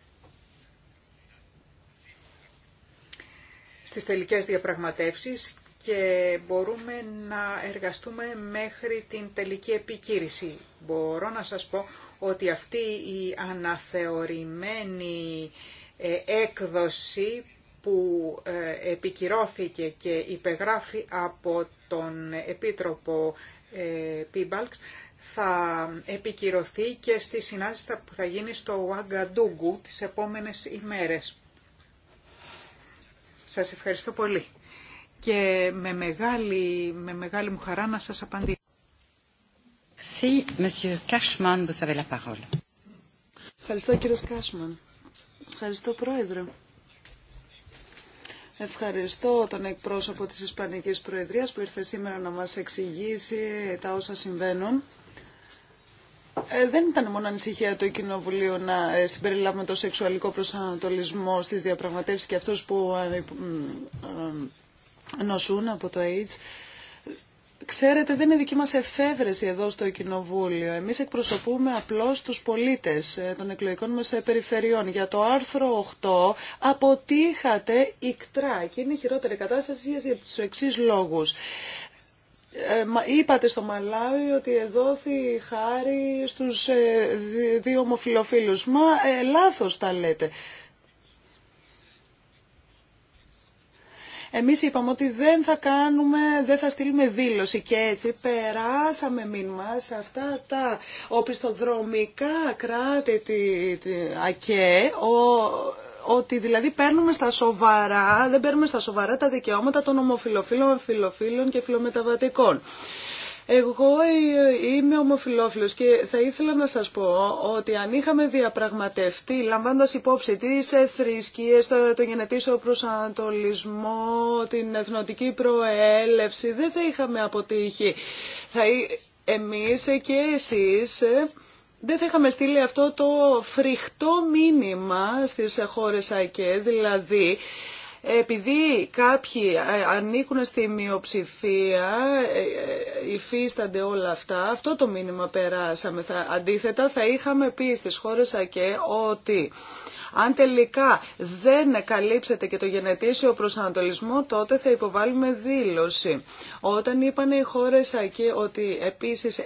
στις τελικές διαπραγματεύσεις και μπορούμε να εργαστούμε μέχρι την τελική επικύρηση. Μπορώ να σας πω ότι αυτή η αναθεωρημένη ε, έκδοση που ε, επικυρώθηκε και υπεγράφει από τον Επίτροπο ε, Πίμπαλξ θα επικυρωθεί και στη συνάντηση που θα γίνει στο Ουαγκαντούγκου τις επόμενες ημέρες. Σας ευχαριστώ πολύ και με μεγάλη, μεγάλη μου χαρά να σας απαντήσω. Si, Monsieur Cashman, vous avez la parole. Ευχαριστώ κύριος Κάσμαν. Ευχαριστώ πρόεδρε. Ευχαριστώ τον εκπρόσωπο της Ισπανικής Προεδρίας που ήρθε σήμερα να μας εξηγήσει τα όσα συμβαίνουν. Ε, δεν ήταν μόνο ανησυχία το Κοινοβουλίο να ε, συμπεριλάβουμε το σεξουαλικό προσανατολισμό στις διαπραγματεύσεις και αυτούς που ε, νοσούν από το AIDS. Ξέρετε, δεν είναι δική μας εφεύρεση εδώ στο Κοινοβούλιο. Εμείς εκπροσωπούμε απλώς τους πολίτες ε, των εκλογικών μας περιφερειών. Για το άρθρο 8 αποτύχατε ικτρά και είναι χειρότερη κατάσταση για τους εξή λόγους. Ε, είπατε στο Μαλάουι ότι εδόθη χάρη στους ε, δύο ομοφιλοφίλους. Μα ε, λάθος τα λέτε. Εμείς είπαμε ότι δεν θα κάνουμε, δεν θα στείλουμε δήλωση και έτσι περάσαμε μήνυμα σε αυτά τα οπισθοδρομικά κράτη τη, τη ΑΚΕ, ο, ότι δηλαδή παίρνουμε στα σοβαρά, δεν παίρνουμε στα σοβαρά τα δικαιώματα των ομοφιλοφίλων, φιλοφίλων και φιλομεταβατικών. Εγώ ε, είμαι ομοφιλόφιλος και θα ήθελα να σας πω ότι αν είχαμε διαπραγματευτεί, λαμβάνοντας υπόψη τις ε, θρησκείες, το, το γενετήσιο προσανατολισμό, την εθνοτική προέλευση, δεν θα είχαμε αποτύχει. Θα, εμείς ε, και εσείς δεν θα είχαμε στείλει αυτό το φρικτό μήνυμα στις χώρες ΑΚΕ, δηλαδή επειδή κάποιοι ε, ανήκουν στη μειοψηφία, ε, ε, υφίστανται όλα αυτά, αυτό το μήνυμα περάσαμε. Αντίθετα, θα είχαμε πει στις χώρες ΑΚΕ ότι αν τελικά δεν καλύψετε και το γενετήσιο προσανατολισμό, τότε θα υποβάλουμε δήλωση. Όταν είπαν οι χώρες ΑΚΕ ότι επίσης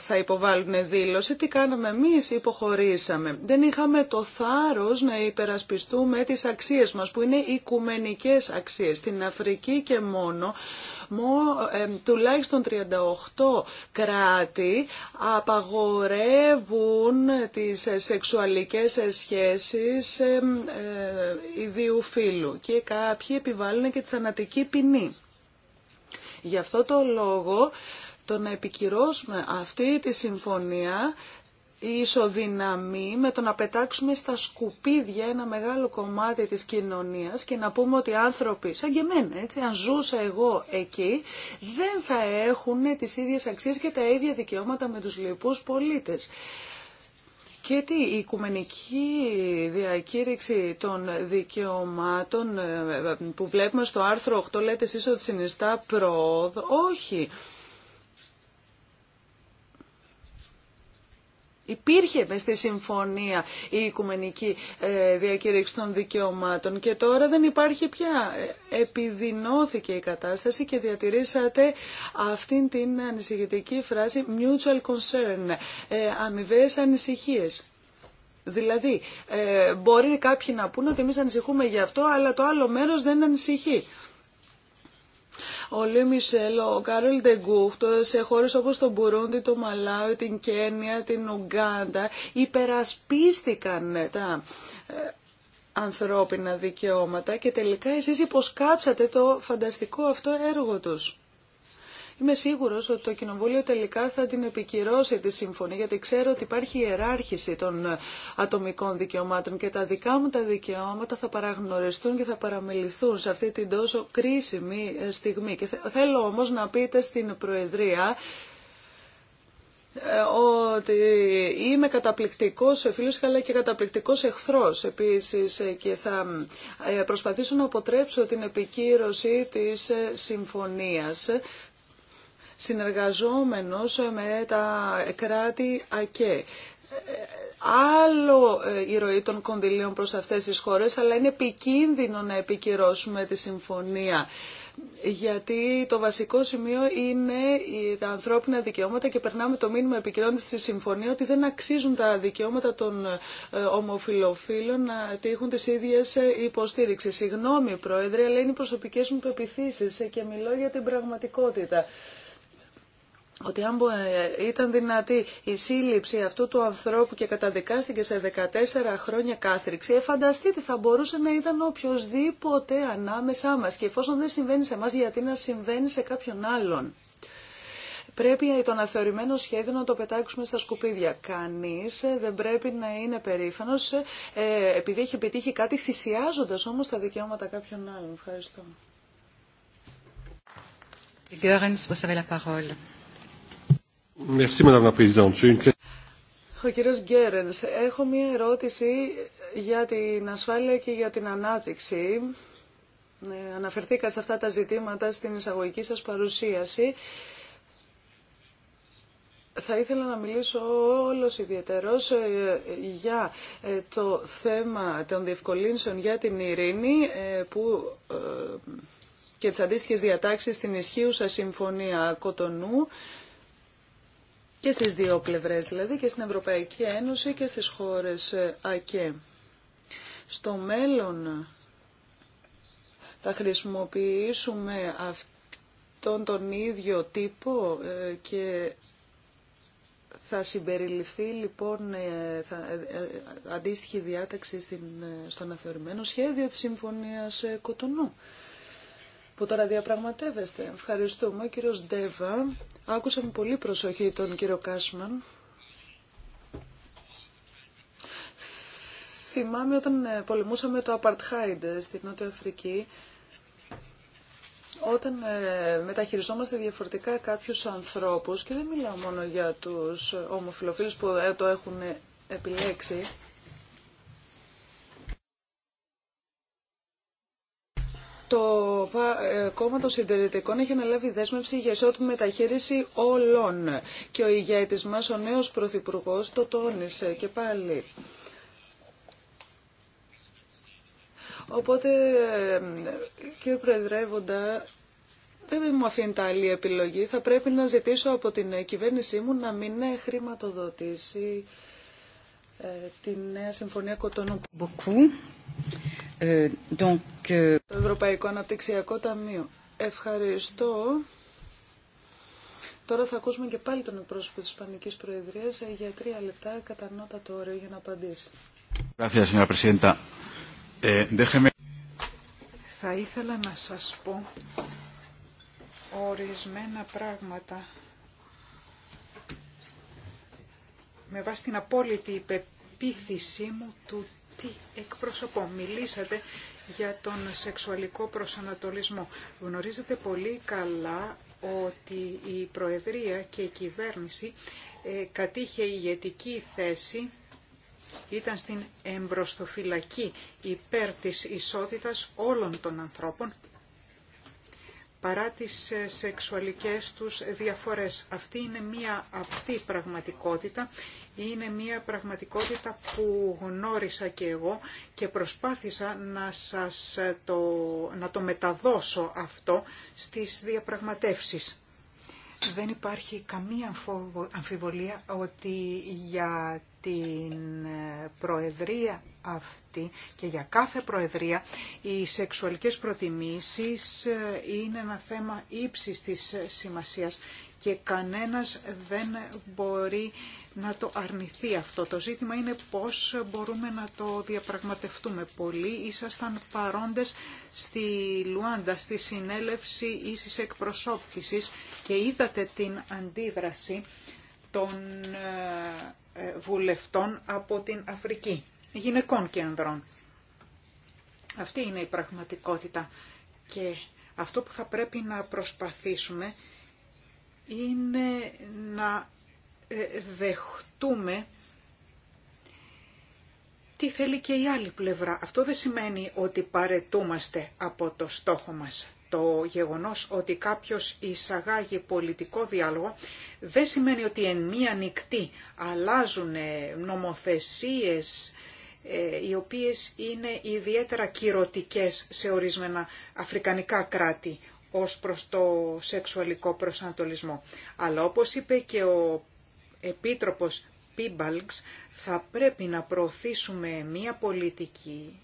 θα υποβάλουν δήλωση. Τι κάναμε εμείς, υποχωρήσαμε. Δεν είχαμε το θάρρος να υπερασπιστούμε τις αξίες μας που είναι οικουμενικές αξίες. Στην Αφρική και μόνο, μό, τουλάχιστον 38 κράτη απαγορεύουν τις σεξουαλικές σχέσεις ε, ε, ιδίου φύλου και κάποιοι επιβάλλουν και τη θανατική ποινή. Γι' αυτό το λόγο το να επικυρώσουμε αυτή τη συμφωνία ισοδυναμεί με το να πετάξουμε στα σκουπίδια ένα μεγάλο κομμάτι της κοινωνίας και να πούμε ότι άνθρωποι σαν και εμένα, έτσι, αν ζούσα εγώ εκεί, δεν θα έχουν τις ίδιες αξίες και τα ίδια δικαιώματα με τους λοιπούς πολίτες. Και τι, η οικουμενική διακήρυξη των δικαιωμάτων ε, ε, ε, που βλέπουμε στο άρθρο 8 λέτε εσείς ότι συνιστά πρόοδο, όχι. Υπήρχε με στη συμφωνία η οικουμενική ε, διακήρυξη των δικαιωμάτων και τώρα δεν υπάρχει πια. Ε, επιδεινώθηκε η κατάσταση και διατηρήσατε αυτήν την ανησυχητική φράση mutual concern, ε, αμοιβέ ανησυχίες. Δηλαδή, μπορεί κάποιοι να πούν ότι εμείς ανησυχούμε για αυτό, αλλά το άλλο μέρος δεν ανησυχεί ο Λί Μισελ, ο Κάρολ Ντεγκούχτο σε χώρε όπω το Μπουρούντι, το Μαλάου, την Κένια, την Ουγκάντα υπερασπίστηκαν ε, τα ε, ανθρώπινα δικαιώματα και τελικά εσείς υποσκάψατε το φανταστικό αυτό έργο τους. Είμαι σίγουρος ότι το Κοινοβούλιο τελικά θα την επικυρώσει τη σύμφωνη, γιατί ξέρω ότι υπάρχει ιεράρχηση των ατομικών δικαιωμάτων και τα δικά μου τα δικαιώματα θα παραγνωριστούν και θα παραμεληθούν σε αυτή την τόσο κρίσιμη ε, στιγμή. Και θέλω όμως να πείτε στην Προεδρία ε, ότι είμαι καταπληκτικός φίλος αλλά και καταπληκτικός εχθρός επίσης ε, και θα προσπαθήσω να αποτρέψω την επικύρωση της συμφωνίας συνεργαζόμενος με τα κράτη ΑΚΕ. Άλλο ε, η ροή των κονδυλίων προς αυτές τις χώρες, αλλά είναι επικίνδυνο να επικυρώσουμε τη συμφωνία γιατί το βασικό σημείο είναι τα ανθρώπινα δικαιώματα και περνάμε το μήνυμα επικοινώνηση στη συμφωνία ότι δεν αξίζουν τα δικαιώματα των ε, ομοφιλοφίλων να τύχουν τι ίδιε υποστήριξει. Συγγνώμη, Πρόεδρε, αλλά είναι οι προσωπικέ μου πεπιθήσει και μιλώ για την πραγματικότητα ότι αν ε, ήταν δυνατή η σύλληψη αυτού του ανθρώπου και καταδικάστηκε σε 14 χρόνια κάθριξη, ε, φανταστείτε θα μπορούσε να ήταν οποιοδήποτε ανάμεσά μας και εφόσον δεν συμβαίνει σε εμά γιατί να συμβαίνει σε κάποιον άλλον. Πρέπει το αναθεωρημένο σχέδιο να το πετάξουμε στα σκουπίδια. Κανείς ε, δεν πρέπει να είναι περήφανος ε, επειδή έχει επιτύχει κάτι θυσιάζοντας όμως τα δικαιώματα κάποιων άλλων. Ευχαριστώ. Ο κύριος Γκέρενς, έχω μία ερώτηση για την ασφάλεια και για την ανάπτυξη. Ε, αναφερθήκα σε αυτά τα ζητήματα στην εισαγωγική σας παρουσίαση. Θα ήθελα να μιλήσω όλος ιδιαίτερος ε, για ε, το θέμα των διευκολύνσεων για την ειρήνη που και τις αντίστοιχες διατάξεις στην ισχύουσα συμφωνία Κοτονού και στις δύο πλευρές, δηλαδή και στην Ευρωπαϊκή Ένωση και στις χώρες ε, ΑΚΕ. Στο μέλλον θα χρησιμοποιήσουμε αυτόν τον ίδιο τύπο ε, και θα συμπεριληφθεί λοιπόν ε, θα, αντίστοιχη διάταξη στην, στο αναθεωρημένο σχέδιο της Συμφωνίας Κοτονού που τώρα διαπραγματεύεστε. Ευχαριστούμε. Ο κύριος Ντέβα, άκουσα με πολύ προσοχή τον κύριο Κάσμαν. Θυμάμαι όταν ε, πολεμούσαμε το Απαρτχάιντ ε, στη Νότια Αφρική, όταν ε, μεταχειριζόμαστε διαφορετικά κάποιους ανθρώπους, και δεν μιλάω μόνο για τους ομοφιλοφίλους που το έχουν επιλέξει, το ε, κόμμα των συντηρητικών έχει αναλάβει δέσμευση για ισότιμη μεταχείριση όλων. Και ο ηγέτης μας, ο νέος πρωθυπουργός, το τόνισε και πάλι. Οπότε, ε, κύριε Προεδρεύοντα, δεν μου αφήνει τα άλλη επιλογή. Θα πρέπει να ζητήσω από την κυβέρνησή μου να μην χρηματοδοτήσει ε, τη νέα συμφωνία κοτώνων. Ε, ε, το Ευρωπαϊκό Αναπτυξιακό Ταμείο. Ευχαριστώ. Τώρα θα ακούσουμε και πάλι τον εκπρόσωπο της Ισπανικής Προεδρίας ε, για τρία λεπτά κατά νότα το όριο για να απαντήσει. Θα ήθελα να σας πω ορισμένα πράγματα με βάση την απόλυτη υπεποίθησή μου του τι εκπροσωπώ. Μιλήσατε για τον σεξουαλικό προσανατολισμό. Γνωρίζετε πολύ καλά ότι η Προεδρία και η κυβέρνηση ε, κατήχε ηγετική θέση ήταν στην εμπροστοφυλακή υπέρ της ισότητας όλων των ανθρώπων παρά τις ε, σεξουαλικές τους διαφορές. Αυτή είναι μία απτή πραγματικότητα, είναι μία πραγματικότητα που γνώρισα και εγώ και προσπάθησα να, σας ε, το, να το μεταδώσω αυτό στις διαπραγματεύσεις. Δεν υπάρχει καμία αμφιβολία ότι για την ε, Προεδρία αυτή και για κάθε προεδρία οι σεξουαλικές προτιμήσεις ε, είναι ένα θέμα ύψης της ε, σημασίας και κανένας δεν μπορεί να το αρνηθεί αυτό. Το ζήτημα είναι πώς μπορούμε να το διαπραγματευτούμε. Πολλοί ήσασταν παρόντες στη Λουάντα, στη συνέλευση ίσης εκπροσώπησης και είδατε την αντίδραση των ε, βουλευτών από την Αφρική γυναικών και ανδρών. Αυτή είναι η πραγματικότητα και αυτό που θα πρέπει να προσπαθήσουμε είναι να ε, δεχτούμε τι θέλει και η άλλη πλευρά. Αυτό δεν σημαίνει ότι παρετούμαστε από το στόχο μας. Το γεγονός ότι κάποιος εισαγάγει πολιτικό διάλογο δεν σημαίνει ότι εν μία νυχτή αλλάζουν νομοθεσίες, ε, οι οποίες είναι ιδιαίτερα κυρωτικές σε ορισμένα αφρικανικά κράτη ως προς το σεξουαλικό προσανατολισμό. Αλλά όπως είπε και ο Επίτροπος Πίμπαλξ, θα πρέπει να προωθήσουμε μία πολιτική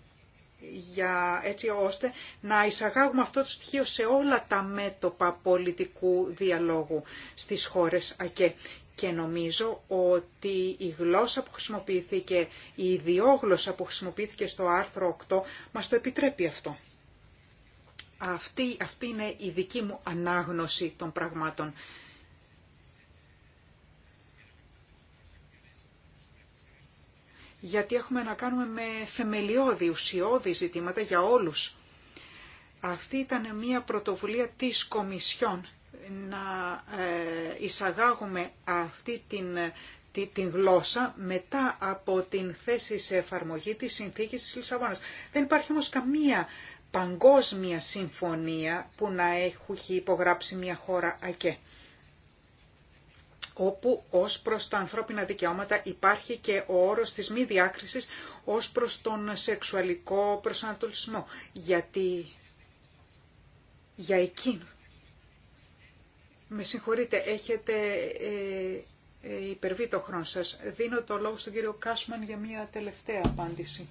για, έτσι ώστε να εισαγάγουμε αυτό το στοιχείο σε όλα τα μέτωπα πολιτικού διαλόγου στις χώρες ΑΚΕ και νομίζω ότι η γλώσσα που χρησιμοποιήθηκε, η ιδιόγλωσσα που χρησιμοποιήθηκε στο άρθρο 8 μας το επιτρέπει αυτό. Αυτή, αυτή είναι η δική μου ανάγνωση των πραγμάτων. Γιατί έχουμε να κάνουμε με θεμελιώδη, ουσιώδη ζητήματα για όλους. Αυτή ήταν μια πρωτοβουλία της Κομισιόν να ε, εισαγάγουμε αυτή την, την, γλώσσα μετά από την θέση σε εφαρμογή της συνθήκης της Λισαβόνας. Δεν υπάρχει όμως καμία παγκόσμια συμφωνία που να έχει υπογράψει μια χώρα ΑΚΕ όπου ως προς τα ανθρώπινα δικαιώματα υπάρχει και ο όρος της μη διάκρισης ως προς τον σεξουαλικό προσανατολισμό. Γιατί για εκείνο με συγχωρείτε, έχετε ε, ε, υπερβεί το χρόνο σας. Δίνω το λόγο στον κύριο Κάσμαν για μια τελευταία απάντηση.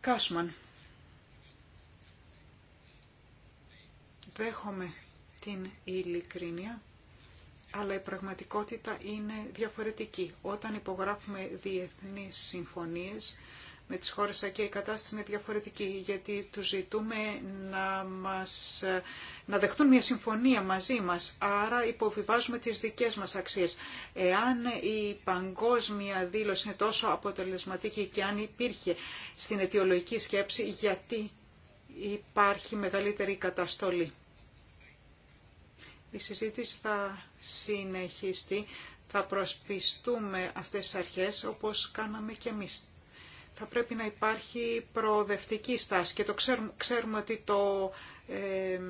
Κάσμαν. Δέχομαι την ειλικρίνεια, αλλά η πραγματικότητα είναι διαφορετική. Όταν υπογράφουμε διεθνείς συμφωνίες, με τις χώρες ΑΚΕ η κατάσταση είναι διαφορετική, γιατί τους ζητούμε να, μας, να δεχτούν μια συμφωνία μαζί μας, άρα υποβιβάζουμε τις δικές μας αξίες. Εάν η παγκόσμια δήλωση είναι τόσο αποτελεσματική και αν υπήρχε στην αιτιολογική σκέψη, γιατί υπάρχει μεγαλύτερη καταστολή. Η συζήτηση θα συνεχιστεί, θα προσπιστούμε αυτές τις αρχές όπως κάναμε και εμείς θα πρέπει να υπάρχει προοδευτική στάση και το ξέρουμε, ότι το, ε,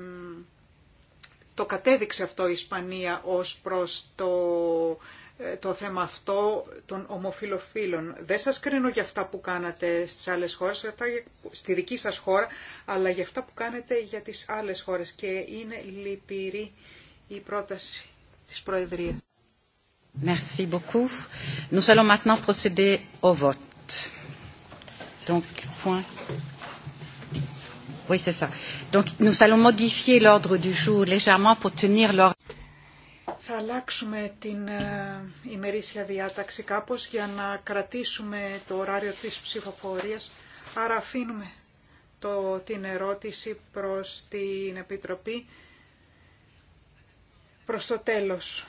το κατέδειξε αυτό η Ισπανία ως προς το, ε, το θέμα αυτό των ομοφιλοφίλων. Δεν σας κρίνω για αυτά που κάνατε στις άλλες χώρες, στη δική σας χώρα, αλλά για αυτά που κάνετε για τις άλλες χώρες και είναι λυπηρή η πρόταση της Προεδρίας. Merci beaucoup. Nous allons maintenant procéder au vote. Donc, point. Oui, c'est ça. Donc, nous allons modifier l'ordre du jour légèrement pour tenir l'ordre. Θα αλλάξουμε την ε, ημερήσια διάταξη κάπως για να κρατήσουμε το ωράριο της ψηφοφορίας. Άρα αφήνουμε το, την ερώτηση προς την Επιτροπή προς το τέλος.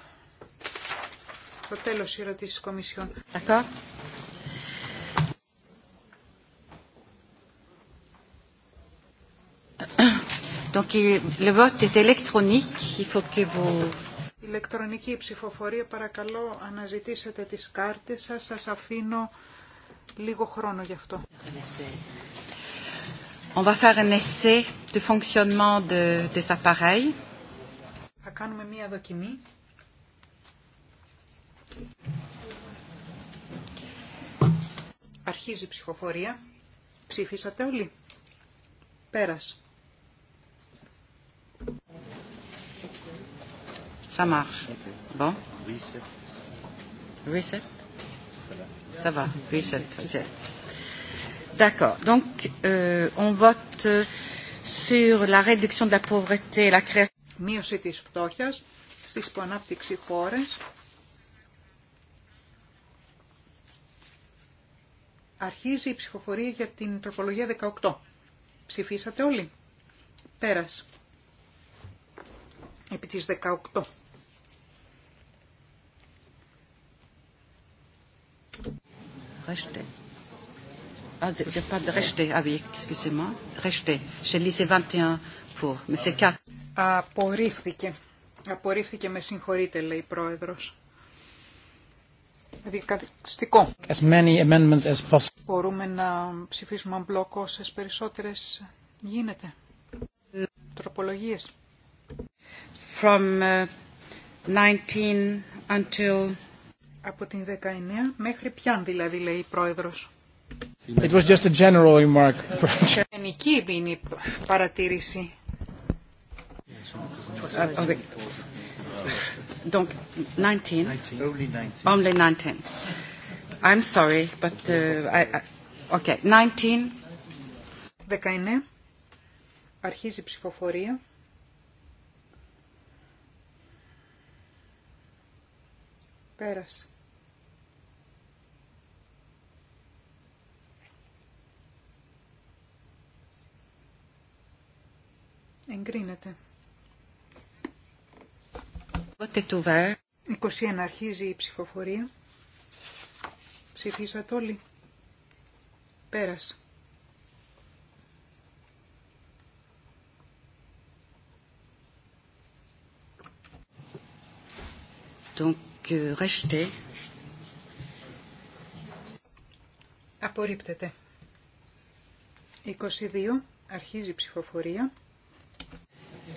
Το τέλος η ερώτηση της Κομισιόν. D'accord. Donc, le vote est électronique. Il faut que vous... Ηλεκτρονική ψηφοφορία, παρακαλώ αναζητήσετε τις κάρτες σας, σας αφήνω λίγο χρόνο γι' αυτό. On va faire un essai de fonctionnement de, des appareils. Θα κάνουμε μία δοκιμή. Αρχίζει η ψηφοφορία. Ψήφισατε όλοι. Πέρας. Ça marche. Bon. D'accord. Donc, on vote sur la réduction de la pauvreté et la création. Αρχίζει η ψηφοφορία για την τροπολογία 18. Ψηφίσατε όλοι. Πέρας. Επί της 18. rejeté. Ah, je, de, pas de rejeté. Ah oui, excusez-moi. Rejeté. Chez lisais 21 pour. Monsieur 4. Απορρίφθηκε. Απορρίφθηκε, με συγχωρείτε, λέει η Πρόεδρος. Δικαστικό. Δηλαδή, as many amendments as possible. Μπορούμε να ψηφίσουμε αν μπλοκ όσε περισσότερες γίνεται. Τροπολογίες. From uh, 19 until από την 19 μέχρι πιάν δηλαδή λέει η πρόεδρος. It was just a general remark. Γενική είναι η παρατήρηση. Donc 19. Only 19. Only 19. I'm sorry, but uh, I, okay. 19. 19. Αρχίζει ψυχοφορία. ψηφοφορία. Πέρασε. Εγκρίνεται. 21 αρχίζει η ψηφοφορία. Ψηφίσατε όλοι. Πέρασε. Donc, euh, Απορρίπτεται. 22. Αρχίζει η ψηφοφορία.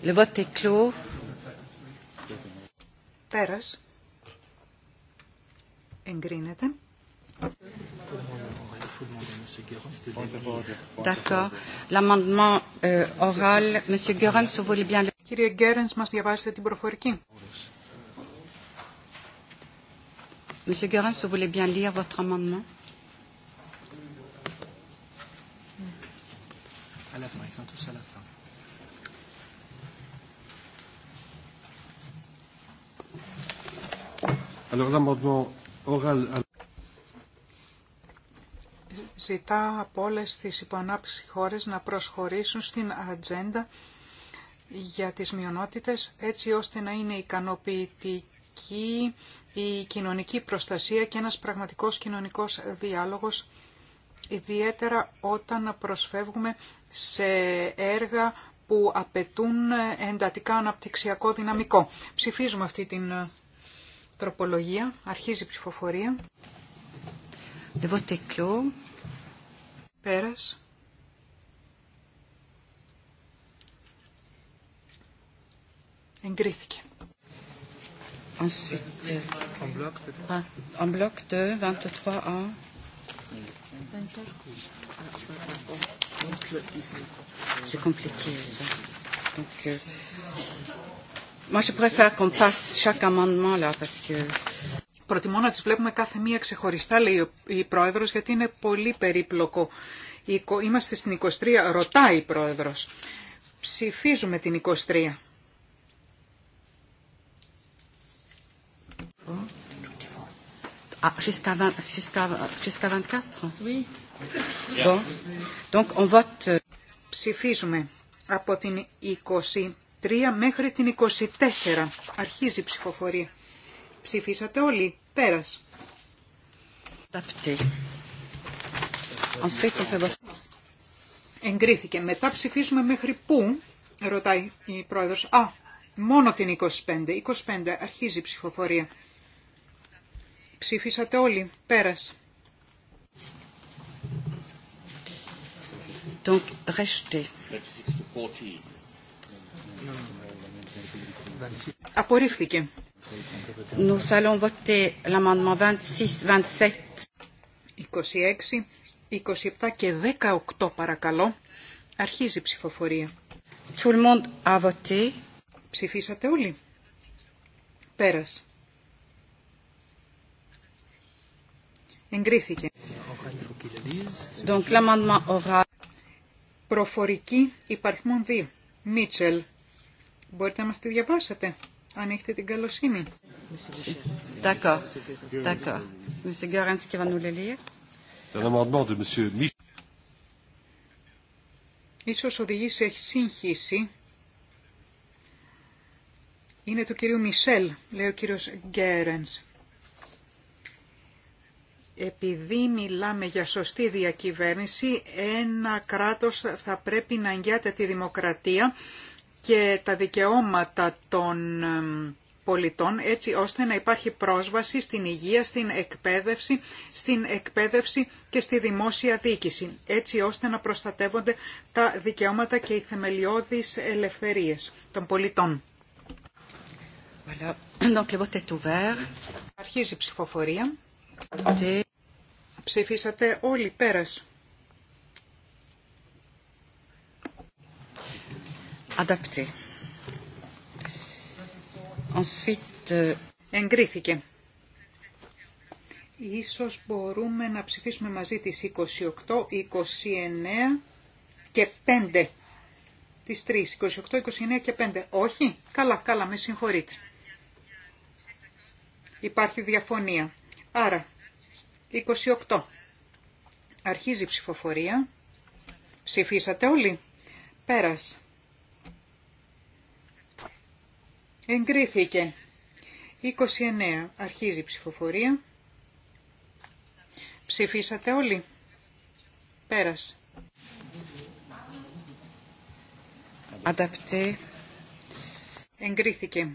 Le vote est clos. Pérez. Engrinete. D'accord. L'amendement euh, oral, Monsieur Goerens, vous voulez bien. Κύριε Γκέρενς, μας διαβάσετε την προφορική. Monsieur Goerens, vous voulez bien lire votre amendement. À la fin, ils sont tous à la fin. Ζητά από όλες τις υποανάπτυξη χώρες να προσχωρήσουν στην ατζέντα για τις μειονότητες έτσι ώστε να είναι ικανοποιητική η κοινωνική προστασία και ένας πραγματικός κοινωνικός διάλογος ιδιαίτερα όταν προσφεύγουμε σε έργα που απαιτούν εντατικά αναπτυξιακό δυναμικό. Ψηφίζουμε αυτή την τροπολογία. Αρχίζει η ψηφοφορία. Le vote clos. Pérez. Εγκρίθηκε. Ensuite, en bloc, ah, en bloc de 23 à 24. C'est compliqué ça. Donc, euh, Προτιμώ να τις βλέπουμε κάθε μία ξεχωριστά, λέει η Πρόεδρος, γιατί είναι πολύ περίπλοκο. Είμαστε στην 23, ρωτάει η Πρόεδρος. Ψηφίζουμε την 23. Ah, euh- Ψηφίζουμε από την 20 μέχρι την 24. Αρχίζει η ψηφοφορία. Ψηφίσατε όλοι. Πέρας. Εγκρίθηκε. Μετά ψηφίζουμε μέχρι πού, ρωτάει η πρόεδρος. Α, μόνο την 25. 25 αρχίζει η ψηφοφορία. Ψηφίσατε όλοι. Πέρας. Donc, restez. Απορρίφθηκε. Nous allons voter l'amendement 26, 27. 26, 27 παρακαλώ. Αρχίζει η ψηφοφορία. Tout le monde a voté. Ψηφίσατε όλοι. Πέρας. Εγκρίθηκε. Donc l'amendement aura... Προφορική υπαρχμών 2. Μίτσελ. Μπορείτε να μας τη διαβάσετε, αν έχετε την καλοσύνη. D'accord. Ίσως οδηγεί σε σύγχυση. Είναι του κυρίου Μισελ, λέει ο κύριος Γκέρενς. Επειδή μιλάμε για σωστή διακυβέρνηση, ένα κράτος θα πρέπει να αγκιάται τη δημοκρατία και τα δικαιώματα των πολιτών έτσι ώστε να υπάρχει πρόσβαση στην υγεία, στην εκπαίδευση, στην εκπαίδευση και στη δημόσια δίκηση, έτσι ώστε να προστατεύονται τα δικαιώματα και οι θεμελιώδεις ελευθερίες των πολιτών. Αρχίζει η ψηφοφορία. Ψηφίσατε όλοι πέρας. Adapté. Ensuite... Euh, Εγκρίθηκε. Ίσως μπορούμε να ψηφίσουμε μαζί τις 28, 29 και 5. Τις 3, 28, 29 και 5. Όχι. Καλά, καλά, με συγχωρείτε. Υπάρχει διαφωνία. Άρα, 28. Αρχίζει η ψηφοφορία. Ψηφίσατε όλοι. Πέρας. Εγκρίθηκε. 29. Αρχίζει η ψηφοφορία. Ψηφίσατε όλοι. Πέρασε. Ανταπτή. Εγκρίθηκε.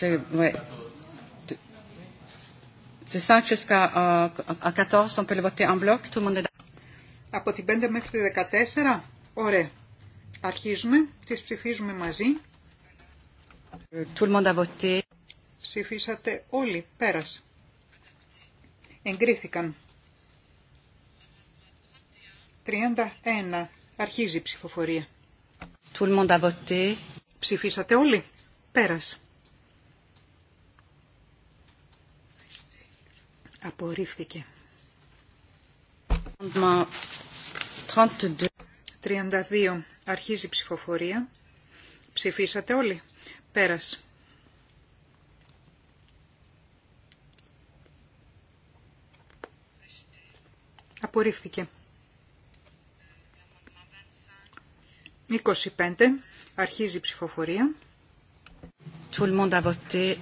Euh, Από την 5 μέχρι τη 14. Ωραία. Αρχίζουμε, τις ψηφίζουμε μαζί. Ψηφίσατε όλοι, πέρας. Εγκρίθηκαν. 31. Αρχίζει η ψηφοφορία. Tout le monde a voté. Ψηφίσατε όλοι. Πέρας. Απορρίφθηκε. 32. 32. Αρχίζει η ψηφοφορία. Ψηφίσατε όλοι. Πέρας. Απορρίφθηκε. 25. Αρχίζει η ψηφοφορία. Tout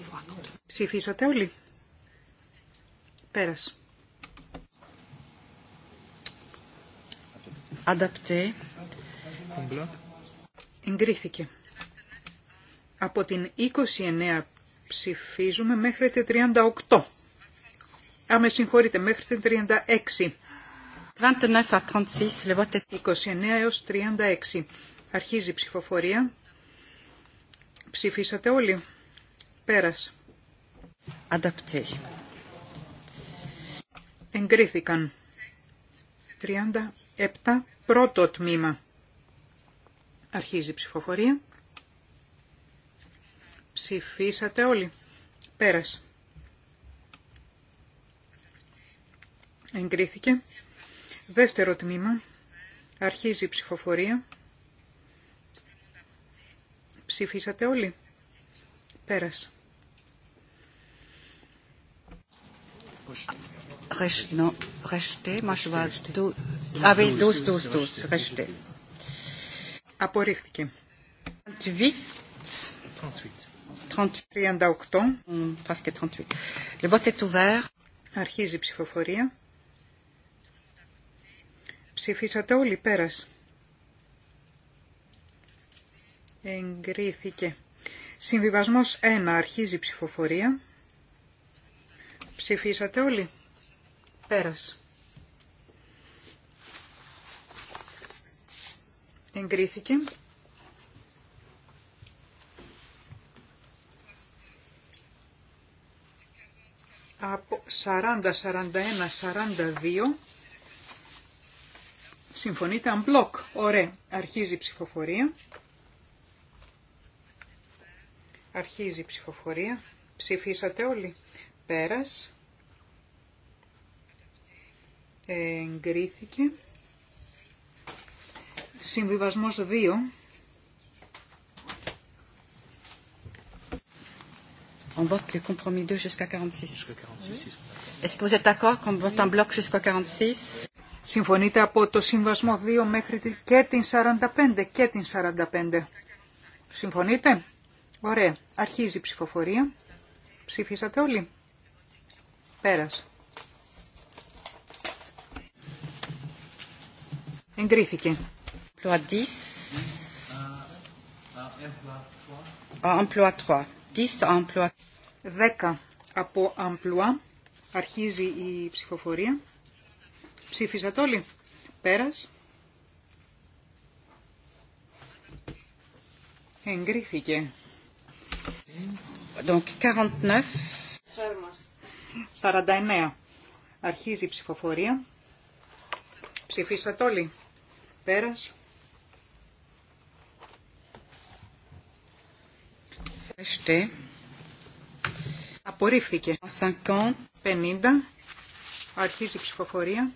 Ψηφίσατε όλοι. Πέρας. Adapté. Εγκρίθηκε. Από την 29 ψηφίζουμε μέχρι την 38. Άμε συγχωρείτε, μέχρι την 36. 29 έως 36. Αρχίζει η ψηφοφορία. Ψηφίσατε όλοι. Πέρας. Adapté. Εγκρίθηκαν. 37. Πρώτο τμήμα. Αρχίζει η ψηφοφορία. Ψηφίσατε όλοι. Πέρασε. Εγκρίθηκε. Δεύτερο τμήμα. Αρχίζει η ψηφοφορία. Ψηφίσατε όλοι. Πέρασε. Restez, moi je vois 12, ah oui, 12, Απορρίφθηκε. 38. Mm, αρχίζει η ψηφοφορία. Ψηφίσατε όλοι πέρας. Εγκρίθηκε. Συμβιβασμός 1. Αρχίζει η ψηφοφορία. Ψηφίσατε όλοι. Πέρας. Εγκρίθηκε. Από 40, 41, 42 συμφωνείτε μπλοκ. Ωραία. Αρχίζει η ψηφοφορία. Αρχίζει η ψηφοφορία. Ψηφίσατε όλοι. Πέρας. Εγκρίθηκε. Συμβιβασμός 2. On vote le compromis 2 jusqu'à 46. Est-ce que vous êtes d'accord qu'on vote en bloc jusqu'à 46? Συμφωνείτε από το Συμβασμό 2 μέχρι και την 45 και την 45. Συμφωνείτε? Ωραία. Αρχίζει η ψηφοφορία. Ψήφισατε όλοι. Πέρασε. Εγκρίθηκε. Emploi 10. Ah, emploi 3. 10 emploi. 10 από emploi. Αρχίζει η ψηφοφορία. Ψήφισατε όλοι. Πέρας. Εγκρίθηκε. Donc 49. 49. Αρχίζει η ψηφοφορία. Ψηφίσατε όλοι. Πέρας. Rejeté. Απορρίφθηκε. 50. Αρχίζει η ψηφοφορία.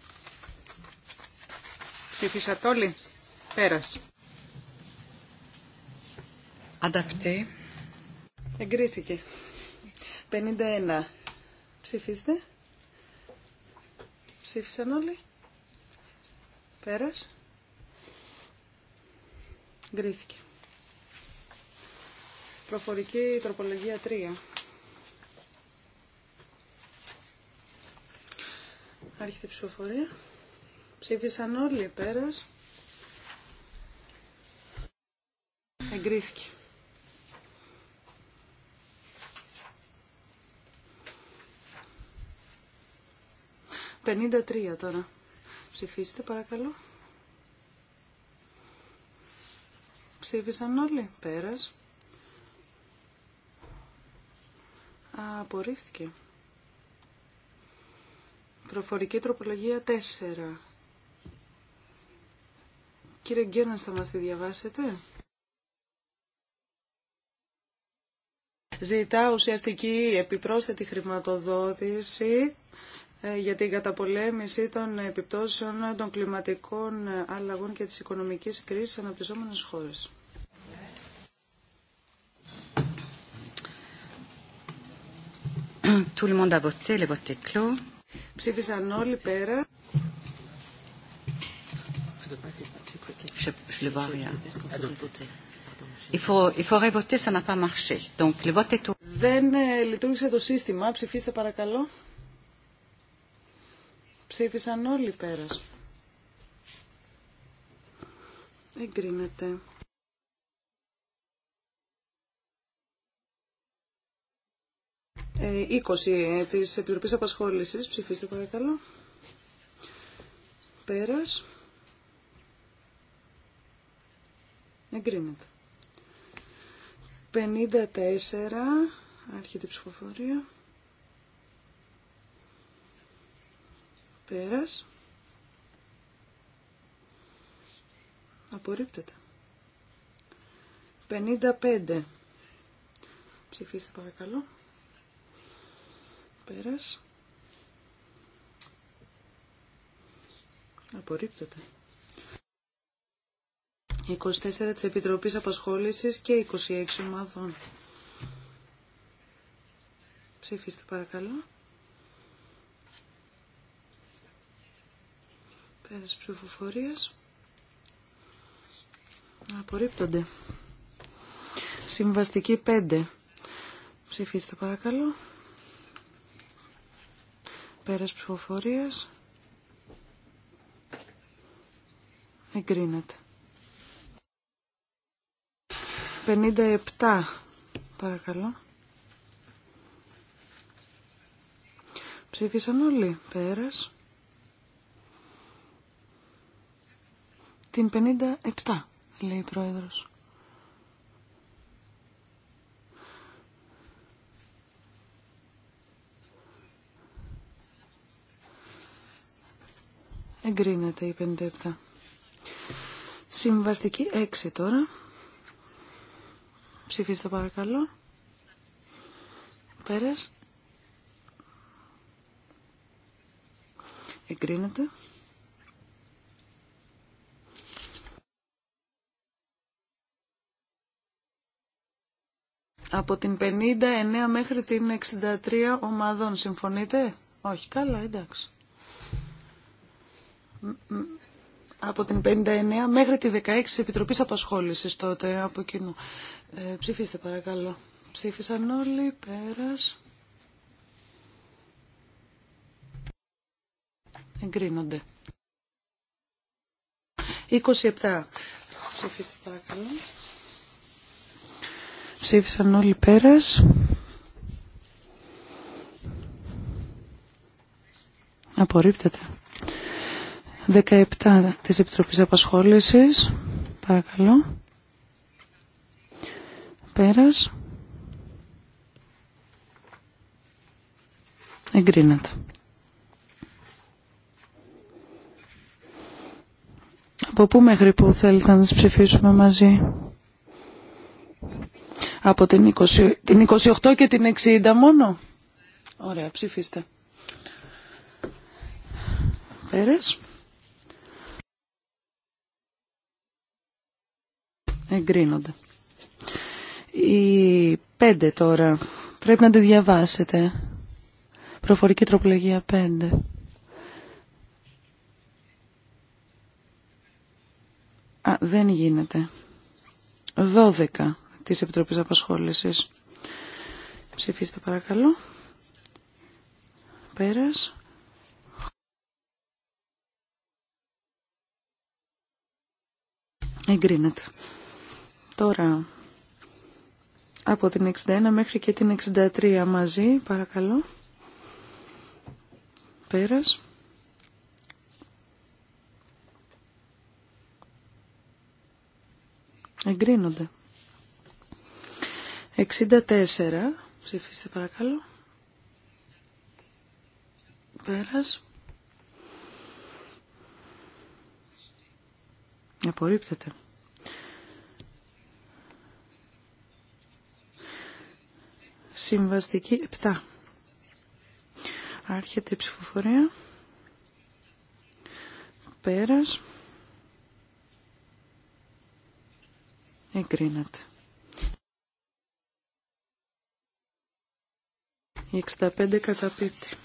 Ψηφίσατε όλοι. Πέρασε. Ανταπτή. Εγκρίθηκε. 51. Ψηφίστε. Ψήφισαν όλοι. Πέρας. Εγκρίθηκε. Προφορική τροπολογία 3. Άρχεται η ψηφοφορία. Ψήφισαν όλοι πέρας. Εγκρίθηκε. Πενήντα τώρα. Ψηφίστε παρακαλώ. Ψήφισαν όλοι. Πέρας. Απορρίφθηκε. Προφορική τροπολογία 4. Κύριε Γκέρνα, θα μας τη διαβάσετε. Ζητά ουσιαστική επιπρόσθετη χρηματοδότηση ε, για την καταπολέμηση των επιπτώσεων των κλιματικών αλλαγών και της οικονομικής κρίσης σε αναπτυσσόμενες χώρες. Tout voté, le Ψήφισαν όλοι πέρα. Δεν λειτουργήσε το σύστημα. Ψηφίστε παρακαλώ. Ψήφισαν όλοι πέρα. Εγκρίνεται. 20 ε, της Επιτροπής Απασχόλησης. Ψηφίστε παρακαλώ. Πέρας. Εγκρίνεται. 54. Άρχεται η ψηφοφορία. Πέρας. Απορρίπτεται. 55. Ψηφίστε παρακαλώ. Πέρας. Απορρίπτεται. 24 της Επιτροπής Απασχόλησης και 26 ομάδων. Ψηφίστε παρακαλώ. Πέρας ψηφοφορίας. Απορρίπτονται. Συμβαστική 5. Ψηφίστε παρακαλώ. Πέρας ψηφοφορίας. Εγκρίνεται. 57 παρακαλώ. Ψήφισαν όλοι. Πέρας. Την 57 λέει η πρόεδρος. Εγκρίνεται η 57. Συμβαστική 6 τώρα. Ψηφίστε παρακαλώ. Πέρας. Εγκρίνεται. Από την 59 μέχρι την 63 ομάδων συμφωνείτε. Όχι, καλά, εντάξει από την 59 μέχρι τη 16 Επιτροπής Απασχόλησης τότε από κοινού. Ε, ψηφίστε παρακαλώ. Ψήφισαν όλοι, πέρας. Εγκρίνονται. 27. Ψήφιστε παρακαλώ. Ψήφισαν όλοι πέρας. Απορρίπτεται. 17 της Επιτροπής Απασχόλησης. Παρακαλώ. Πέρας. Εγκρίνεται. Από πού μέχρι που θέλετε να τις ψηφίσουμε μαζί. Από την, 20, την 28 και την 60 μόνο. Ωραία, ψηφίστε. Πέρας. εγκρίνονται. Οι πέντε τώρα. Πρέπει να τη διαβάσετε. Προφορική τροπολογία 5. Α, δεν γίνεται. Δώδεκα της Επιτροπής Απασχόλησης. Ψηφίστε παρακαλώ. Πέρας. Εγκρίνεται. Τώρα, από την 61 μέχρι και την 63 μαζί, παρακαλώ. Πέρας. Εγκρίνονται. 64. Ψηφίστε παρακαλώ. Πέρας. Απορρίπτεται. Συμβαστική 7. Άρχεται η ψηφοφορία. Πέρας. Εγκρίνεται. Η 65 καταπίτη.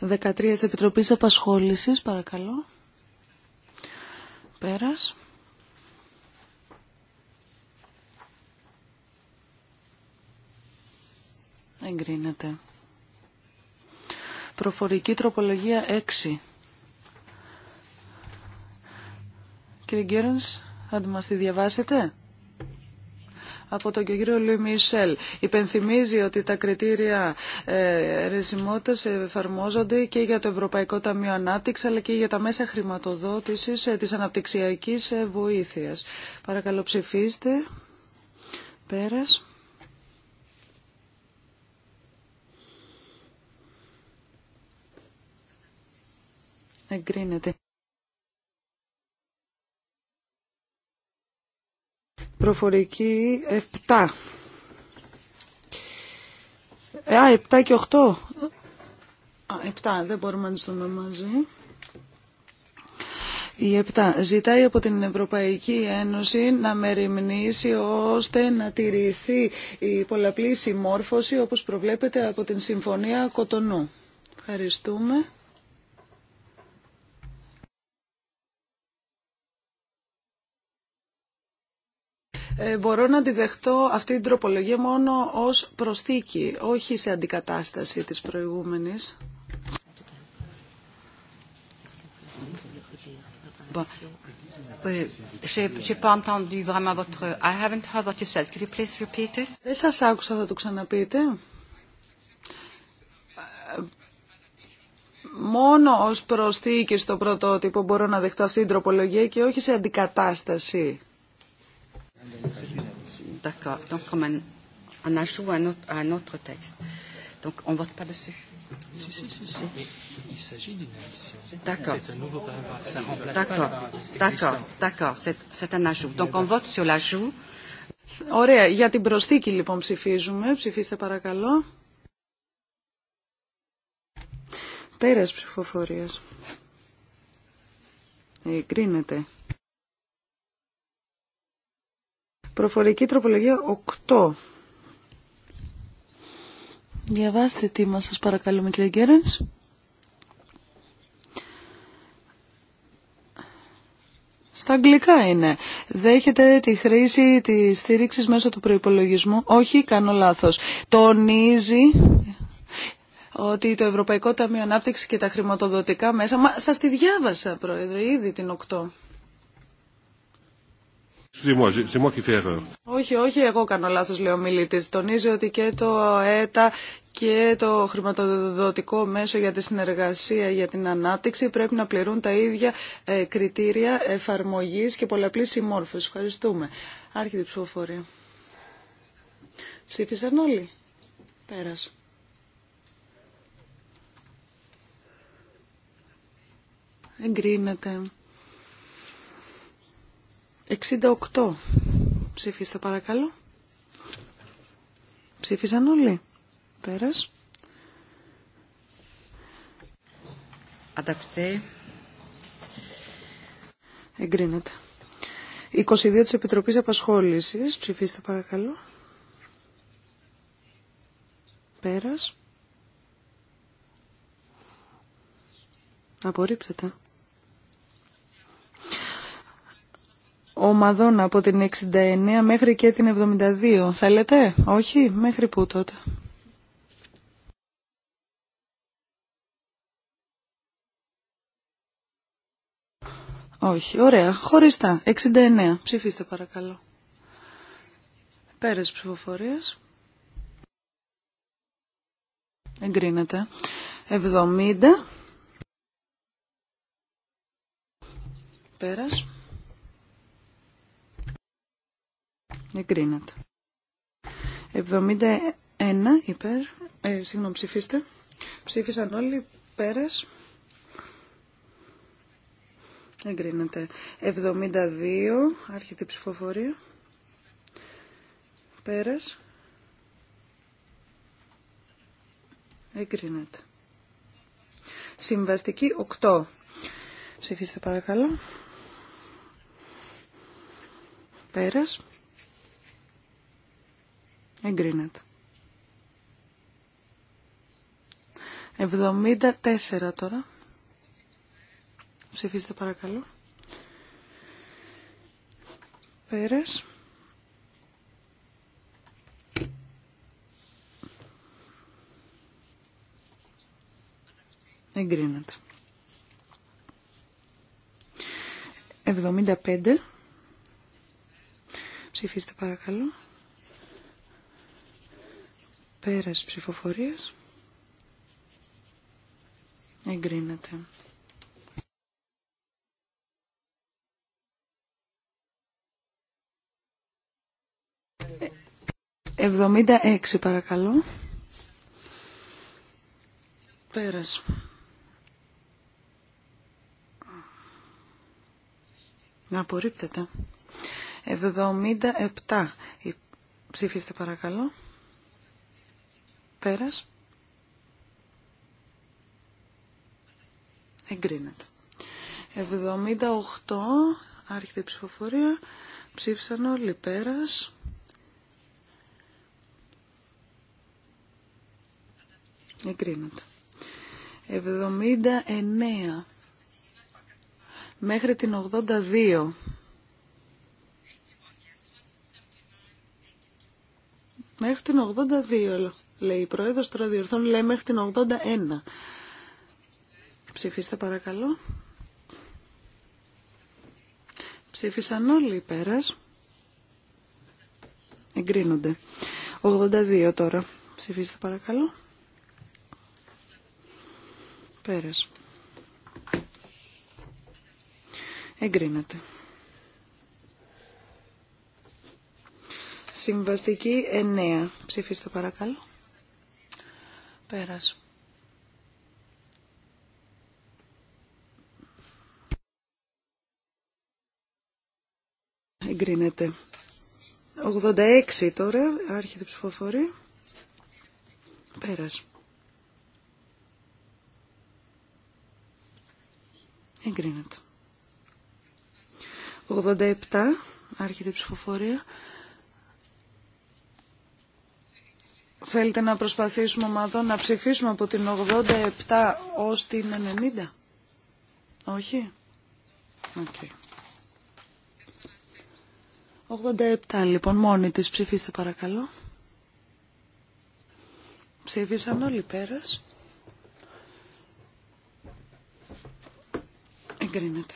13 της Επιτροπής Απασχόλησης, παρακαλώ. Πέρας. Εγκρίνεται. Προφορική τροπολογία 6. Κύριε Γκέρνς, θα μας τη διαβάσετε από τον κύριο Λουί Υπενθυμίζει ότι τα κριτήρια ε, ρεσιμότητα εφαρμόζονται και για το Ευρωπαϊκό Ταμείο Ανάπτυξη αλλά και για τα μέσα χρηματοδότησης ε, της αναπτυξιακής ε, βοήθεια. Παρακαλώ ψηφίστε. Πέρας. Εγκρίνεται. Προφορική 7. Ε, α, 7 και 8. Α, 7, δεν μπορούμε να τις δούμε μαζί. Η 7. Ζητάει από την Ευρωπαϊκή Ένωση να μεριμνήσει ώστε να τηρηθεί η πολλαπλή συμμόρφωση όπως προβλέπεται από την Συμφωνία Κοτονού. Ευχαριστούμε. Ε, μπορώ να τη δεχτώ αυτή την τροπολογία μόνο ως προσθήκη, όχι σε αντικατάσταση της προηγούμενης. Δεν σας άκουσα, θα το ξαναπείτε. Μόνο ως προσθήκη στο πρωτότυπο μπορώ να δεχτώ αυτή την τροπολογία και όχι σε αντικατάσταση. D'accord. Donc, comme un, un ajout à, autre, à un autre texte. Donc, on ne vote pas dessus. Si, si, si, si. Mais il s'agit d'une addition. D'accord. C'est un nouveau paragraphe. Ça remplace d'accord. pas D'accord, d'accord. C'est un ajout. Donc, on vote sur l'ajout. Ωραία. Για την προσθήκη, λοιπόν, ψηφίζουμε. Ψηφίστε, παρακαλώ. Πέρας ψηφοφορίας. Εγκρίνεται. Προφορική τροπολογία 8. Διαβάστε τι μας σας παρακαλούμε κύριε Γκέρενς. Στα αγγλικά είναι. Δέχεται τη χρήση τη στήριξη μέσω του προπολογισμού. Όχι, κάνω λάθο. Τονίζει ότι το Ευρωπαϊκό Ταμείο Ανάπτυξη και τα χρηματοδοτικά μέσα. Μα σα τη διάβασα, Πρόεδρε, ήδη την 8. Όχι, όχι, εγώ κάνω λάθο, λέει ο Τονίζει ότι και το ΕΤΑ και το χρηματοδοτικό μέσο για τη συνεργασία για την ανάπτυξη πρέπει να πληρούν τα ίδια ε, κριτήρια εφαρμογή και πολλαπλή συμμόρφωση. Ευχαριστούμε. Άρχεται ψηφοφορία. Ψήφισαν όλοι. Πέρασε. Εγκρίνεται. 68. Ψηφίστε παρακαλώ. Ψήφισαν όλοι. Πέρας. Αταπτή. Εγκρίνεται. 22 της Επιτροπής Απασχόλησης. Ψηφίστε παρακαλώ. Πέρας. Απορρίπτεται. ομαδών από την 69 μέχρι και την 72. Θέλετε, όχι, μέχρι πού τότε. Όχι, ωραία, χωριστά, 69. Ψηφίστε παρακαλώ. Πέρες ψηφοφορίας. Εγκρίνεται. 70. Πέρας. Εγκρίνεται. 71 υπέρ. Ε, συγγνώμη, ψηφίστε. Ψήφισαν όλοι πέρας. Εγκρίνεται. 72. Άρχεται η ψηφοφορία. Πέρας. Εγκρίνεται. Συμβαστική 8. Ψηφίστε παρακαλώ. Πέρας. Εγκρίνεται. 74 τώρα. Ψηφίστε παρακαλώ. Πέρες. Εγκρίνεται. 75. Ψηφίστε παρακαλώ. Πέρας ψηφοφορίας. Εγκρίνεται. Ε, 76 παρακαλώ. Πέρας. Να απορρίπτεται. 77. Ψήφιστε παρακαλώ. Πέρας. Εγκρίνεται. 78. Άρχεται η ψηφοφορία. Ψήφισαν όλοι. Πέρας. Εγκρίνεται. 79 μέχρι την 82. Μέχρι την 82 λέει η Πρόεδρος, τώρα διορθών λέει μέχρι την 81. Ψηφίστε παρακαλώ. Ψήφισαν όλοι πέρα. Εγκρίνονται. 82 τώρα. Ψηφίστε παρακαλώ. Πέρα. Εγκρίνεται. Συμβαστική 9. Ψηφίστε παρακαλώ. Πέρας. Εγκρίνεται. 86 τώρα, άρχιτε ψηφοφορία. Πέρας. Εγκρίνεται. 87, άρχεται ψηφοφορία. Θέλετε να προσπαθήσουμε ομάδο να ψηφίσουμε από την 87 ως την 90. Όχι. Okay. 87 λοιπόν μόνη της ψηφίστε παρακαλώ. Ψήφισαν όλοι πέρας. Εγκρίνεται.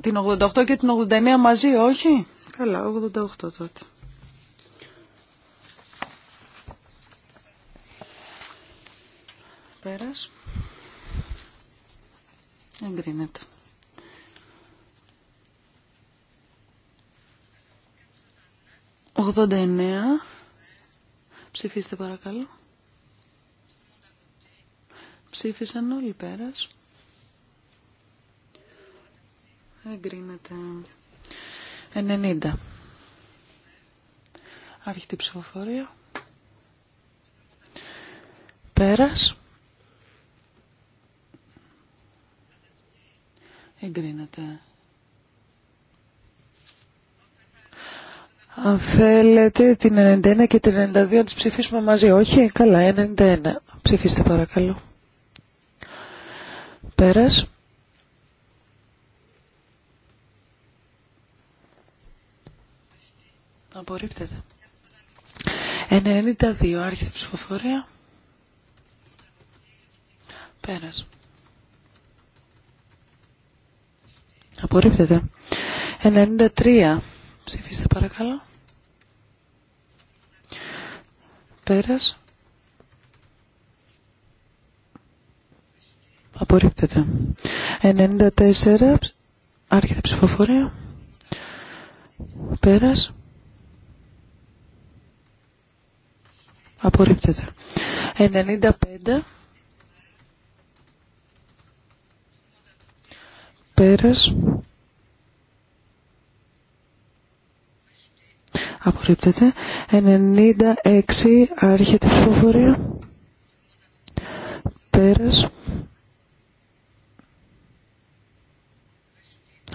Την 88 και την 89 μαζί, όχι. Καλά, 88 τότε. Πέρας. Εγκρίνεται. 89. Ψηφίστε παρακαλώ. Ψήφισαν όλοι πέρας. Εγκρίνεται. 90. Άρχεται η ψηφοφορία. Πέρας. Εγκρίνεται. Αν θέλετε την 91 και την 92 να τις ψηφίσουμε μαζί, όχι, καλά, 91. Ψηφίστε παρακαλώ. Πέρας. Απορρίπτεται. 92. άρχιτε ψηφοφορία. Πέρας. Απορρίπτεται. 93. Ψηφίστε παρακαλώ. Πέρας. Απορρίπτεται. 94. άρχιτε ψηφοφορία. Πέρας. Απορρίπτεται. 95 πέρας απορρίπτεται 96 άρχεται ψηφοφορία πέρας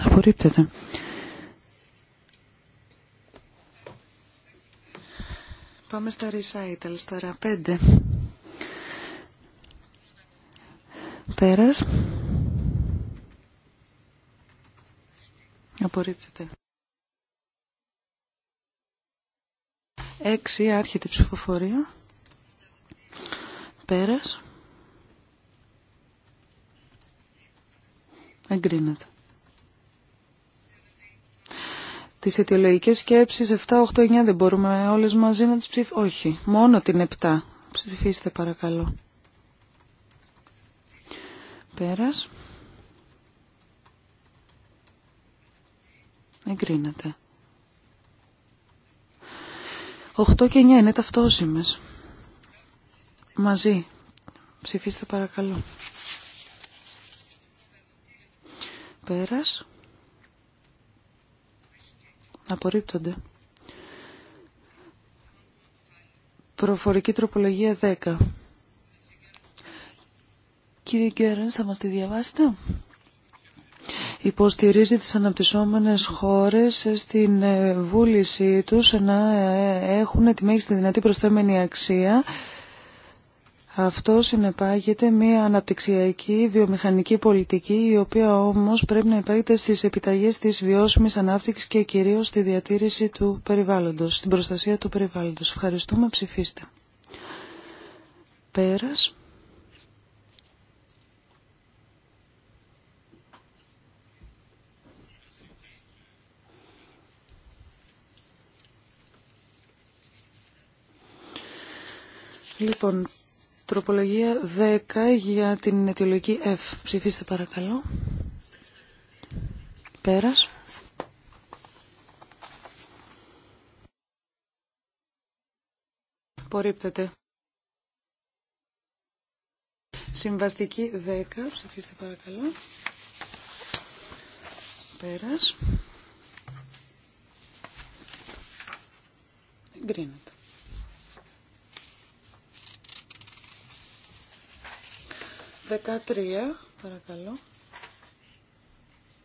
απορρίπτεται Πάμε στα recitals, στα ραπέντε. Πέρας. Απορρίπτεται. Έξι, Άρχεται η ψηφοφορία. Πέρας. Εγκρίνεται. τις αιτιολογικές σκέψεις 7, 8, 9 δεν μπορούμε όλες μαζί να τις ψηφίσουμε. Όχι, μόνο την 7. Ψηφίστε παρακαλώ. Πέρας. Εγκρίνεται. 8 και 9 είναι ταυτόσιμες. Μαζί. Ψηφίστε παρακαλώ. Πέρας απορρίπτονται. Προφορική τροπολογία 10. Κύριε Γκέρενς, θα μας τη διαβάσετε. Υποστηρίζει τις αναπτυσσόμενες χώρες στην ε, βούλησή τους να ε, έχουν τη μέγιστη δυνατή προσθέμενη αξία αυτό συνεπάγεται μια αναπτυξιακή βιομηχανική πολιτική, η οποία όμως πρέπει να υπάγεται στις επιταγές της βιώσιμης ανάπτυξης και κυρίως στη διατήρηση του περιβάλλοντος, στην προστασία του περιβάλλοντος. Ευχαριστούμε, ψηφίστε. Πέρας. Λοιπόν, Τροπολογία 10 για την αιτιολογική F. Ψηφίστε παρακαλώ. Πέρας. Απορρίπτεται. Συμβαστική 10. Ψηφίστε παρακαλώ. Πέρας. Εγκρίνεται. 13, παρακαλώ.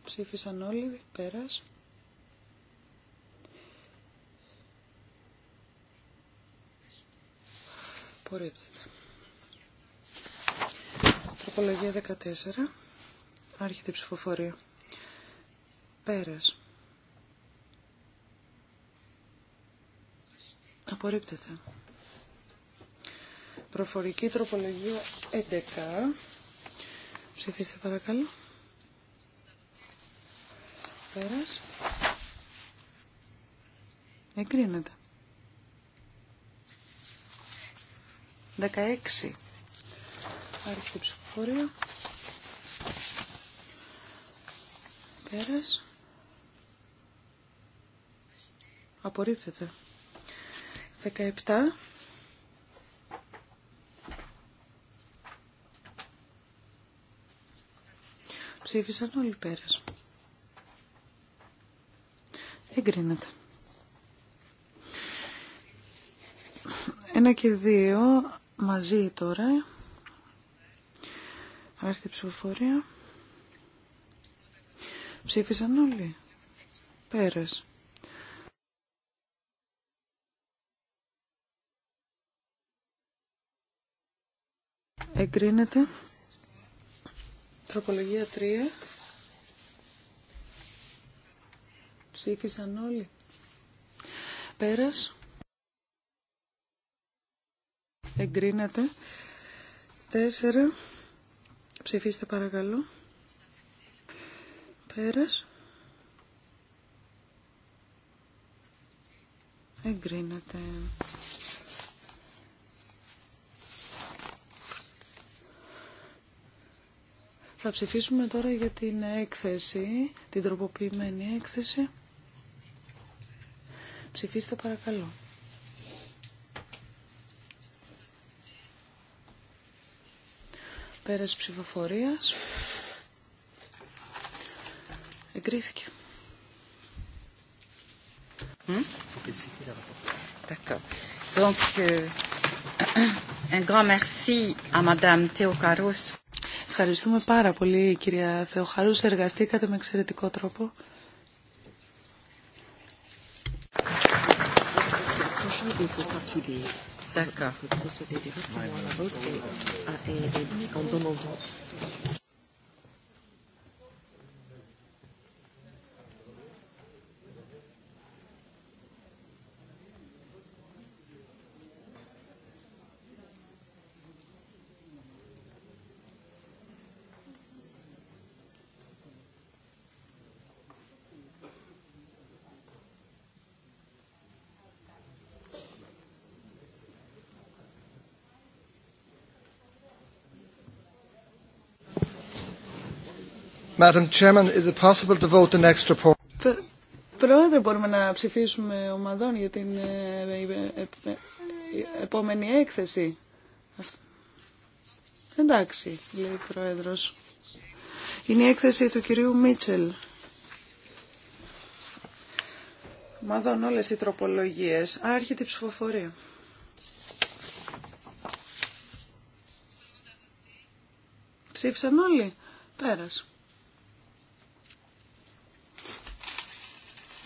Ψήφισαν όλοι, πέρας. Απορρίπτεται. Τροπολογία 14. Άρχεται ψηφοφορία. Πέρας. Απορρίπτεται. Προφορική τροπολογία 11. Ψηφίστε παρακαλώ. Πέρας. Εγκρίνεται. 16. Άρχιτε ψηφοφορία. Πέρας. Απορρίπτεται. 17. Ψήφισαν όλοι πέρας. Εγκρίνεται. Ένα και δύο μαζί τώρα. Άρχεται η ψηφοφορία. Ψήφισαν όλοι. Πέρας. Εγκρίνεται. Τροπολογία 3. Ψήφισαν όλοι. Πέρας. Εγκρίνατε. 4. Ψηφίστε παρακαλώ. Πέρας. Εγκρίνατε. Θα ψηφίσουμε τώρα για την έκθεση, την τροποποιημένη έκθεση. Ψηφίστε παρακαλώ. Πέρας ψηφοφορίας. Εγκρίθηκε. Donc, euh, un grand merci à Madame Ευχαριστούμε πάρα πολύ κυρία Θεοχάρου. Εργαστήκατε με εξαιρετικό τρόπο. Madam Πρόεδρε, μπορούμε να ψηφίσουμε ομαδών για την ε, ε, ε, επόμενη έκθεση. Εντάξει, λέει ο Πρόεδρος. Είναι η έκθεση του κυρίου Μίτσελ. Ομαδών όλες οι τροπολογίες. Άρχεται η ψηφοφορία. Ψήφισαν όλοι. Πέρασε.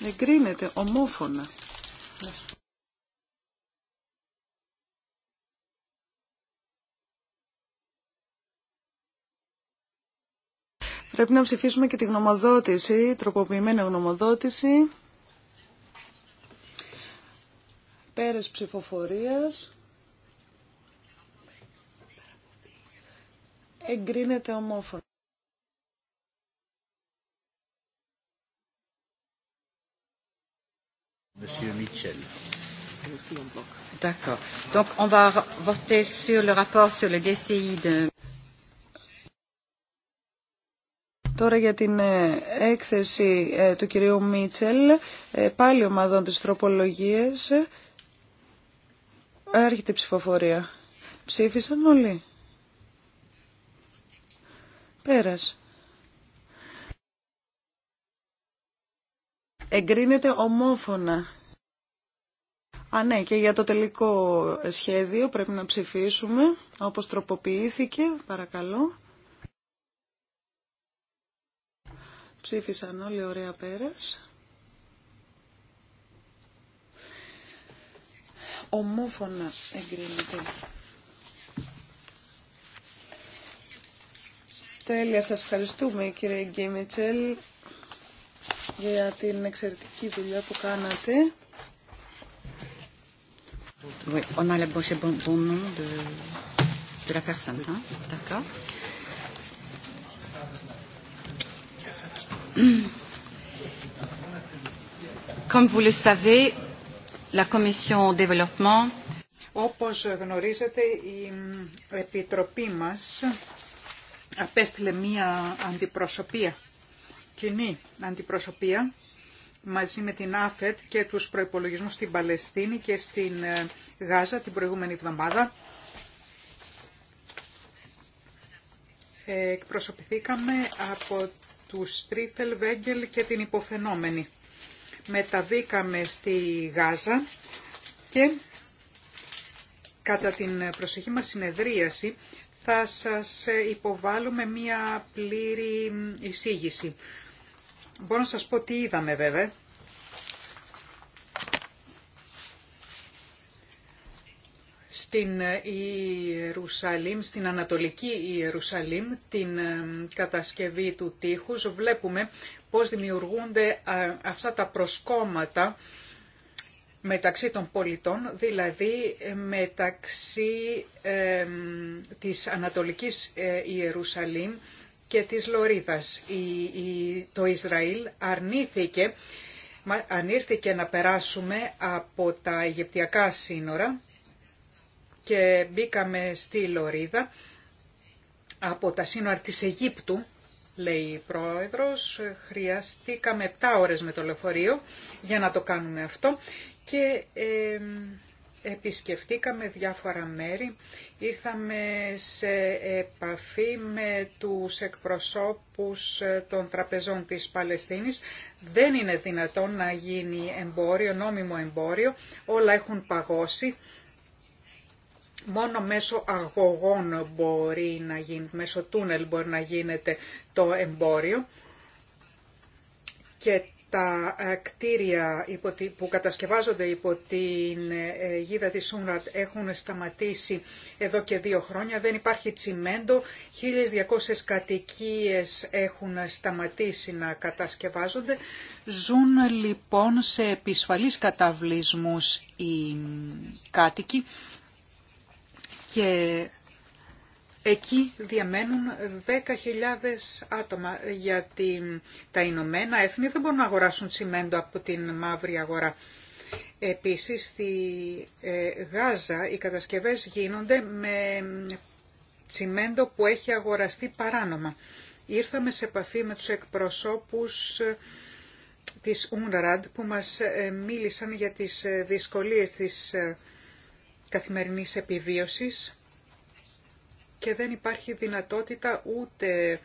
Εγκρίνεται ομόφωνα. Πρέπει να ψηφίσουμε και τη γνωμοδότηση, τροποποιημένη γνωμοδότηση. Πέρες ψηφοφορίας. Εγκρίνεται ομόφωνα. Τώρα για την ε, έκθεση ε, του κυρίου Μίτσελ, ε, πάλι ομάδων της τροπολογίας, έρχεται η ψηφοφορία. Ψήφισαν όλοι. Πέρας. Εγκρίνεται ομόφωνα. Α, ναι, και για το τελικό σχέδιο πρέπει να ψηφίσουμε, όπως τροποποιήθηκε, παρακαλώ. Ψήφισαν όλοι, ωραία πέρας. Ομόφωνα εγκρίνεται. Τέλεια, σας ευχαριστούμε κύριε Γκίμιτσελ για την εξαιρετική δουλειά που κάνατε. Oui, on a le bon, bon nom de, de la personne. Hein? D'accord. Comme vous le savez, la Commission Développement. Όπως γνωρίζετε, η Επιτροπή μας απέστειλε μία αντιπροσωπεία, κοινή αντιπροσωπεία, μαζί με την ΑΦΕΤ και τους προϋπολογισμούς στην Παλαιστίνη και στην ε, Γάζα την προηγούμενη εβδομάδα. Ε, εκπροσωπηθήκαμε από τους Στρίφελ, Βέγγελ και την υποφαινόμενη. Μεταβήκαμε στη Γάζα και κατά την προσεχή μας συνεδρίαση θα σας ε, υποβάλουμε μία πλήρη εισήγηση Μπορώ να σας πω τι είδαμε βέβαια. Στην ε, Ιερουσαλήμ, στην Ανατολική Ιερουσαλήμ, την ε, κατασκευή του τείχους, βλέπουμε πώς δημιουργούνται αυτά τα προσκόμματα μεταξύ των πολιτών, δηλαδή ε, μεταξύ ε, της Ανατολικής Ιερουσαλήμ και της Λωρίδας. Η, το Ισραήλ αρνήθηκε, αρνήθηκε να περάσουμε από τα Αιγυπτιακά σύνορα και μπήκαμε στη Λωρίδα από τα σύνορα της Αιγύπτου, λέει η πρόεδρος. Χρειαστήκαμε 7 ώρες με το λεωφορείο για να το κάνουμε αυτό και επισκεφτήκαμε διάφορα μέρη, ήρθαμε σε επαφή με τους εκπροσώπους των τραπεζών της Παλαιστίνης. Δεν είναι δυνατόν να γίνει εμπόριο, νόμιμο εμπόριο, όλα έχουν παγώσει. Μόνο μέσω αγωγών μπορεί να γίνει, μέσω τούνελ μπορεί να γίνεται το εμπόριο. Και τα ε, κτίρια που κατασκευάζονται υπό την ε, γίδα της Σούμρατ έχουν σταματήσει εδώ και δύο χρόνια. Δεν υπάρχει τσιμέντο. 1.200 κατοικίες έχουν σταματήσει να κατασκευάζονται. Ζουν λοιπόν σε επισφαλείς καταβλισμούς οι κάτοικοι και Εκεί διαμένουν 10.000 άτομα γιατί τα Ηνωμένα Έθνη δεν μπορούν να αγοράσουν τσιμέντο από την μαύρη αγορά. Επίσης στη ε, Γάζα οι κατασκευές γίνονται με τσιμέντο που έχει αγοραστεί παράνομα. Ήρθαμε σε επαφή με τους εκπροσώπους ε, της UNRAD που μας ε, μίλησαν για τις δυσκολίες της καθημερινής επιβίωσης και δεν υπάρχει δυνατότητα ούτε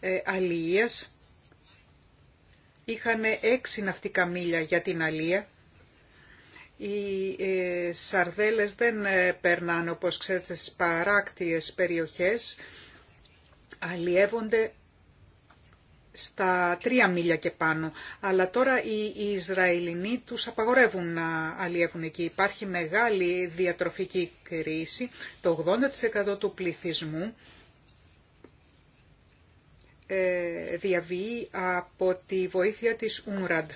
ε, Είχαν Είχαμε έξι ναυτικά μίλια για την αλία. Οι ε, σαρδέλες δεν ε, περνάνε, όπως ξέρετε, στις παράκτιες περιοχές. Αλλιεύονται στα τρία μίλια και πάνω. Αλλά τώρα οι Ισραηλινοί τους απαγορεύουν να αλλιεύουν εκεί. Υπάρχει μεγάλη διατροφική κρίση. Το 80% του πληθυσμού ε, διαβεί από τη βοήθεια της UNRAD.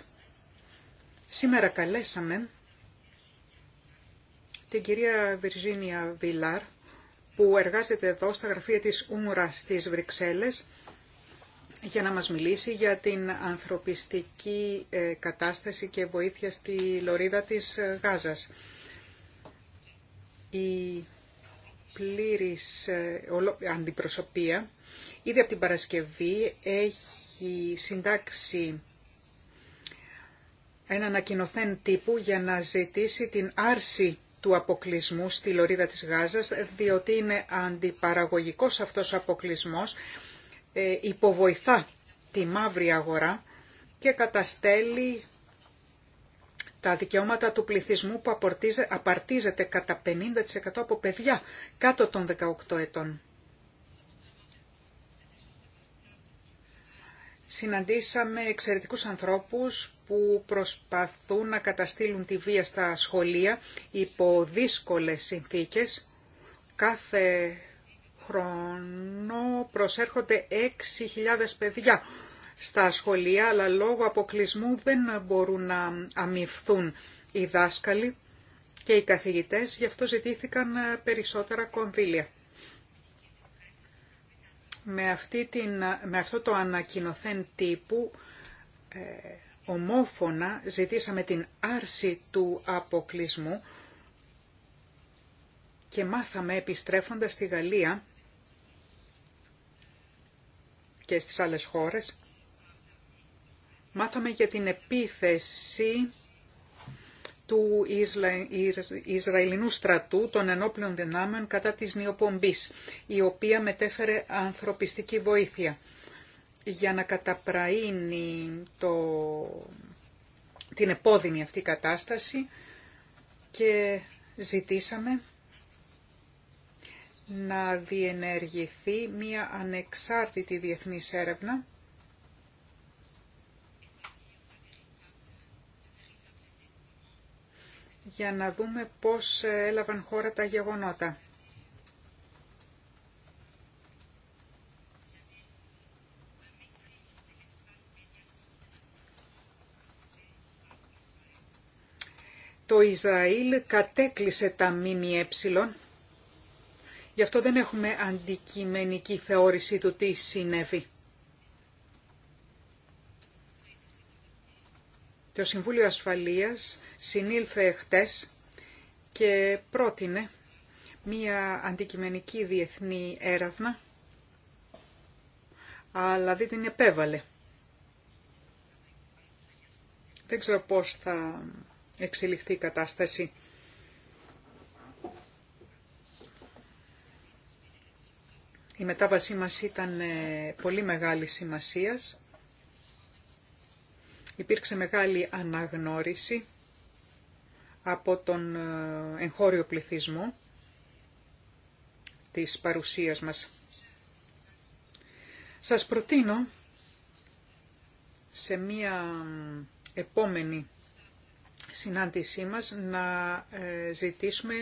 Σήμερα καλέσαμε την κυρία Βιρζίνια Βιλάρ που εργάζεται εδώ στα γραφεία της Ούμουρα στις Βρυξέλλες για να μας μιλήσει για την ανθρωπιστική ε, κατάσταση και βοήθεια στη λωρίδα της ε, Γάζας. Η πλήρης ε, αντιπροσωπεία ήδη από την Παρασκευή έχει συντάξει ένα ανακοινωθέν τύπου για να ζητήσει την άρση του αποκλεισμού στη λωρίδα της Γάζας, διότι είναι αντιπαραγωγικός αυτός ο αποκλεισμός ε, υποβοηθά τη μαύρη αγορά και καταστέλει τα δικαιώματα του πληθυσμού που απαρτίζεται κατά 50% από παιδιά κάτω των 18 ετών. Συναντήσαμε εξαιρετικούς ανθρώπους που προσπαθούν να καταστήλουν τη βία στα σχολεία υπό δύσκολες συνθήκες. Κάθε χρόνο προσέρχονται 6.000 παιδιά στα σχολεία, αλλά λόγω αποκλεισμού δεν μπορούν να αμυφθούν οι δάσκαλοι και οι καθηγητές, γι' αυτό ζητήθηκαν περισσότερα κονδύλια. Με, αυτή την, με αυτό το ανακοινωθέν τύπου ε, ομόφωνα ζητήσαμε την άρση του αποκλεισμού και μάθαμε επιστρέφοντας στη Γαλλία και στις άλλες χώρες. Μάθαμε για την επίθεση του Ισραηλινού στρατού των ενόπλων δυνάμεων κατά της νιοπομπής, η οποία μετέφερε ανθρωπιστική βοήθεια για να καταπραίνει το... την επώδυνη αυτή κατάσταση και ζητήσαμε να διενεργηθεί μία ανεξάρτητη διεθνής έρευνα για να δούμε πώς έλαβαν χώρα τα γεγονότα. Το Ισραήλ κατέκλυσε τα ΜΜΕ Γι' αυτό δεν έχουμε αντικειμενική θεώρηση του τι συνέβη. Το Συμβούλιο Ασφαλείας συνήλθε χτες και πρότεινε μία αντικειμενική διεθνή έρευνα, αλλά δεν την επέβαλε. Δεν ξέρω πώς θα εξελιχθεί η κατάσταση. Η μετάβασή μας ήταν ε, πολύ μεγάλη σημασίας. Υπήρξε μεγάλη αναγνώριση από τον ε, εγχώριο πληθυσμό της παρουσίας μας. Σας προτείνω σε μία επόμενη συνάντησή μας να ε, ζητήσουμε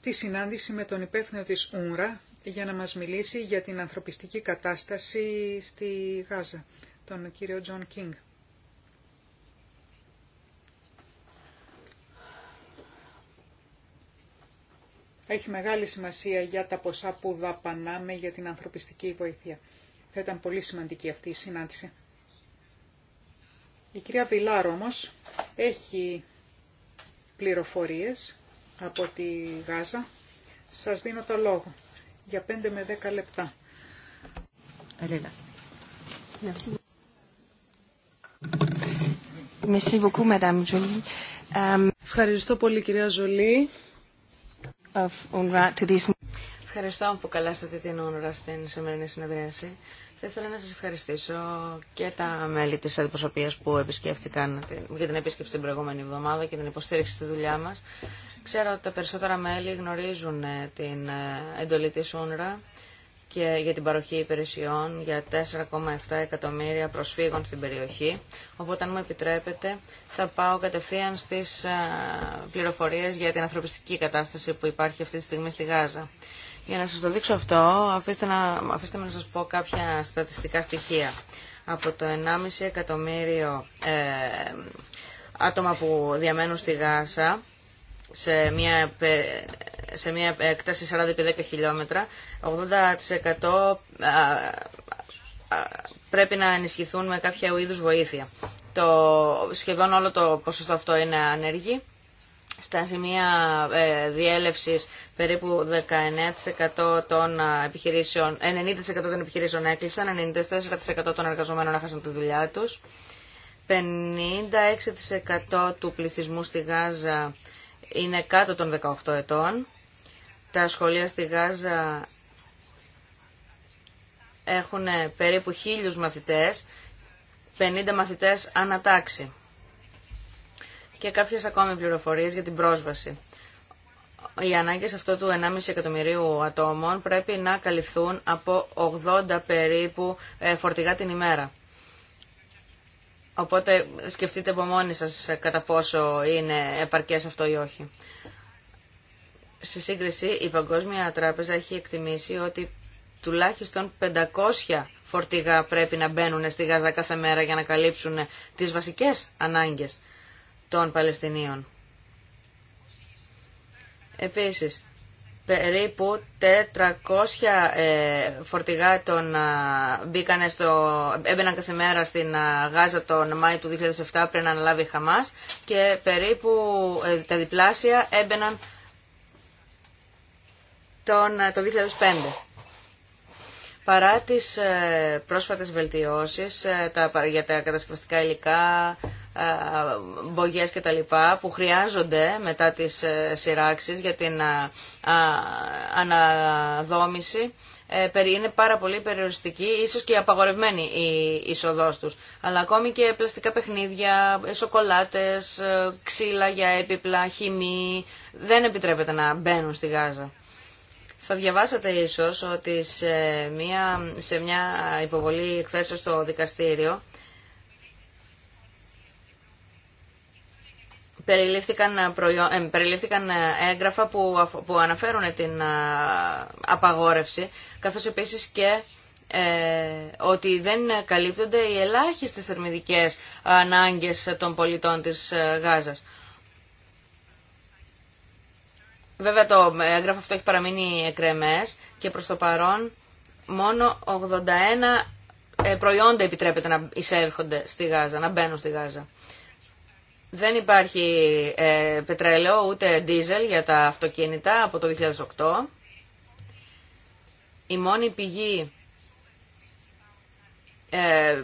τη συνάντηση με τον υπεύθυνο της ΟΥΡΑ για να μας μιλήσει για την ανθρωπιστική κατάσταση στη Γάζα, τον κύριο Τζον Κίνγκ. Έχει μεγάλη σημασία για τα ποσά που δαπανάμε για την ανθρωπιστική βοήθεια. Θα ήταν πολύ σημαντική αυτή η συνάντηση. Η κυρία Βιλάρ όμως έχει πληροφορίες από τη Γάζα. Σας δίνω το λόγο για 5 με 10 λεπτά. Um, Ευχαριστώ πολύ κυρία Ζολή. Ευχαριστώ που καλάσατε την όνορα στην σημερινή συνεδρίαση. Θα ήθελα να σας ευχαριστήσω και τα μέλη της αντιπροσωπείας που επισκέφτηκαν για την επίσκεψη την προηγούμενη εβδομάδα και την υποστήριξη στη δουλειά μας. Ξέρω ότι τα περισσότερα μέλη γνωρίζουν ε, την ε, εντολή της ΟΝΡΑ και για την παροχή υπηρεσιών για 4,7 εκατομμύρια προσφύγων στην περιοχή. Οπότε, αν μου επιτρέπετε, θα πάω κατευθείαν στις ε, πληροφορίες για την ανθρωπιστική κατάσταση που υπάρχει αυτή τη στιγμή στη Γάζα. Για να σας το δείξω αυτό, αφήστε, να, αφήστε με να σας πω κάποια στατιστικά στοιχεία. Από το 1,5 εκατομμύριο ε, άτομα που διαμένουν στη Γάσα, σε μια, σε μια έκταση 40 10 χιλιόμετρα, 80% πρέπει να ενισχυθούν με κάποια είδους βοήθεια. Το, σχεδόν όλο το ποσοστό αυτό είναι ανέργη στα σημεία ε, διέλευσης περίπου 19% των ε, επιχειρήσεων, 90% των επιχειρήσεων έκλεισαν, 94% των εργαζομένων έχασαν τη δουλειά τους. 56% του πληθυσμού στη Γάζα είναι κάτω των 18 ετών. Τα σχολεία στη Γάζα έχουν περίπου χίλιους μαθητές, 50 μαθητές ανατάξει και κάποιες ακόμη πληροφορίες για την πρόσβαση. Οι ανάγκες αυτού του 1,5 εκατομμυρίου ατόμων πρέπει να καλυφθούν από 80 περίπου ε, φορτηγά την ημέρα. Οπότε σκεφτείτε από μόνοι σας ε, κατά πόσο είναι επαρκές αυτό ή όχι. Σε σύγκριση, η Παγκόσμια Τράπεζα έχει εκτιμήσει ότι τουλάχιστον 500 φορτηγά πρέπει να μπαίνουν στη Γάζα κάθε μέρα για να καλύψουν τις βασικές ανάγκες των Παλαιστινίων. Επίσης, περίπου 400 ε, φορτηγά των, μπήκανε στο, έμπαιναν κάθε μέρα στην Γάζα τον Μάη του 2007 πριν αναλάβει η Χαμάς και περίπου ε, τα διπλάσια έμπαιναν τον, ε, το 2005. Παρά τις πρόσφατες βελτιώσεις τα, για τα κατασκευαστικά υλικά, ε, μπογιές και τα λοιπά που χρειάζονται μετά τις ε, σειράξεις για την ε, αναδόμηση είναι πάρα πολύ περιοριστική, ίσως και απαγορευμένη η εισοδός τους. Αλλά ακόμη και πλαστικά παιχνίδια, σοκολάτες, ξύλα για έπιπλα, χυμή, δεν επιτρέπεται να μπαίνουν στη Γάζα. Θα διαβάσατε ίσως ότι σε μια, σε μια υποβολή εκθέσεως στο δικαστήριο περιλήφθηκαν, ε, προϊό... Ε, περιλήφθηκαν ε, έγγραφα που, που αναφέρουν την απαγόρευση, καθώς επίσης και ότι δεν καλύπτονται οι ελάχιστες θερμιδικές ανάγκες των πολιτών της Γάζας. Βέβαια το έγγραφο αυτό έχει παραμείνει εκρεμές και προς το παρόν μόνο 81 προϊόντα επιτρέπεται να εισέρχονται στη Γάζα, να μπαίνουν στη Γάζα. Δεν υπάρχει ε, πετρέλαιο ούτε διζελ για τα αυτοκίνητα από το 2008. Η μόνη πηγή ε,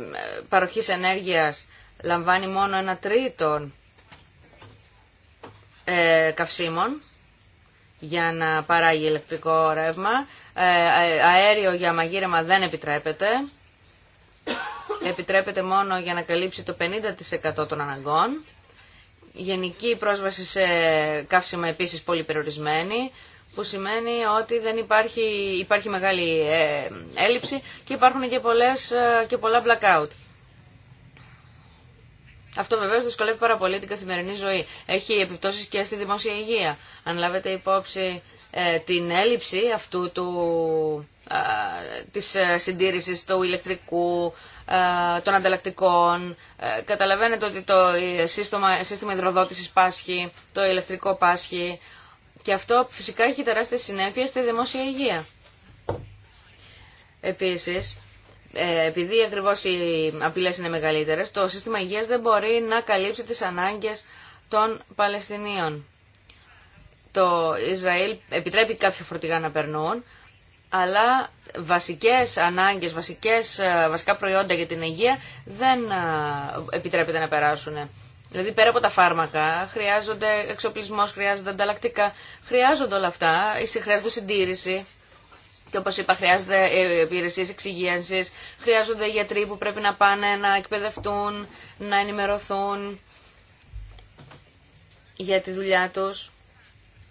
παροχής ενέργειας λαμβάνει μόνο ένα τρίτο ε, καυσίμων για να παράγει ηλεκτρικό ρεύμα. Ε, αέριο για μαγείρεμα δεν επιτρέπεται. Επιτρέπεται μόνο για να καλύψει το 50% των αναγκών γενική πρόσβαση σε καύσιμα επίσης πολύ περιορισμένη, που σημαίνει ότι δεν υπάρχει, υπάρχει μεγάλη ε, έλλειψη και υπάρχουν και, πολλές, ε, και πολλά blackout. Αυτό βεβαίω δυσκολεύει πάρα πολύ την καθημερινή ζωή. Έχει επιπτώσει και στη δημόσια υγεία. Αν λάβετε υπόψη ε, την έλλειψη αυτού του, της συντήρησης του ηλεκτρικού, ε, των ανταλλακτικών. Ε, καταλαβαίνετε ότι το σύστημα, σύστημα υδροδότησης πάσχει, το ηλεκτρικό πάσχει και αυτό φυσικά έχει τεράστιες συνέπειες στη δημόσια υγεία. Επίσης, ε, επειδή ακριβώς οι απειλές είναι μεγαλύτερες, το σύστημα υγείας δεν μπορεί να καλύψει τις ανάγκες των Παλαιστινίων. Το Ισραήλ επιτρέπει κάποια φορτηγά να περνούν, αλλά βασικές ανάγκες, βασικές, ε, βασικά προϊόντα για την υγεία δεν ε, επιτρέπεται να περάσουν. Δηλαδή πέρα από τα φάρμακα χρειάζονται εξοπλισμός, χρειάζονται ανταλλακτικά, χρειάζονται όλα αυτά, χρειάζονται συντήρηση. Και όπω είπα, χρειάζονται ε, υπηρεσίε εξυγίανση, χρειάζονται γιατροί που πρέπει να πάνε να εκπαιδευτούν, να ενημερωθούν για τη δουλειά τους.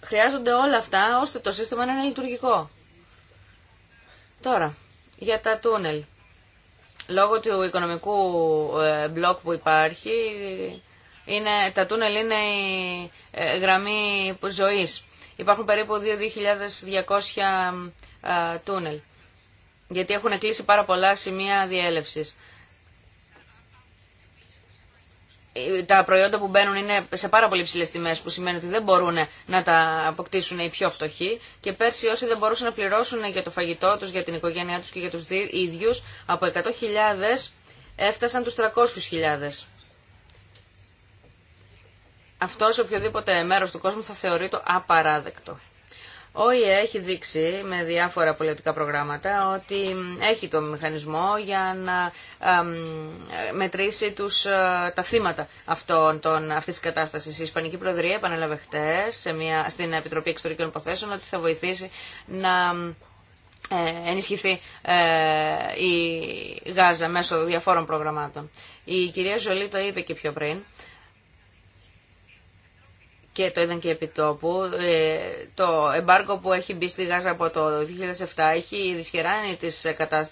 Χρειάζονται όλα αυτά ώστε το σύστημα να είναι λειτουργικό. Τώρα, για τα τούνελ. Λόγω του οικονομικού ε, μπλοκ που υπάρχει, είναι, τα τούνελ είναι η ε, γραμμή ζωής. Υπάρχουν περίπου 2.200 ε, τούνελ, γιατί έχουν κλείσει πάρα πολλά σημεία διέλευσης τα προϊόντα που μπαίνουν είναι σε πάρα πολύ ψηλέ τιμές που σημαίνει ότι δεν μπορούν να τα αποκτήσουν οι πιο φτωχοί και πέρσι όσοι δεν μπορούσαν να πληρώσουν για το φαγητό τους, για την οικογένειά τους και για τους ίδιους από 100.000 έφτασαν τους 300.000. Αυτό σε οποιοδήποτε μέρος του κόσμου θα θεωρεί το απαράδεκτο. Ο έχει δείξει με διάφορα πολιτικά προγράμματα ότι έχει το μηχανισμό για να μετρήσει τους, ε, τα θύματα αυτών, των, αυτής της κατάστασης. Η Ισπανική Προεδρία επανέλαβε χτες σε μια, στην Επιτροπή Εξωτερικών Υποθέσεων ότι θα βοηθήσει να ε, ενισχυθεί ε, η Γάζα μέσω διαφόρων προγραμμάτων. Η κυρία Ζολή το είπε και πιο πριν και το είδαν και επί τόπου, ε, το εμπάργκο που έχει μπει στη Γάζα από το 2007 έχει δυσχεράνει ε,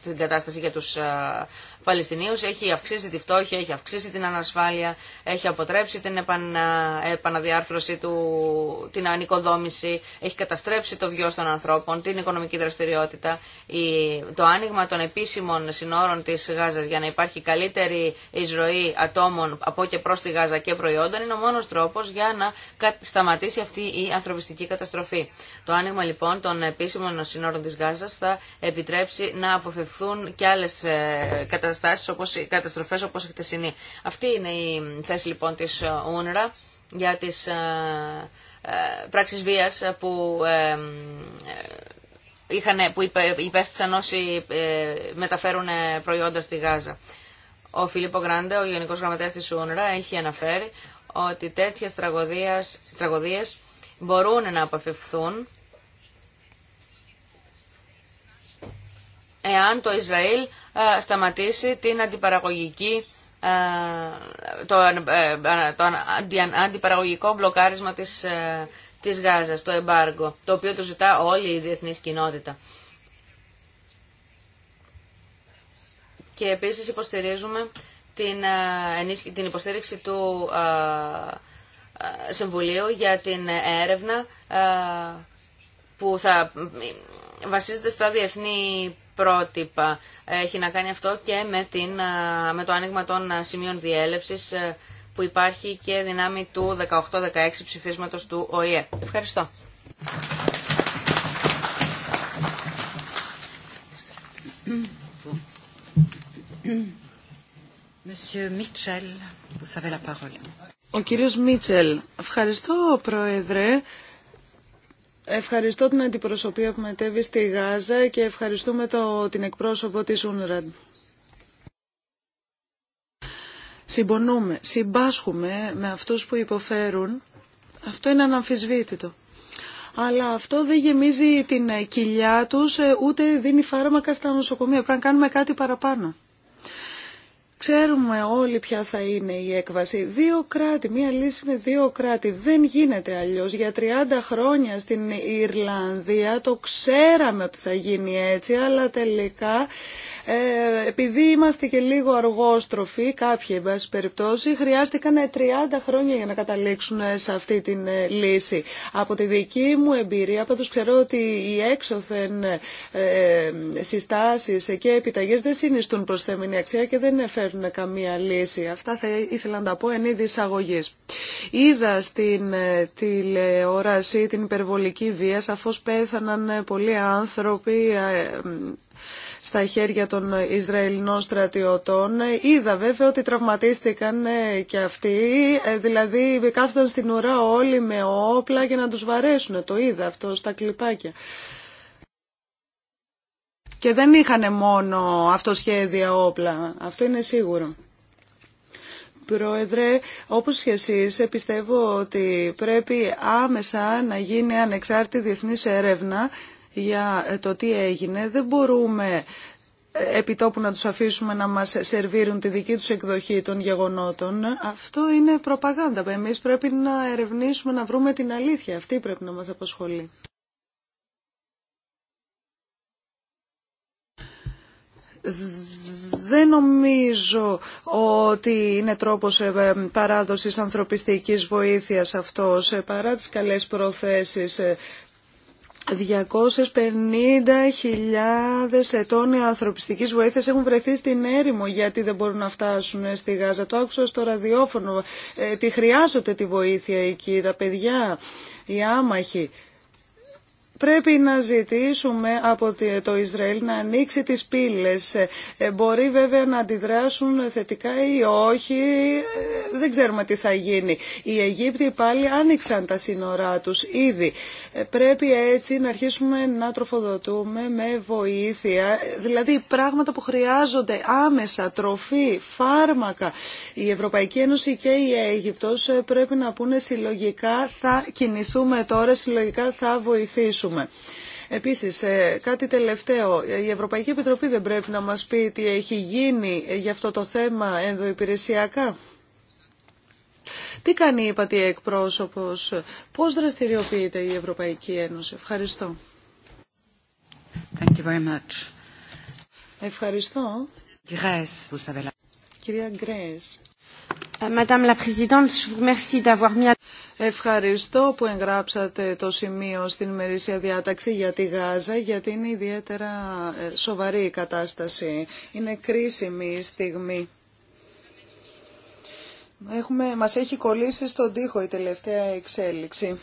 την κατάσταση για τους ε, Παλαιστινίου έχει αυξήσει τη φτώχεια, έχει αυξήσει την ανασφάλεια, έχει αποτρέψει την επανα, επαναδιάρθρωση του, την ανοικοδόμηση, έχει καταστρέψει το βιό των ανθρώπων, την οικονομική δραστηριότητα, η, το άνοιγμα των επίσημων συνόρων τη γάζα για να υπάρχει καλύτερη εισρωή ατόμων από και προ τη Γάζα και προϊόντων είναι ο μόνο τρόπο για να σταματήσει αυτή η ανθρωπιστική καταστροφή. Το άνοιγμα λοιπόν των επίσημων συνόρων τη γάζα θα επιτρέψει να αποφευθούν και άλλε ε, κατα καταστάσεις όπως οι καταστροφές όπως η Αυτή είναι η θέση λοιπόν της ε, UNRWA για τις ε, ε, πράξεις βίας που είχαν, που υπέστησαν όσοι μεταφέρουν προϊόντα στη Γάζα. Ο Φιλίππο Γκράντε, ο Γενικός Γραμματέας της ΟΝΡΑ, έχει αναφέρει ότι τέτοιες τραγωδίες, τραγωδίες μπορούν να αποφευθούν εάν το Ισραήλ ε, σταματήσει την αντιπαραγωγική ε, το, ε, το αντιπαραγωγικό μπλοκάρισμα της, της Γάζας, το εμπαργό το οποίο το ζητά όλη η διεθνής κοινότητα. Και επίσης υποστηρίζουμε την, την υποστήριξη του Συμβουλίου για την έρευνα που θα βασίζεται στα διεθνή πρότυπα. Έχει να κάνει αυτό και με, την, με το άνοιγμα των σημείων διέλευσης ε, που υπάρχει και δυνάμει του 18-16 ψηφίσματος του ΟΗΕ. Ευχαριστώ. Ο κύριος Μίτσελ, ευχαριστώ Πρόεδρε. Ευχαριστώ την αντιπροσωπεία που μετέβει στη Γάζα και ευχαριστούμε το, την εκπρόσωπο της Ουνδραντ. Συμπονούμε, συμπάσχουμε με αυτούς που υποφέρουν. Αυτό είναι αναμφισβήτητο. Αλλά αυτό δεν γεμίζει την κοιλιά τους, ούτε δίνει φάρμακα στα νοσοκομεία. Πρέπει να κάνουμε κάτι παραπάνω. Ξέρουμε όλοι ποια θα είναι η έκβαση. Δύο κράτη, μία λύση με δύο κράτη. Δεν γίνεται αλλιώ. Για 30 χρόνια στην Ιρλανδία το ξέραμε ότι θα γίνει έτσι, αλλά τελικά ε, επειδή είμαστε και λίγο αργόστροφοι, κάποιοι εν πάση περιπτώσει, χρειάστηκαν 30 χρόνια για να καταλήξουν σε αυτή την ε, λύση. Από τη δική μου εμπειρία, πάντως ξέρω ότι οι έξωθεν ε, συστάσεις και επιταγές δεν συνιστούν προς θέμενη αξία και δεν φέρνουν καμία λύση. Αυτά θα ήθελα να τα πω εν είδη εισαγωγής. Είδα στην τηλεόραση την υπερβολική βία, σαφώς πέθαναν πολλοί άνθρωποι στα χέρια των Ισραηλινών στρατιωτών. Είδα βέβαια ότι τραυματίστηκαν ε, και αυτοί, ε, δηλαδή κάθονταν στην ουρά όλοι με όπλα για να τους βαρέσουν. Το είδα αυτό στα κλιπάκια. Και δεν είχαν μόνο αυτοσχέδια όπλα. Αυτό είναι σίγουρο. Πρόεδρε, όπως και εσείς, πιστεύω ότι πρέπει άμεσα να γίνει ανεξάρτητη διεθνής έρευνα για το τι έγινε. Δεν μπορούμε ε, επιτόπου να τους αφήσουμε να μας σερβίρουν τη δική τους εκδοχή των γεγονότων. Αυτό είναι προπαγάνδα. Εμείς πρέπει να ερευνήσουμε, να βρούμε την αλήθεια. Αυτή πρέπει να μας απασχολεί. Δεν νομίζω ότι είναι τρόπος ε, ε, παράδοσης ανθρωπιστικής βοήθειας αυτός, παρά τις καλές προθέσεις 250.000 ετών ανθρωπιστικής βοήθειας έχουν βρεθεί στην έρημο γιατί δεν μπορούν να φτάσουν στη Γάζα. Το άκουσα στο ραδιόφωνο. Ε, τη χρειάζονται τη βοήθεια εκεί, τα παιδιά, οι άμαχοι. Πρέπει να ζητήσουμε από το Ισραήλ να ανοίξει τις πύλες. Ε, μπορεί βέβαια να αντιδράσουν θετικά ή όχι, ε, δεν ξέρουμε τι θα γίνει. Οι Αιγύπτιοι πάλι άνοιξαν τα σύνορά τους ήδη. Ε, πρέπει έτσι να αρχίσουμε να τροφοδοτούμε με βοήθεια, δηλαδή πράγματα που χρειάζονται άμεσα, τροφή, φάρμακα. Η Ευρωπαϊκή Ένωση και η Αίγυπτος πρέπει να πούνε συλλογικά θα κινηθούμε τώρα, συλλογικά θα βοηθήσουμε. Επίση, Επίσης, ε, κάτι τελευταίο. Η Ευρωπαϊκή Επιτροπή δεν πρέπει να μας πει τι έχει γίνει για αυτό το θέμα ενδοϊπηρεσιακά. Τι κάνει η Εκπρόσωπος, πώς δραστηριοποιείται η Ευρωπαϊκή Ένωση. Ευχαριστώ. Thank you very much. Ευχαριστώ. Κυρία Ευχαριστώ που εγγράψατε το σημείο στην ημερήσια διάταξη για τη Γάζα, γιατί είναι ιδιαίτερα ε, σοβαρή η κατάσταση. Είναι κρίσιμη η στιγμή. Έχουμε, μας έχει κολλήσει στον τοίχο η τελευταία εξέλιξη.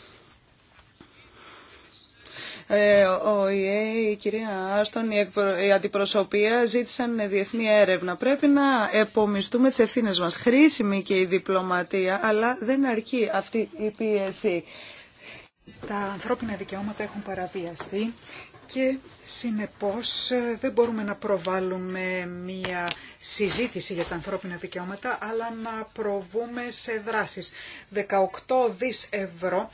Ε, ο ΙΕ, η κυρία Άστον, η αντιπροσωπεία ζήτησαν διεθνή έρευνα. Πρέπει να επομιστούμε τις ευθύνες μας. Χρήσιμη και η διπλωματία, αλλά δεν αρκεί αυτή η πίεση. Τα ανθρώπινα δικαιώματα έχουν παραβιαστεί και συνεπώς δεν μπορούμε να προβάλλουμε μία συζήτηση για τα ανθρώπινα δικαιώματα, αλλά να προβούμε σε δράσεις. 18 δις ευρώ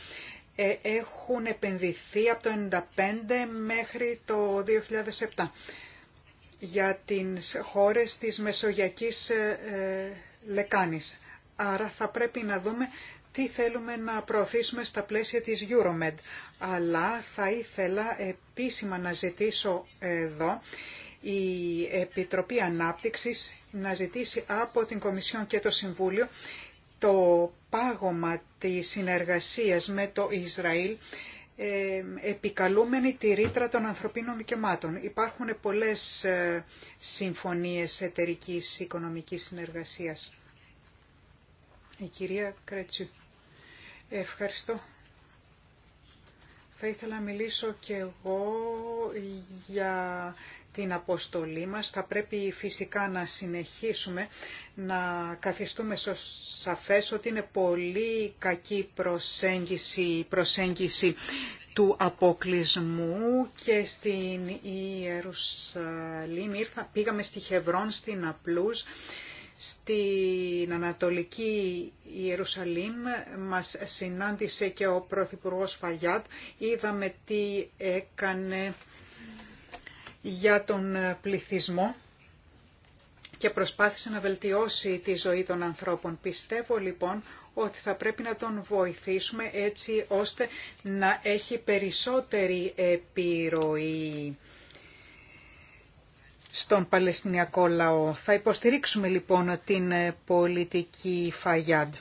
ε, έχουν επενδυθεί από το 1995 μέχρι το 2007 για τις χώρες της Μεσογειακής ε, ε, Λεκάνης. Άρα θα πρέπει να δούμε τι θέλουμε να προωθήσουμε στα πλαίσια της Euromed. Αλλά θα ήθελα επίσημα να ζητήσω εδώ η Επιτροπή Ανάπτυξης να ζητήσει από την Κομισιόν και το Συμβούλιο το πάγωμα της συνεργασίας με το Ισραήλ ε, επικαλούμενη τη ρήτρα των ανθρωπίνων δικαιωμάτων. Υπάρχουν πολλές ε, συμφωνίες εταιρικής οικονομικής συνεργασίας. Η κυρία Κρέτσου. Ευχαριστώ. Θα ήθελα να μιλήσω και εγώ για την αποστολή μας. Θα πρέπει φυσικά να συνεχίσουμε να καθιστούμε σαφές ότι είναι πολύ κακή προσέγγιση, προσέγγιση του αποκλεισμού και στην Ιερουσαλήμ πήγαμε στη Χευρόν, στην Απλούς, στην Ανατολική Ιερουσαλήμ μας συνάντησε και ο Πρωθυπουργός Φαγιάτ. Είδαμε τι έκανε για τον ε, πληθυσμό και προσπάθησε να βελτιώσει τη ζωή των ανθρώπων. Πιστεύω λοιπόν ότι θα πρέπει να τον βοηθήσουμε έτσι ώστε να έχει περισσότερη επιρροή στον Παλαιστινιακό λαό. Θα υποστηρίξουμε λοιπόν την ε, πολιτική Φαγιάντ.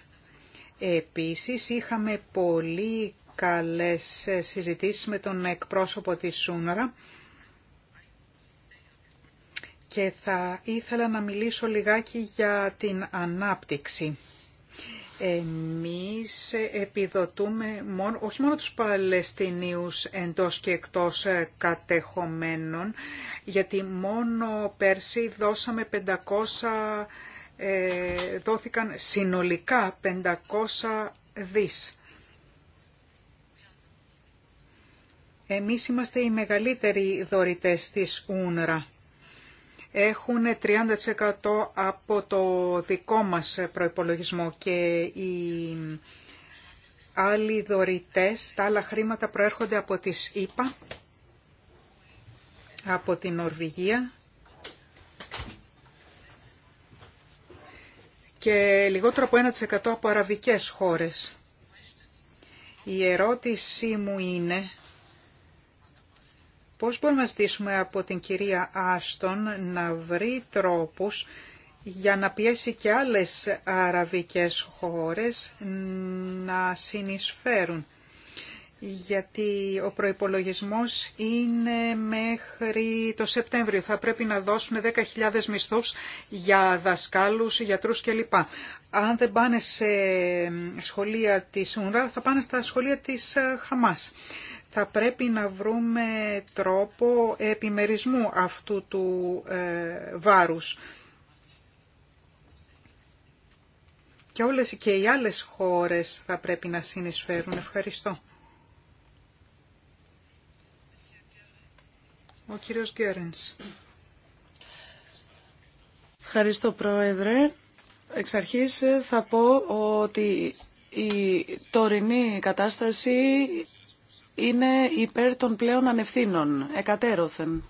Επίσης είχαμε πολύ καλές ε, συζητήσεις με τον εκπρόσωπο της Σούναρα και θα ήθελα να μιλήσω λιγάκι για την ανάπτυξη. Εμείς επιδοτούμε όχι μόνο τους Παλαιστινίους εντός και εκτός ε, κατεχομένων, γιατί μόνο πέρσι δώσαμε 500, ε, δόθηκαν συνολικά 500 δις. Εμείς είμαστε οι μεγαλύτεροι δωρητές της Ούνρα έχουν 30% από το δικό μας προϋπολογισμό και οι άλλοι δωρητές, τα άλλα χρήματα προέρχονται από τις ΗΠΑ, από την Ορβηγία και λιγότερο από 1% από αραβικές χώρες. Η ερώτησή μου είναι πώς μπορούμε να στήσουμε από την κυρία Άστον να βρει τρόπους για να πιέσει και άλλες αραβικές χώρες να συνεισφέρουν. Γιατί ο προϋπολογισμός είναι μέχρι το Σεπτέμβριο. Θα πρέπει να δώσουν 10.000 μισθούς για δασκάλους, γιατρούς κλπ. Αν δεν πάνε σε σχολεία της ΟΝΡΑ θα πάνε στα σχολεία της Χαμάς θα πρέπει να βρούμε τρόπο επιμερισμού αυτού του ε, βάρους. Και όλες και οι άλλες χώρες θα πρέπει να συνεισφέρουν. Ευχαριστώ. Ο κύριος Γκέρενς. Ευχαριστώ Πρόεδρε. Εξ αρχής θα πω ότι η τωρινή κατάσταση είναι υπέρ των πλέον ανευθύνων, εκατέρωθεν.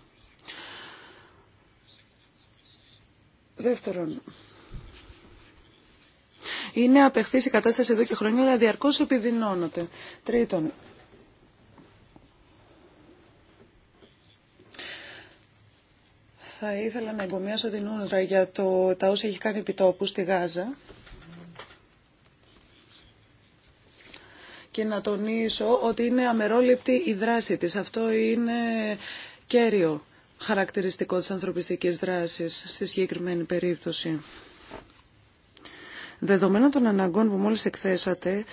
Δεύτερον, είναι απεχθής η κατάσταση εδώ και χρόνια, αλλά διαρκώς επιδεινώνονται. Τρίτον, θα ήθελα να εγκομιάσω την ούντρα για το, τα όσα έχει κάνει επιτόπου στη Γάζα. και να τονίσω ότι είναι αμερόληπτη η δράση της. Αυτό είναι κέριο χαρακτηριστικό της ανθρωπιστικής δράσης στη συγκεκριμένη περίπτωση. Δεδομένων των αναγκών που μόλις εκθέσατε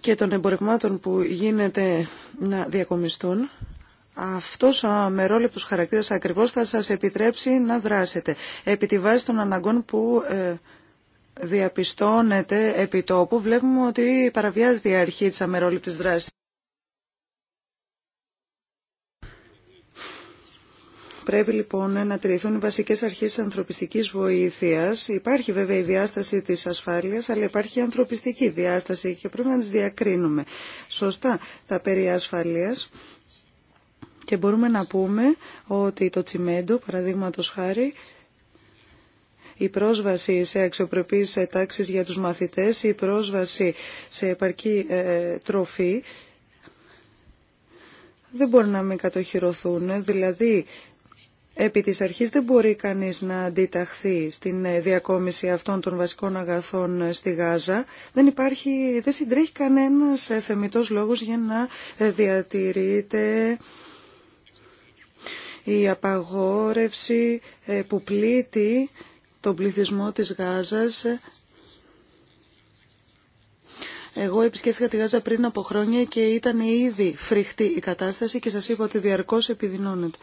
και των εμπορευμάτων που γίνεται να διακομιστούν, αυτός ο αμερόληπτος χαρακτήρας ακριβώς θα σας επιτρέψει να δράσετε επί τη βάση των αναγκών που ε, διαπιστώνεται επί τόπου, βλέπουμε ότι παραβιάζεται η αρχή της αμερόληπτης δράσης. Πρέπει λοιπόν να τηρηθούν οι βασικές αρχές της ανθρωπιστικής βοήθειας. Υπάρχει βέβαια η διάσταση της ασφάλειας, αλλά υπάρχει η ανθρωπιστική διάσταση και πρέπει να τις διακρίνουμε. Σωστά τα περί ασφαλείας. Και μπορούμε να πούμε ότι το τσιμέντο, παραδείγματος χάρη, η πρόσβαση σε αξιοπρεπείς τάξεις για τους μαθητές, η πρόσβαση σε επαρκή ε, τροφή, δεν μπορεί να μην κατοχυρωθούν. Δηλαδή, επί της αρχής δεν μπορεί κανείς να αντιταχθεί στην ε, διακόμιση αυτών των βασικών αγαθών ε, στη Γάζα. Δεν, υπάρχει, δεν συντρέχει κανένας θεμητός λόγος για να διατηρείται η απαγόρευση που πλήττει τον πληθυσμό της Γάζας. Εγώ επισκέφθηκα τη Γάζα πριν από χρόνια και ήταν ήδη φρικτή η κατάσταση και σας είπα ότι διαρκώς επιδεινώνεται.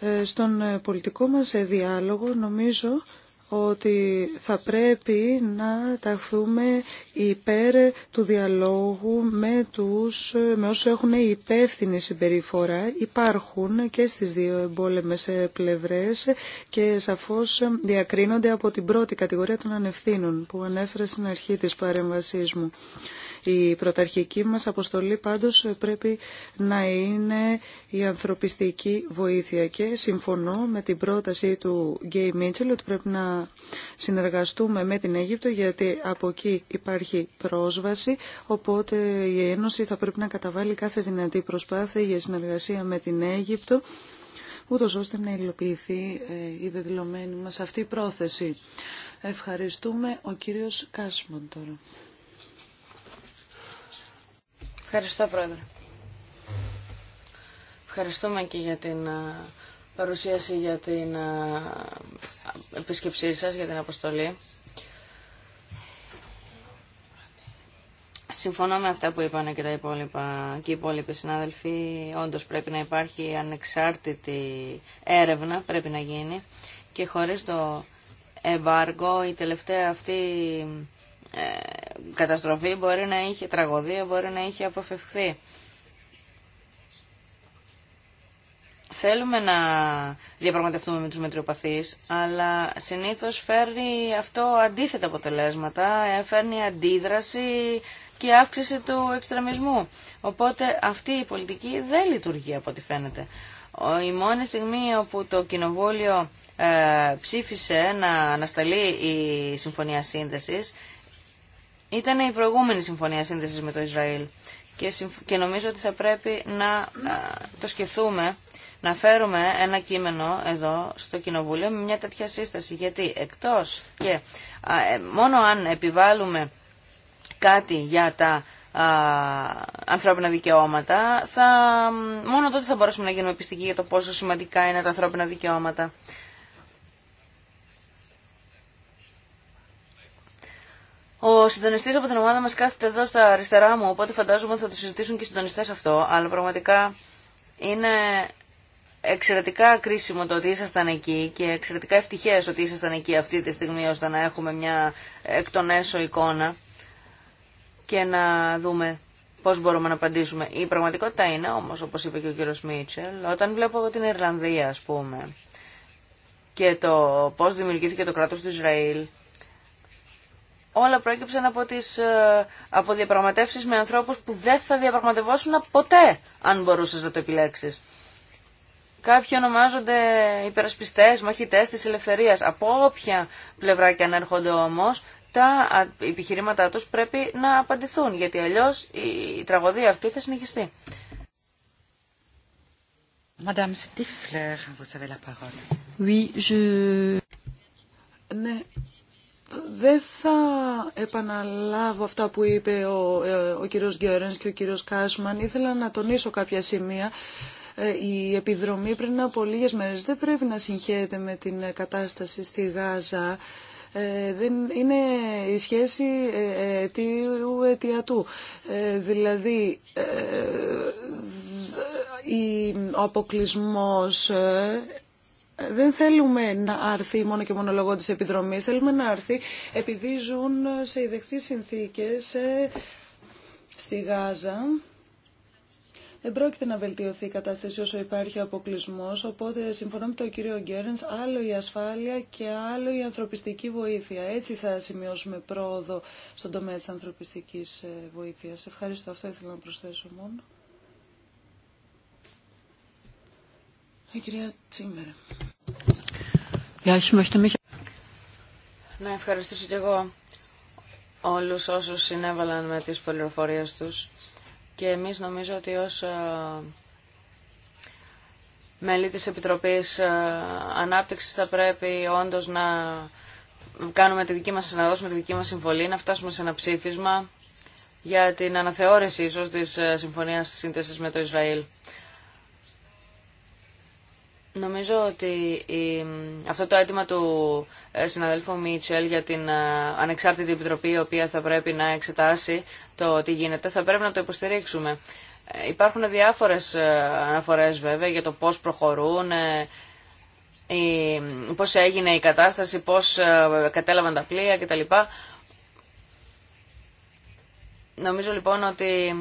Ε, στον πολιτικό μας διάλογο νομίζω ότι θα πρέπει να ταχθούμε υπέρ του διαλόγου με, τους, με όσους έχουν υπεύθυνη συμπεριφορά. Υπάρχουν και στις δύο εμπόλεμες πλευρές και σαφώς διακρίνονται από την πρώτη κατηγορία των ανευθύνων που ανέφερα στην αρχή της παρέμβασής μου. Η πρωταρχική μας αποστολή πάντως πρέπει να είναι η ανθρωπιστική βοήθεια και συμφωνώ με την πρόταση του Γκέι Μίτσελ ότι πρέπει να συνεργαστούμε με την Αίγυπτο γιατί από εκεί υπάρχει πρόσβαση οπότε η Ένωση θα πρέπει να καταβάλει κάθε δυνατή προσπάθεια για συνεργασία με την Αίγυπτο ούτω ώστε να υλοποιηθεί ε, η δεδηλωμένη μας αυτή πρόθεση. Ευχαριστούμε ο κύριος Κάσμον τώρα. Ευχαριστώ, Πρόεδρε. Ευχαριστούμε και για την παρουσίαση, για την επίσκεψή σας, για την αποστολή. Συμφωνώ με αυτά που είπαν και τα υπόλοιπα και οι υπόλοιποι συνάδελφοι. Όντω πρέπει να υπάρχει ανεξάρτητη έρευνα, πρέπει να γίνει. Και χωρίς το εμπάργο, η τελευταία αυτή ε, καταστροφή μπορεί να είχε, τραγωδία μπορεί να είχε αποφευχθεί. Θέλουμε να διαπραγματευτούμε με τους μετριοπαθείς, αλλά συνήθως φέρνει αυτό αντίθετα αποτελέσματα, ε, φέρνει αντίδραση και αύξηση του εξτρεμισμού. Οπότε αυτή η πολιτική δεν λειτουργεί από ό,τι φαίνεται. Η μόνη στιγμή όπου το Κοινοβούλιο ε, ψήφισε να ανασταλεί η Συμφωνία Σύνδεσης ήταν η προηγούμενη συμφωνία σύνδεση με το Ισραήλ και νομίζω ότι θα πρέπει να το σκεφτούμε να φέρουμε ένα κείμενο εδώ στο Κοινοβούλιο με μια τέτοια σύσταση. Γιατί εκτός και ε, μόνο αν επιβάλλουμε κάτι για τα ανθρώπινα δικαιώματα, θα, μόνο τότε θα μπορέσουμε να γίνουμε πιστικοί για το πόσο σημαντικά είναι τα ανθρώπινα δικαιώματα. Ο συντονιστή από την ομάδα μα κάθεται εδώ στα αριστερά μου, οπότε φαντάζομαι ότι θα το συζητήσουν και οι συντονιστέ αυτό. Αλλά πραγματικά είναι εξαιρετικά κρίσιμο το ότι ήσασταν εκεί και εξαιρετικά ευτυχέ ότι ήσασταν εκεί αυτή τη στιγμή ώστε να έχουμε μια εκ των έσω εικόνα και να δούμε πώ μπορούμε να απαντήσουμε. Η πραγματικότητα είναι όμω, όπω είπε και ο κύριο Μίτσελ, όταν βλέπω εγώ την Ιρλανδία, α πούμε, και το πώ δημιουργήθηκε το κράτο του Ισραήλ όλα προέκυψαν από, τις, ε, από διαπραγματεύσεις με ανθρώπους που δεν θα διαπραγματευόσουν ποτέ αν μπορούσες να το επιλέξεις. Κάποιοι ονομάζονται υπερασπιστές, μαχητές της ελευθερίας. Από όποια πλευρά και αν έρχονται όμως, τα επιχειρήματά τους πρέπει να απαντηθούν, γιατί αλλιώς η τραγωδία αυτή θα συνεχιστεί. Ναι, δεν θα επαναλάβω αυτά που είπε ο, ε, ο κύριος Γκέρενς και ο κύριος Κάσμαν. Ήθελα να τονίσω κάποια σημεία. Ε, η επιδρομή πριν από λίγες μέρες δεν πρέπει να συγχέεται με την κατάσταση στη Γάζα. Ε, δεν είναι η σχέση αιτίου αιτιατού. δηλαδή, η, ο αποκλεισμός δεν θέλουμε να αρθεί μόνο και μόνο λόγω της επιδρομής, θέλουμε να αρθεί επειδή ζουν σε ιδεχθείς συνθήκες ε, στη Γάζα. Δεν πρόκειται να βελτιωθεί η κατάσταση όσο υπάρχει ο αποκλεισμό. Οπότε, συμφωνώ με τον κύριο Γκέρεν, άλλο η ασφάλεια και άλλο η ανθρωπιστική βοήθεια. Έτσι θα σημειώσουμε πρόοδο στον τομέα τη ανθρωπιστική ε, βοήθεια. Ευχαριστώ. Αυτό ήθελα να προσθέσω μόνο. Η κυρία να ευχαριστήσω και εγώ όλους όσους συνέβαλαν με τις πληροφορίες τους και εμείς νομίζω ότι ως ε, μέλη της Επιτροπής ε, Ανάπτυξης θα πρέπει όντως να κάνουμε τη δική μας, συναδόση δώσουμε τη δική μας συμβολή, να φτάσουμε σε ένα ψήφισμα για την αναθεώρηση ίσως της ε, Συμφωνίας Σύνθεσης με το Ισραήλ. Νομίζω ότι αυτό το αίτημα του ε, συναδέλφου Μίτσελ για την ε, ανεξάρτητη επιτροπή η οποία θα πρέπει να εξετάσει το τι γίνεται θα πρέπει να το υποστηρίξουμε. Ε, υπάρχουν διάφορες αναφορές βέβαια για το πώς προχωρούν, πώς έγινε η κατάσταση, πώς κατέλαβαν τα πλοία κτλ. Νομίζω λοιπόν ότι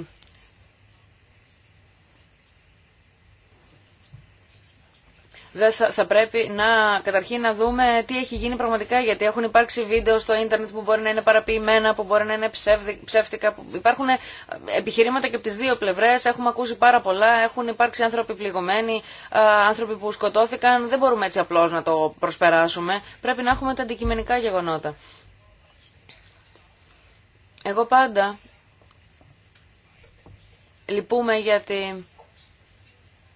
Δεν θα, πρέπει να καταρχήν να δούμε τι έχει γίνει πραγματικά γιατί έχουν υπάρξει βίντεο στο ίντερνετ που μπορεί να είναι παραποιημένα, που μπορεί να είναι ψεύτικα. Που υπάρχουν ε, επιχειρήματα και από τις δύο πλευρές, έχουμε ακούσει πάρα πολλά, έχουν υπάρξει άνθρωποι πληγωμένοι, άνθρωποι που σκοτώθηκαν. Δεν μπορούμε έτσι απλώ να το προσπεράσουμε. Πρέπει να έχουμε τα αντικειμενικά γεγονότα. Εγώ πάντα λυπούμε γιατί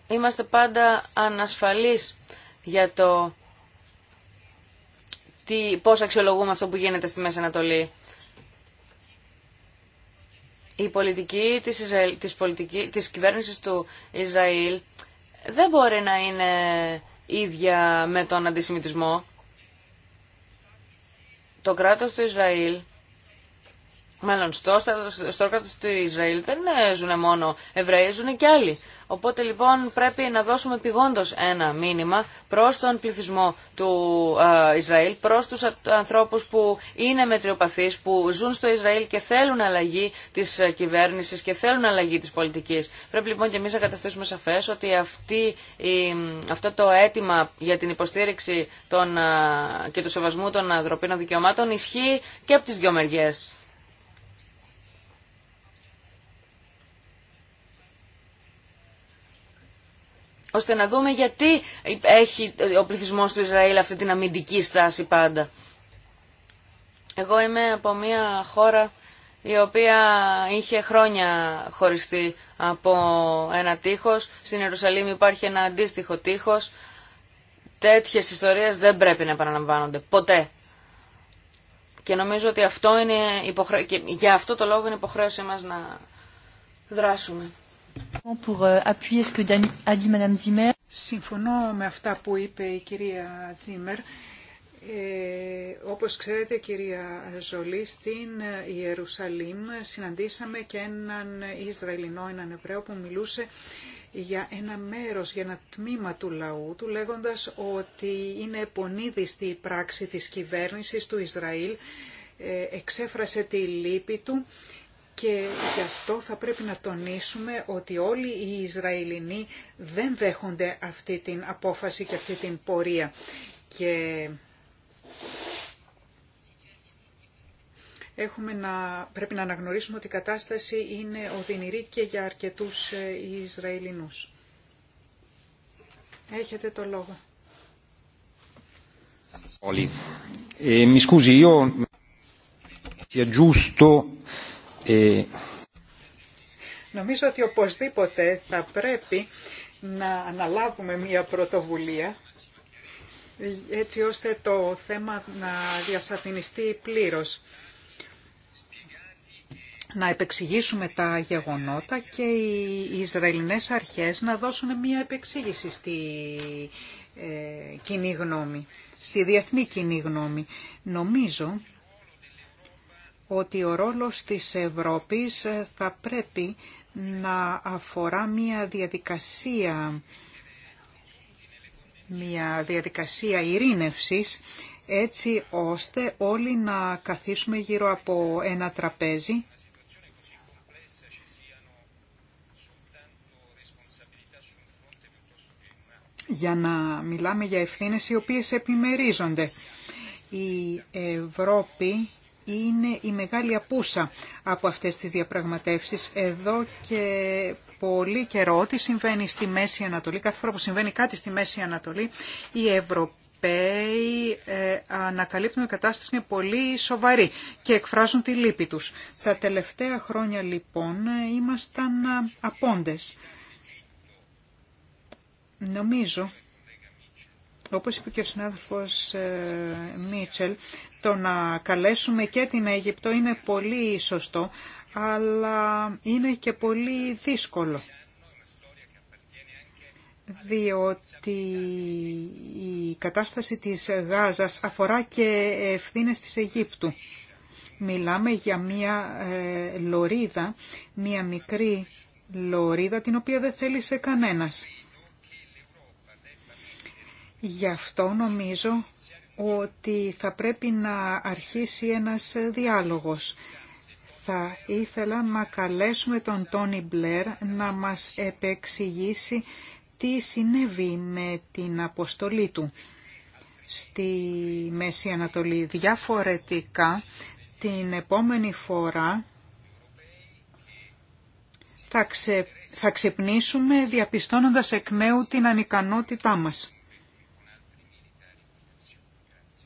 είμαστε πάντα ανασφαλείς για το τι, πώς αξιολογούμε αυτό που γίνεται στη Μέση Ανατολή. Η πολιτική της, Ισραήλ, της, πολιτική, της κυβέρνησης του Ισραήλ δεν μπορεί να είναι ίδια με τον αντισημιτισμό. Το κράτος του Ισραήλ μάλλον στο, του Ισραήλ δεν ε, ζουν μόνο Εβραίοι, ζουν και άλλοι. Οπότε λοιπόν πρέπει να δώσουμε πηγόντως ένα μήνυμα προς τον πληθυσμό του ε, Ισραήλ, προς τους ανθρώπους που είναι μετριοπαθείς, που ζουν στο Ισραήλ και θέλουν αλλαγή της ε, κυβέρνησης και θέλουν αλλαγή της πολιτικής. Πρέπει λοιπόν και εμείς να καταστήσουμε σαφές ότι αυτή, η, αυτό το αίτημα για την υποστήριξη των, ε, και του σεβασμού των ανθρωπίνων δικαιωμάτων ισχύει και από τις δυο μεριές. ώστε να δούμε γιατί έχει ο πληθυσμό του Ισραήλ αυτή την αμυντική στάση πάντα. Εγώ είμαι από μια χώρα η οποία είχε χρόνια χωριστεί από ένα τείχος. Στην Ιερουσαλήμ υπάρχει ένα αντίστοιχο τείχος. Τέτοιες ιστορίες δεν πρέπει να επαναλαμβάνονται. Ποτέ. Και νομίζω ότι αυτό είναι για αυτό το λόγο είναι υποχρέωση μας να δράσουμε. Συμφωνώ με αυτά που είπε η κυρία Ζήμερ. Ε, όπως ξέρετε κυρία Ζολή, στην ε, Ιερουσαλήμ συναντήσαμε και έναν Ισραηλινό, έναν Εβραίο που μιλούσε για ένα μέρος, για ένα τμήμα του λαού του, λέγοντας ότι είναι πονίδιστη η πράξη της κυβέρνησης του Ισραήλ, ε, εξέφρασε τη λύπη του και γι' αυτό θα πρέπει να τονίσουμε ότι όλοι οι Ισραηλινοί δεν δέχονται αυτή την απόφαση και αυτή την πορεία. Και έχουμε να, πρέπει να αναγνωρίσουμε ότι η κατάσταση είναι οδυνηρή και για αρκετούς ε, Ισραηλινούς. Έχετε το λόγο. Όλοι. Ε, ε, Νομίζω ότι οπωσδήποτε θα πρέπει να αναλάβουμε μια πρωτοβουλία έτσι ώστε το θέμα να διασαφινιστεί πλήρως. Να επεξηγήσουμε τα γεγονότα και οι Ισραηλινές αρχές να δώσουν μια επεξήγηση στη ε, κοινή γνώμη, στη διεθνή κοινή γνώμη. Νομίζω ότι ο ρόλος της Ευρώπης ε, θα πρέπει να αφορά μια διαδικασία, μια διαδικασία ειρήνευσης, έτσι ώστε όλοι να καθίσουμε γύρω από ένα τραπέζι για να μιλάμε για ευθύνες οι οποίες επιμερίζονται. Η Ευρώπη είναι η μεγάλη απούσα από αυτές τις διαπραγματεύσεις. Εδώ και πολύ καιρό, ό,τι συμβαίνει στη Μέση Ανατολή, κάθε φορά που συμβαίνει κάτι στη Μέση Ανατολή, η Ευρωπαίοι ε, ανακαλύπτουν ότι η κατάσταση είναι πολύ σοβαρή και εκφράζουν τη λύπη τους. Τα τελευταία χρόνια λοιπόν ήμασταν ε, απόντες. Νομίζω, όπως είπε και ο συνάδελφος ε, Μίτσελ, το να καλέσουμε και την Αίγυπτο είναι πολύ σωστό, αλλά είναι και πολύ δύσκολο. Διότι η κατάσταση της Γάζας αφορά και ευθύνες της Αιγύπτου. Μιλάμε για μία ε, λωρίδα, μία μικρή λωρίδα την οποία δεν θέλησε κανένας. Γι' αυτό νομίζω ότι θα πρέπει να αρχίσει ένας διάλογος. Θα ήθελα να καλέσουμε τον Τόνι Μπλερ να μας επεξηγήσει τι συνέβη με την αποστολή του στη Μέση Ανατολή. Διαφορετικά, την επόμενη φορά θα, ξε... θα ξυπνήσουμε διαπιστώνοντας εκ νέου την ανικανότητά μας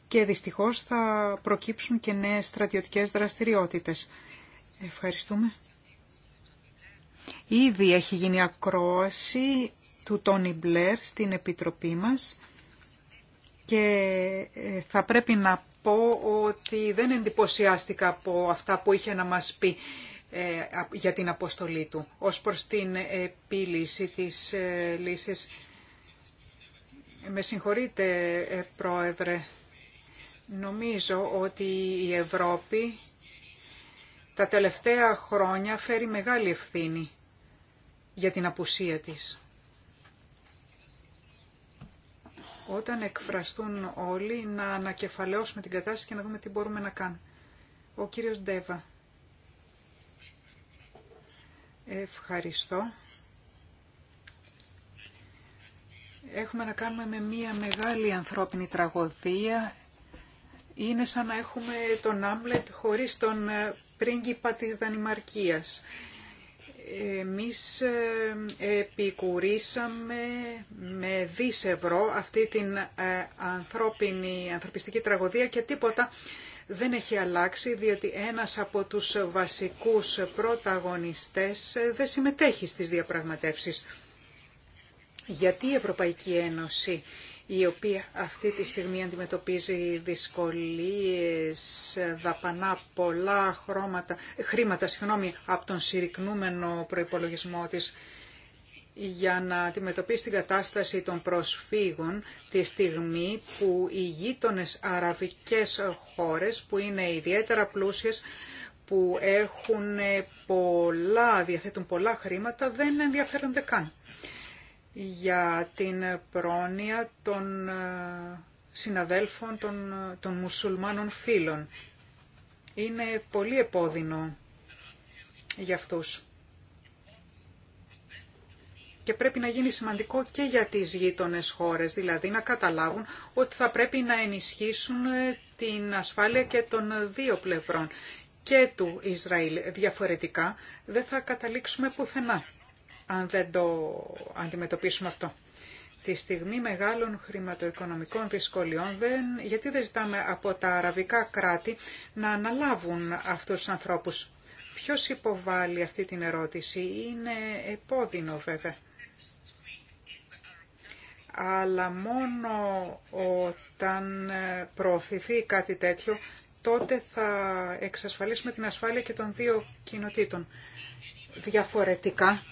και δυστυχώς θα προκύψουν και νέες στρατιωτικές δραστηριότητες. Ευχαριστούμε. Ήδη έχει γίνει ακρόαση του Τόνι Μπλερ στην Επιτροπή μας και ε, θα πρέπει να πω ότι δεν εντυπωσιάστηκα από αυτά που είχε να μας πει ε, για την αποστολή του ως προς την επίλυση της ε, λύσης. Με συγχωρείτε, Πρόεδρε, Νομίζω ότι η Ευρώπη τα τελευταία χρόνια φέρει μεγάλη ευθύνη για την απουσία της. Όταν εκφραστούν όλοι, να ανακεφαλαιώσουμε την κατάσταση και να δούμε τι μπορούμε να κάνουμε. Ο κύριος Ντέβα. Ευχαριστώ. Έχουμε να κάνουμε με μία μεγάλη ανθρώπινη τραγωδία, είναι σαν να έχουμε τον Άμλετ χωρίς τον ε, πρίγκιπα της Δανημαρκίας. Εμείς ε, επικουρήσαμε με ευρώ αυτή την ε, ανθρώπινη, ανθρωπιστική τραγωδία και τίποτα δεν έχει αλλάξει διότι ένας από τους βασικούς πρωταγωνιστές δεν συμμετέχει στις διαπραγματεύσεις. Γιατί η Ευρωπαϊκή Ένωση η οποία αυτή τη στιγμή αντιμετωπίζει δυσκολίες, δαπανά πολλά χρώματα, χρήματα συγγνώμη, από τον συρρυκνούμενο προϋπολογισμό της για να αντιμετωπίσει την κατάσταση των προσφύγων τη στιγμή που οι γείτονες αραβικές χώρες που είναι ιδιαίτερα πλούσιες που έχουν πολλά, διαθέτουν πολλά χρήματα δεν ενδιαφέρονται καν για την πρόνοια των ε, συναδέλφων των, των μουσουλμάνων φίλων. Είναι πολύ επώδυνο για αυτούς. Και πρέπει να γίνει σημαντικό και για τις γείτονες χώρες, δηλαδή να καταλάβουν ότι θα πρέπει να ενισχύσουν ε, την ασφάλεια και των δύο πλευρών και του Ισραήλ. Διαφορετικά δεν θα καταλήξουμε πουθενά αν δεν το αντιμετωπίσουμε αυτό. Τη στιγμή μεγάλων χρηματοοικονομικών δυσκολιών, δεν, γιατί δεν ζητάμε από τα αραβικά κράτη να αναλάβουν αυτούς τους ανθρώπους. Ποιος υποβάλλει αυτή την ερώτηση, είναι επώδυνο βέβαια. Αλλά μόνο όταν προωθηθεί κάτι τέτοιο, τότε θα εξασφαλίσουμε την ασφάλεια και των δύο κοινοτήτων. Διαφορετικά,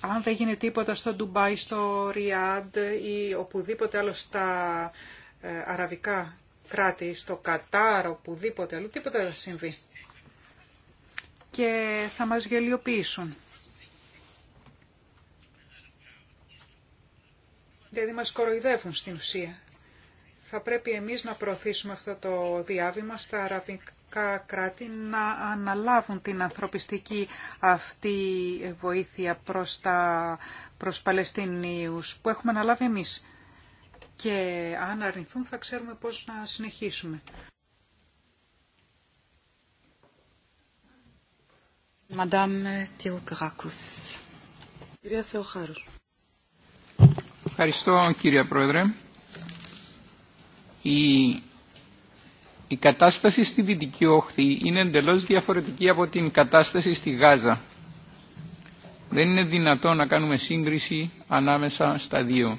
αν δεν γίνει τίποτα στο Ντουμπάι, στο Ριάντ ή οπουδήποτε άλλο στα ε, αραβικά κράτη, στο Κατάρ, οπουδήποτε άλλο, τίποτα δεν θα συμβεί. Και θα μας γελιοποιήσουν. Δηλαδή μας κοροϊδεύουν στην ουσία. Θα πρέπει εμείς να προωθήσουμε αυτό το διάβημα στα αραβικά κράτη να αναλάβουν την ανθρωπιστική αυτή βοήθεια προς, τα, προς Παλαιστινίους που έχουμε αναλάβει εμείς. Και αν αρνηθούν θα ξέρουμε πώς να συνεχίσουμε. Madame Κυρία Θεοχάρους. Ευχαριστώ κυρία Πρόεδρε. Η η κατάσταση στη Δυτική Όχθη είναι εντελώς διαφορετική από την κατάσταση στη Γάζα. Δεν είναι δυνατό να κάνουμε σύγκριση ανάμεσα στα δύο.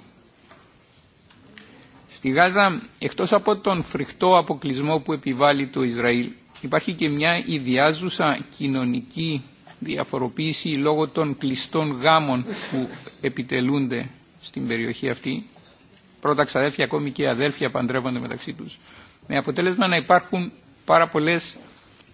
Στη Γάζα, εκτός από τον φρικτό αποκλεισμό που επιβάλλει το Ισραήλ, υπάρχει και μια ιδιάζουσα κοινωνική διαφοροποίηση λόγω των κλειστών γάμων που επιτελούνται στην περιοχή αυτή. Πρώτα ξαδέρφια, ακόμη και αδέλφια παντρεύονται μεταξύ τους με αποτέλεσμα να υπάρχουν πάρα πολλές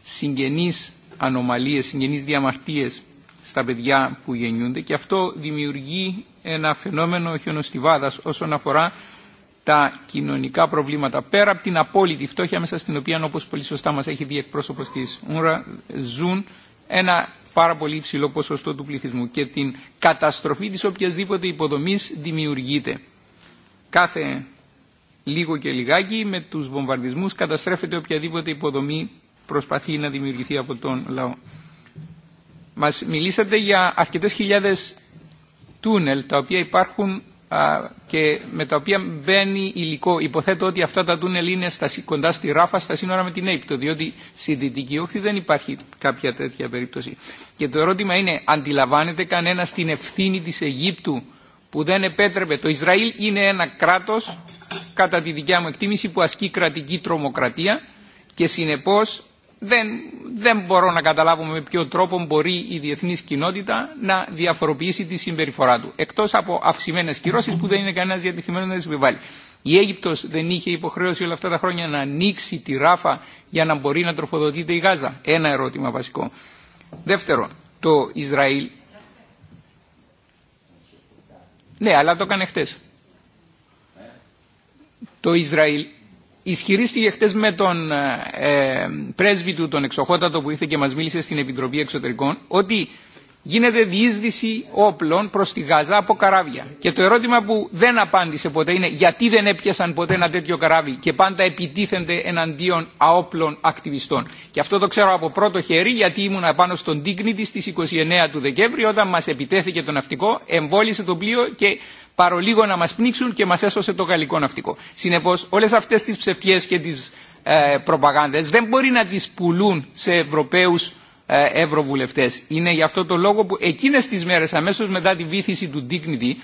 συγγενείς ανομαλίες, συγγενείς διαμαρτίες στα παιδιά που γεννιούνται και αυτό δημιουργεί ένα φαινόμενο χιονοστιβάδας όσον αφορά τα κοινωνικά προβλήματα. Πέρα από την απόλυτη φτώχεια μέσα στην οποία όπως πολύ σωστά μας έχει δει εκπρόσωπος της ΟΥΡΑ ζουν ένα πάρα πολύ υψηλό ποσοστό του πληθυσμού και την καταστροφή της οποιασδήποτε υποδομής δημιουργείται. Κάθε λίγο και λιγάκι με τους βομβαρδισμούς καταστρέφεται οποιαδήποτε υποδομή προσπαθεί να δημιουργηθεί από τον λαό. Μας μιλήσατε για αρκετές χιλιάδες τούνελ τα οποία υπάρχουν και με τα οποία μπαίνει υλικό. Υποθέτω ότι αυτά τα τούνελ είναι στα, κοντά στη Ράφα, στα σύνορα με την Αίπτο, διότι στη Δυτική Όχθη δεν υπάρχει κάποια τέτοια περίπτωση. Και το ερώτημα είναι, αντιλαμβάνεται κανένα την ευθύνη της Αιγύπτου που δεν επέτρεπε. Το Ισραήλ είναι ένα κράτος, κατά τη δικιά μου εκτίμηση, που ασκεί κρατική τρομοκρατία και συνεπώς δεν, δεν μπορώ να καταλάβω με ποιο τρόπο μπορεί η διεθνής κοινότητα να διαφοροποιήσει τη συμπεριφορά του. Εκτός από αυξημένες κυρώσεις που δεν είναι κανένας διατεθειμένος να τις επιβάλλει. Η Αίγυπτος δεν είχε υποχρέωση όλα αυτά τα χρόνια να ανοίξει τη ράφα για να μπορεί να τροφοδοτείται η Γάζα. Ένα ερώτημα βασικό. Δεύτερο, το Ισραήλ ναι, αλλά το έκανε χτες. Το Ισραήλ ισχυρίστηκε χτες με τον ε, ε, πρέσβη του, τον εξοχότατο που ήρθε και μας μίλησε στην Επιτροπή Εξωτερικών, ότι γίνεται διείσδυση όπλων προς τη Γάζα από καράβια. Και το ερώτημα που δεν απάντησε ποτέ είναι γιατί δεν έπιασαν ποτέ ένα τέτοιο καράβι και πάντα επιτίθενται εναντίον αόπλων ακτιβιστών. Και αυτό το ξέρω από πρώτο χέρι γιατί ήμουν πάνω στον Τίγνητη στις 29 του Δεκέμβρη όταν μας επιτέθηκε το ναυτικό, εμβόλισε το πλοίο και παρολίγο να μας πνίξουν και μας έσωσε το γαλλικό ναυτικό. Συνεπώς όλες αυτές τις ψευτιές και τις ε, δεν μπορεί να τις πουλούν σε Ευρωπαίου. Ε, ευρωβουλευτές. Είναι γι' αυτό το λόγο που εκείνες τις μέρες αμέσως μετά τη βήθηση του Dignity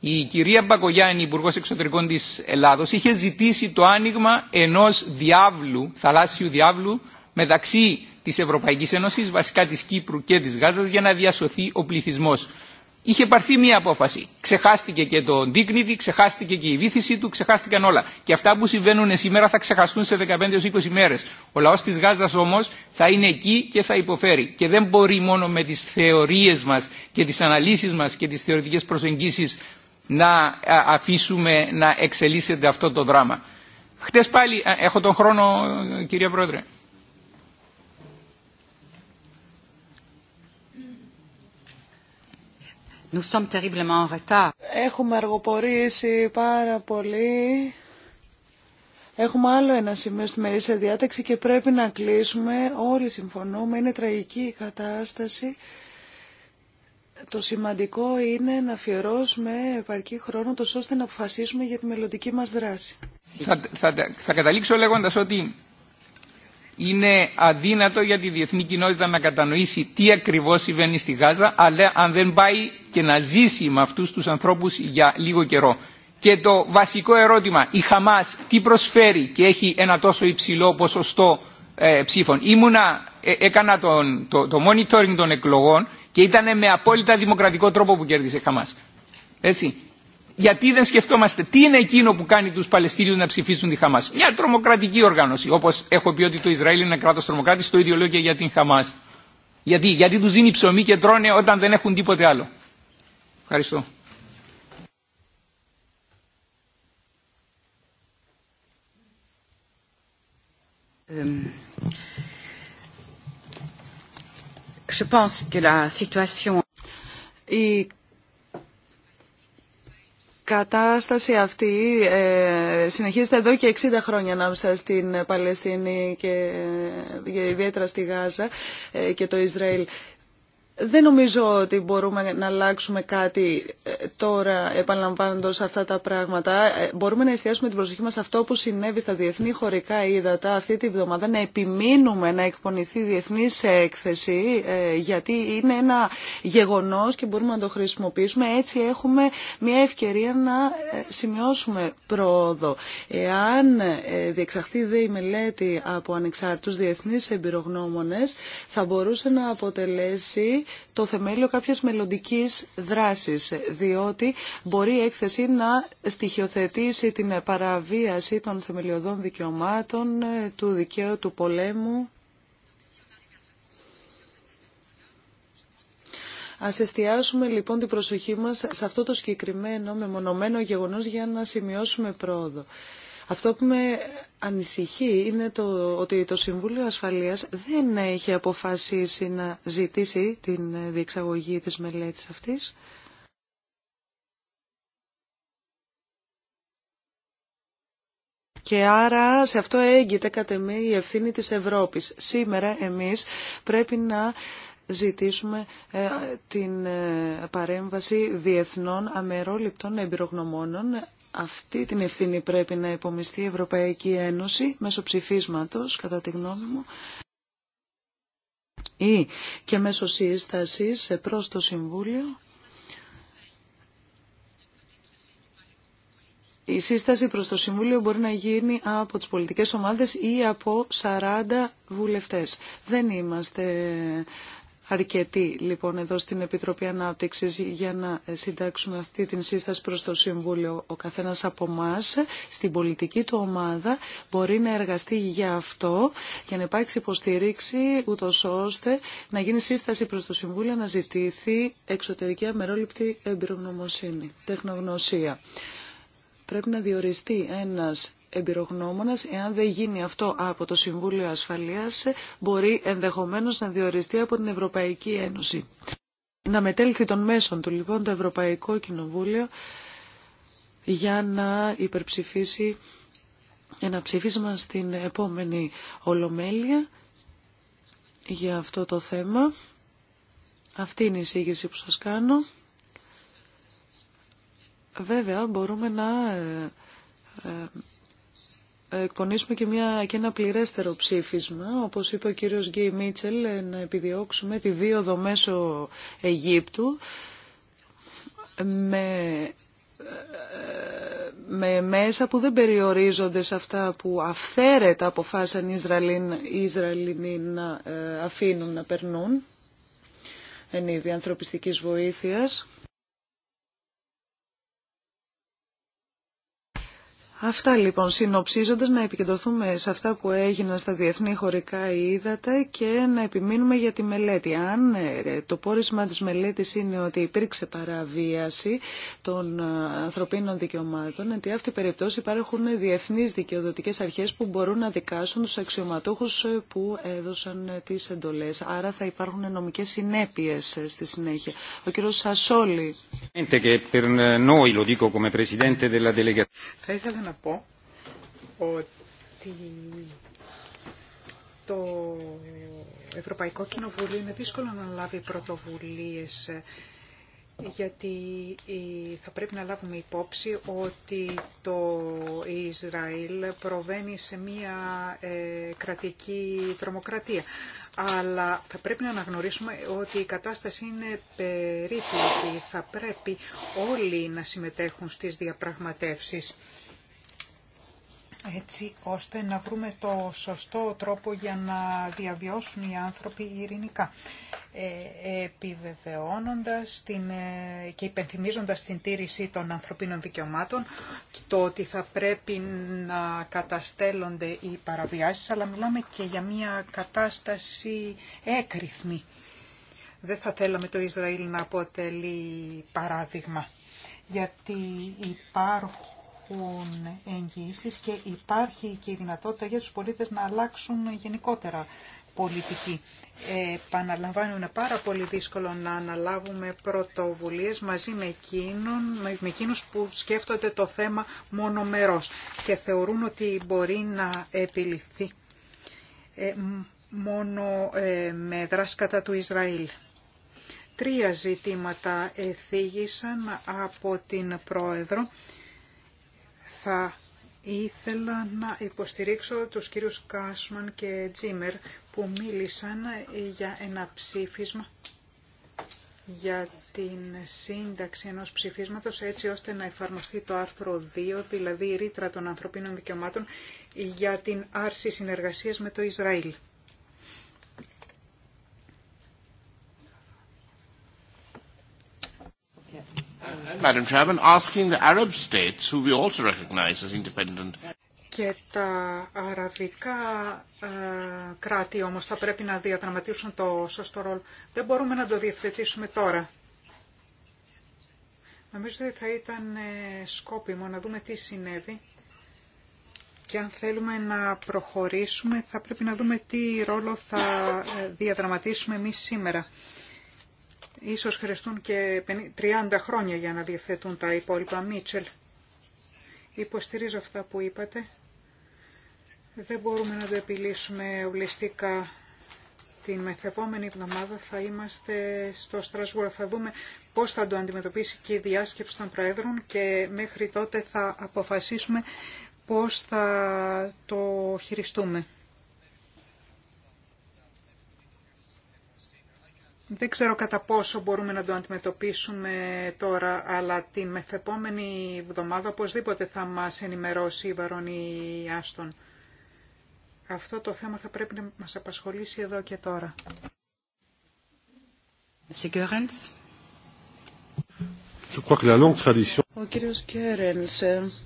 η κυρία Μπακογιάννη, Υπουργό Εξωτερικών της Ελλάδος, είχε ζητήσει το άνοιγμα ενός διάβλου, θαλάσσιου διάβλου, μεταξύ της Ευρωπαϊκής Ένωσης, βασικά της Κύπρου και της Γάζας, για να διασωθεί ο πληθυσμός. Είχε πάρθει μία απόφαση. Ξεχάστηκε και το dignity, ξεχάστηκε και η βήθησή του, ξεχάστηκαν όλα. Και αυτά που συμβαίνουν σήμερα θα ξεχαστούν σε 15-20 μέρε. Ο λαό τη Γάζα όμω θα είναι εκεί και θα υποφέρει. Και δεν μπορεί μόνο με τι θεωρίε μα και τι αναλύσει μα και τι θεωρητικέ προσεγγίσει να αφήσουμε να εξελίσσεται αυτό το δράμα. Χτε πάλι, έχω τον χρόνο, ε, κυρία Πρόεδρε. Nous sommes terriblement en retard. Έχουμε αργοπορήσει πάρα πολύ. Έχουμε άλλο ένα σημείο στη μερίσια διάταξη και πρέπει να κλείσουμε. Όλοι συμφωνούμε. Είναι τραγική η κατάσταση. Το σημαντικό είναι να αφιερώσουμε επαρκή χρόνο τόσο ώστε να αποφασίσουμε για τη μελλοντική μας δράση. Θα, θα, θα καταλήξω λέγοντας ότι είναι αδύνατο για τη διεθνή κοινότητα να κατανοήσει τι ακριβώς συμβαίνει στη Γάζα, αλλά αν δεν πάει και να ζήσει με αυτούς τους ανθρώπους για λίγο καιρό. Και το βασικό ερώτημα, η Χαμάς τι προσφέρει και έχει ένα τόσο υψηλό ποσοστό ε, ψήφων. Ήμουνα, ε, έκανα τον, το, το monitoring των εκλογών και ήταν με απόλυτα δημοκρατικό τρόπο που κέρδισε η Χαμάς. Έτσι γιατί δεν σκεφτόμαστε τι είναι εκείνο που κάνει του Παλαιστίνιου να ψηφίσουν τη Χαμά. Μια τρομοκρατική οργάνωση. Όπω έχω πει ότι το Ισραήλ είναι κράτος τρομοκράτη, το ίδιο λέω και για την Χαμά. Γιατί, γιατί του δίνει ψωμί και τρώνε όταν δεν έχουν τίποτε άλλο. Ευχαριστώ κατάσταση αυτή ε, συνεχίζεται εδώ και 60 χρόνια ανάμεσα στην Παλαιστίνη και ιδιαίτερα στη Γάζα ε, και το Ισραήλ. Δεν νομίζω ότι μπορούμε να αλλάξουμε κάτι ε, τώρα επαναλαμβάνοντας αυτά τα πράγματα. Ε, μπορούμε να εστιάσουμε την προσοχή μας σε αυτό που συνέβη στα διεθνή χωρικά ύδατα αυτή τη βδομάδα, να επιμείνουμε να εκπονηθεί διεθνή έκθεση, ε, γιατί είναι ένα γεγονός και μπορούμε να το χρησιμοποιήσουμε. Έτσι έχουμε μια ευκαιρία να σημειώσουμε πρόοδο. Εάν διεξαχθεί δε η μελέτη από ανεξάρτητους διεθνείς εμπειρογνώμονες, θα μπορούσε να αποτελέσει το θεμέλιο κάποιας μελλοντική δράσης, διότι μπορεί η έκθεση να στοιχειοθετήσει την παραβίαση των θεμελιωδών δικαιωμάτων, ε, του δικαίου του πολέμου. Ας εστιάσουμε λοιπόν την προσοχή μας σε αυτό το συγκεκριμένο μεμονωμένο γεγονός για να σημειώσουμε πρόοδο. Αυτό που με ανησυχεί είναι το ότι το Συμβούλιο Ασφαλείας δεν έχει αποφασίσει να ζητήσει την διεξαγωγή της μελέτης αυτής. Και άρα σε αυτό έγκυται κατ' εμέ η ευθύνη της Ευρώπης. Σήμερα εμείς πρέπει να ζητήσουμε ε, την ε, παρέμβαση διεθνών αμερόληπτων εμπειρογνωμόνων αυτή την ευθύνη πρέπει να υπομειστεί η Ευρωπαϊκή Ένωση μέσω ψηφίσματος, κατά τη γνώμη μου, ή και μέσω σύστασης προς το Συμβούλιο. Η σύσταση προς το Συμβούλιο μπορεί να γίνει από τις πολιτικές ομάδες ή από 40 βουλευτές. Δεν είμαστε αρκετοί λοιπόν εδώ στην Επιτροπή ανάπτυξη για να συντάξουμε αυτή την σύσταση προς το Συμβούλιο. Ο καθένας από εμά στην πολιτική του ομάδα μπορεί να εργαστεί για αυτό, για να υπάρξει υποστηρίξη ούτω ώστε να γίνει σύσταση προς το Συμβούλιο να ζητήθει εξωτερική αμερόληπτη εμπειρογνωμοσύνη, τεχνογνωσία. Πρέπει να διοριστεί ένας εμπειρογνώμονας. Εάν δεν γίνει αυτό από το Συμβούλιο Ασφαλείας, μπορεί ενδεχομένως να διοριστεί από την Ευρωπαϊκή Ένωση. Να μετέλθει των μέσων του λοιπόν το Ευρωπαϊκό Κοινοβούλιο για να υπερψηφίσει ένα ψήφισμα στην επόμενη Ολομέλεια για αυτό το θέμα. Αυτή είναι η εισήγηση που σας κάνω. Βέβαια μπορούμε να ε, ε, εκπονήσουμε και, μια, και ένα πληρέστερο ψήφισμα, όπως είπε ο κύριος Γκέι Μίτσελ, ε, να επιδιώξουμε τη δίωδο μέσω Αιγύπτου ε, με μέσα που δεν περιορίζονται σε αυτά που αυθαίρετα αποφάσαν οι Ισραηλίν, να ε, αφήνουν να περνούν εν είδη ανθρωπιστικής βοήθειας. Αυτά λοιπόν συνοψίζοντας να επικεντρωθούμε σε αυτά που έγιναν στα διεθνή χωρικά ύδατα και να επιμείνουμε για τη μελέτη. Αν ε, ε, το πόρισμα της μελέτης είναι ότι υπήρξε παραβίαση των ε, ανθρωπίνων δικαιωμάτων, ότι αυτή περιπτώσει υπάρχουν διεθνείς δικαιοδοτικές αρχές που μπορούν να δικάσουν τους αξιωματούχους που έδωσαν τις εντολές. Άρα θα υπάρχουν νομικές συνέπειες στη συνέχεια. Ο κύριος Σασόλη. Θα ήθελα να πω ότι το Ευρωπαϊκό Κοινοβούλιο είναι δύσκολο να λάβει πρωτοβουλίες γιατί θα πρέπει να λάβουμε υπόψη ότι το Ισραήλ προβαίνει σε μία ε, κρατική τρομοκρατία. Αλλά θα πρέπει να αναγνωρίσουμε ότι η κατάσταση είναι περίπλοκη. Θα πρέπει όλοι να συμμετέχουν στις διαπραγματεύσεις έτσι ώστε να βρούμε το σωστό τρόπο για να διαβιώσουν οι άνθρωποι ειρηνικά. Ε, επιβεβαιώνοντας την, ε, και υπενθυμίζοντας την τήρηση των ανθρωπίνων δικαιωμάτων, το ότι θα πρέπει να καταστέλλονται οι παραβιάσεις, αλλά μιλάμε και για μια κατάσταση έκριθμη Δεν θα θέλαμε το Ισραήλ να αποτελεί παράδειγμα, γιατί υπάρχουν υπάρχουν και υπάρχει και η δυνατότητα για τους πολίτες να αλλάξουν γενικότερα πολιτική. Ε, επαναλαμβάνω, είναι πάρα πολύ δύσκολο να αναλάβουμε πρωτοβουλίες μαζί με, εκείνον, με που σκέφτονται το θέμα μόνο μονομερός και θεωρούν ότι μπορεί να επιληθεί ε, μόνο ε, με δράση κατά του Ισραήλ. Τρία ζητήματα εθίγησαν από την Πρόεδρο θα ήθελα να υποστηρίξω τους κύριους Κάσμαν και Τζίμερ που μίλησαν για ένα ψήφισμα για την σύνταξη ενός ψηφίσματος έτσι ώστε να εφαρμοστεί το άρθρο 2, δηλαδή η ρήτρα των ανθρωπίνων δικαιωμάτων για την άρση συνεργασίας με το Ισραήλ. Και τα αραβικά ε, κράτη όμως θα πρέπει να διαδραματίσουν το σωστό ρόλο. Δεν μπορούμε να το διευθετήσουμε τώρα. Νομίζω ότι θα ήταν ε, σκόπιμο να δούμε τι συνέβη και αν θέλουμε να προχωρήσουμε θα πρέπει να δούμε τι ρόλο θα ε, διαδραματίσουμε εμείς σήμερα Ίσως χρειαστούν και 30 χρόνια για να διευθετούν τα υπόλοιπα Μίτσελ. Υποστηρίζω αυτά που είπατε. Δεν μπορούμε να το επιλύσουμε ολιστικά την μεθεπόμενη εβδομάδα θα είμαστε στο Στρασβούργο. Θα δούμε πώς θα το αντιμετωπίσει και η διάσκεψη των Προέδρων και μέχρι τότε θα αποφασίσουμε πώς θα το χειριστούμε. Δεν ξέρω κατά πόσο μπορούμε να το αντιμετωπίσουμε τώρα, αλλά την μεθεπόμενη εβδομάδα οπωσδήποτε θα μας ενημερώσει η Βαρονή Άστον. Αυτό το θέμα θα πρέπει να μας απασχολήσει εδώ και τώρα. Ο κύριος Κέρενς,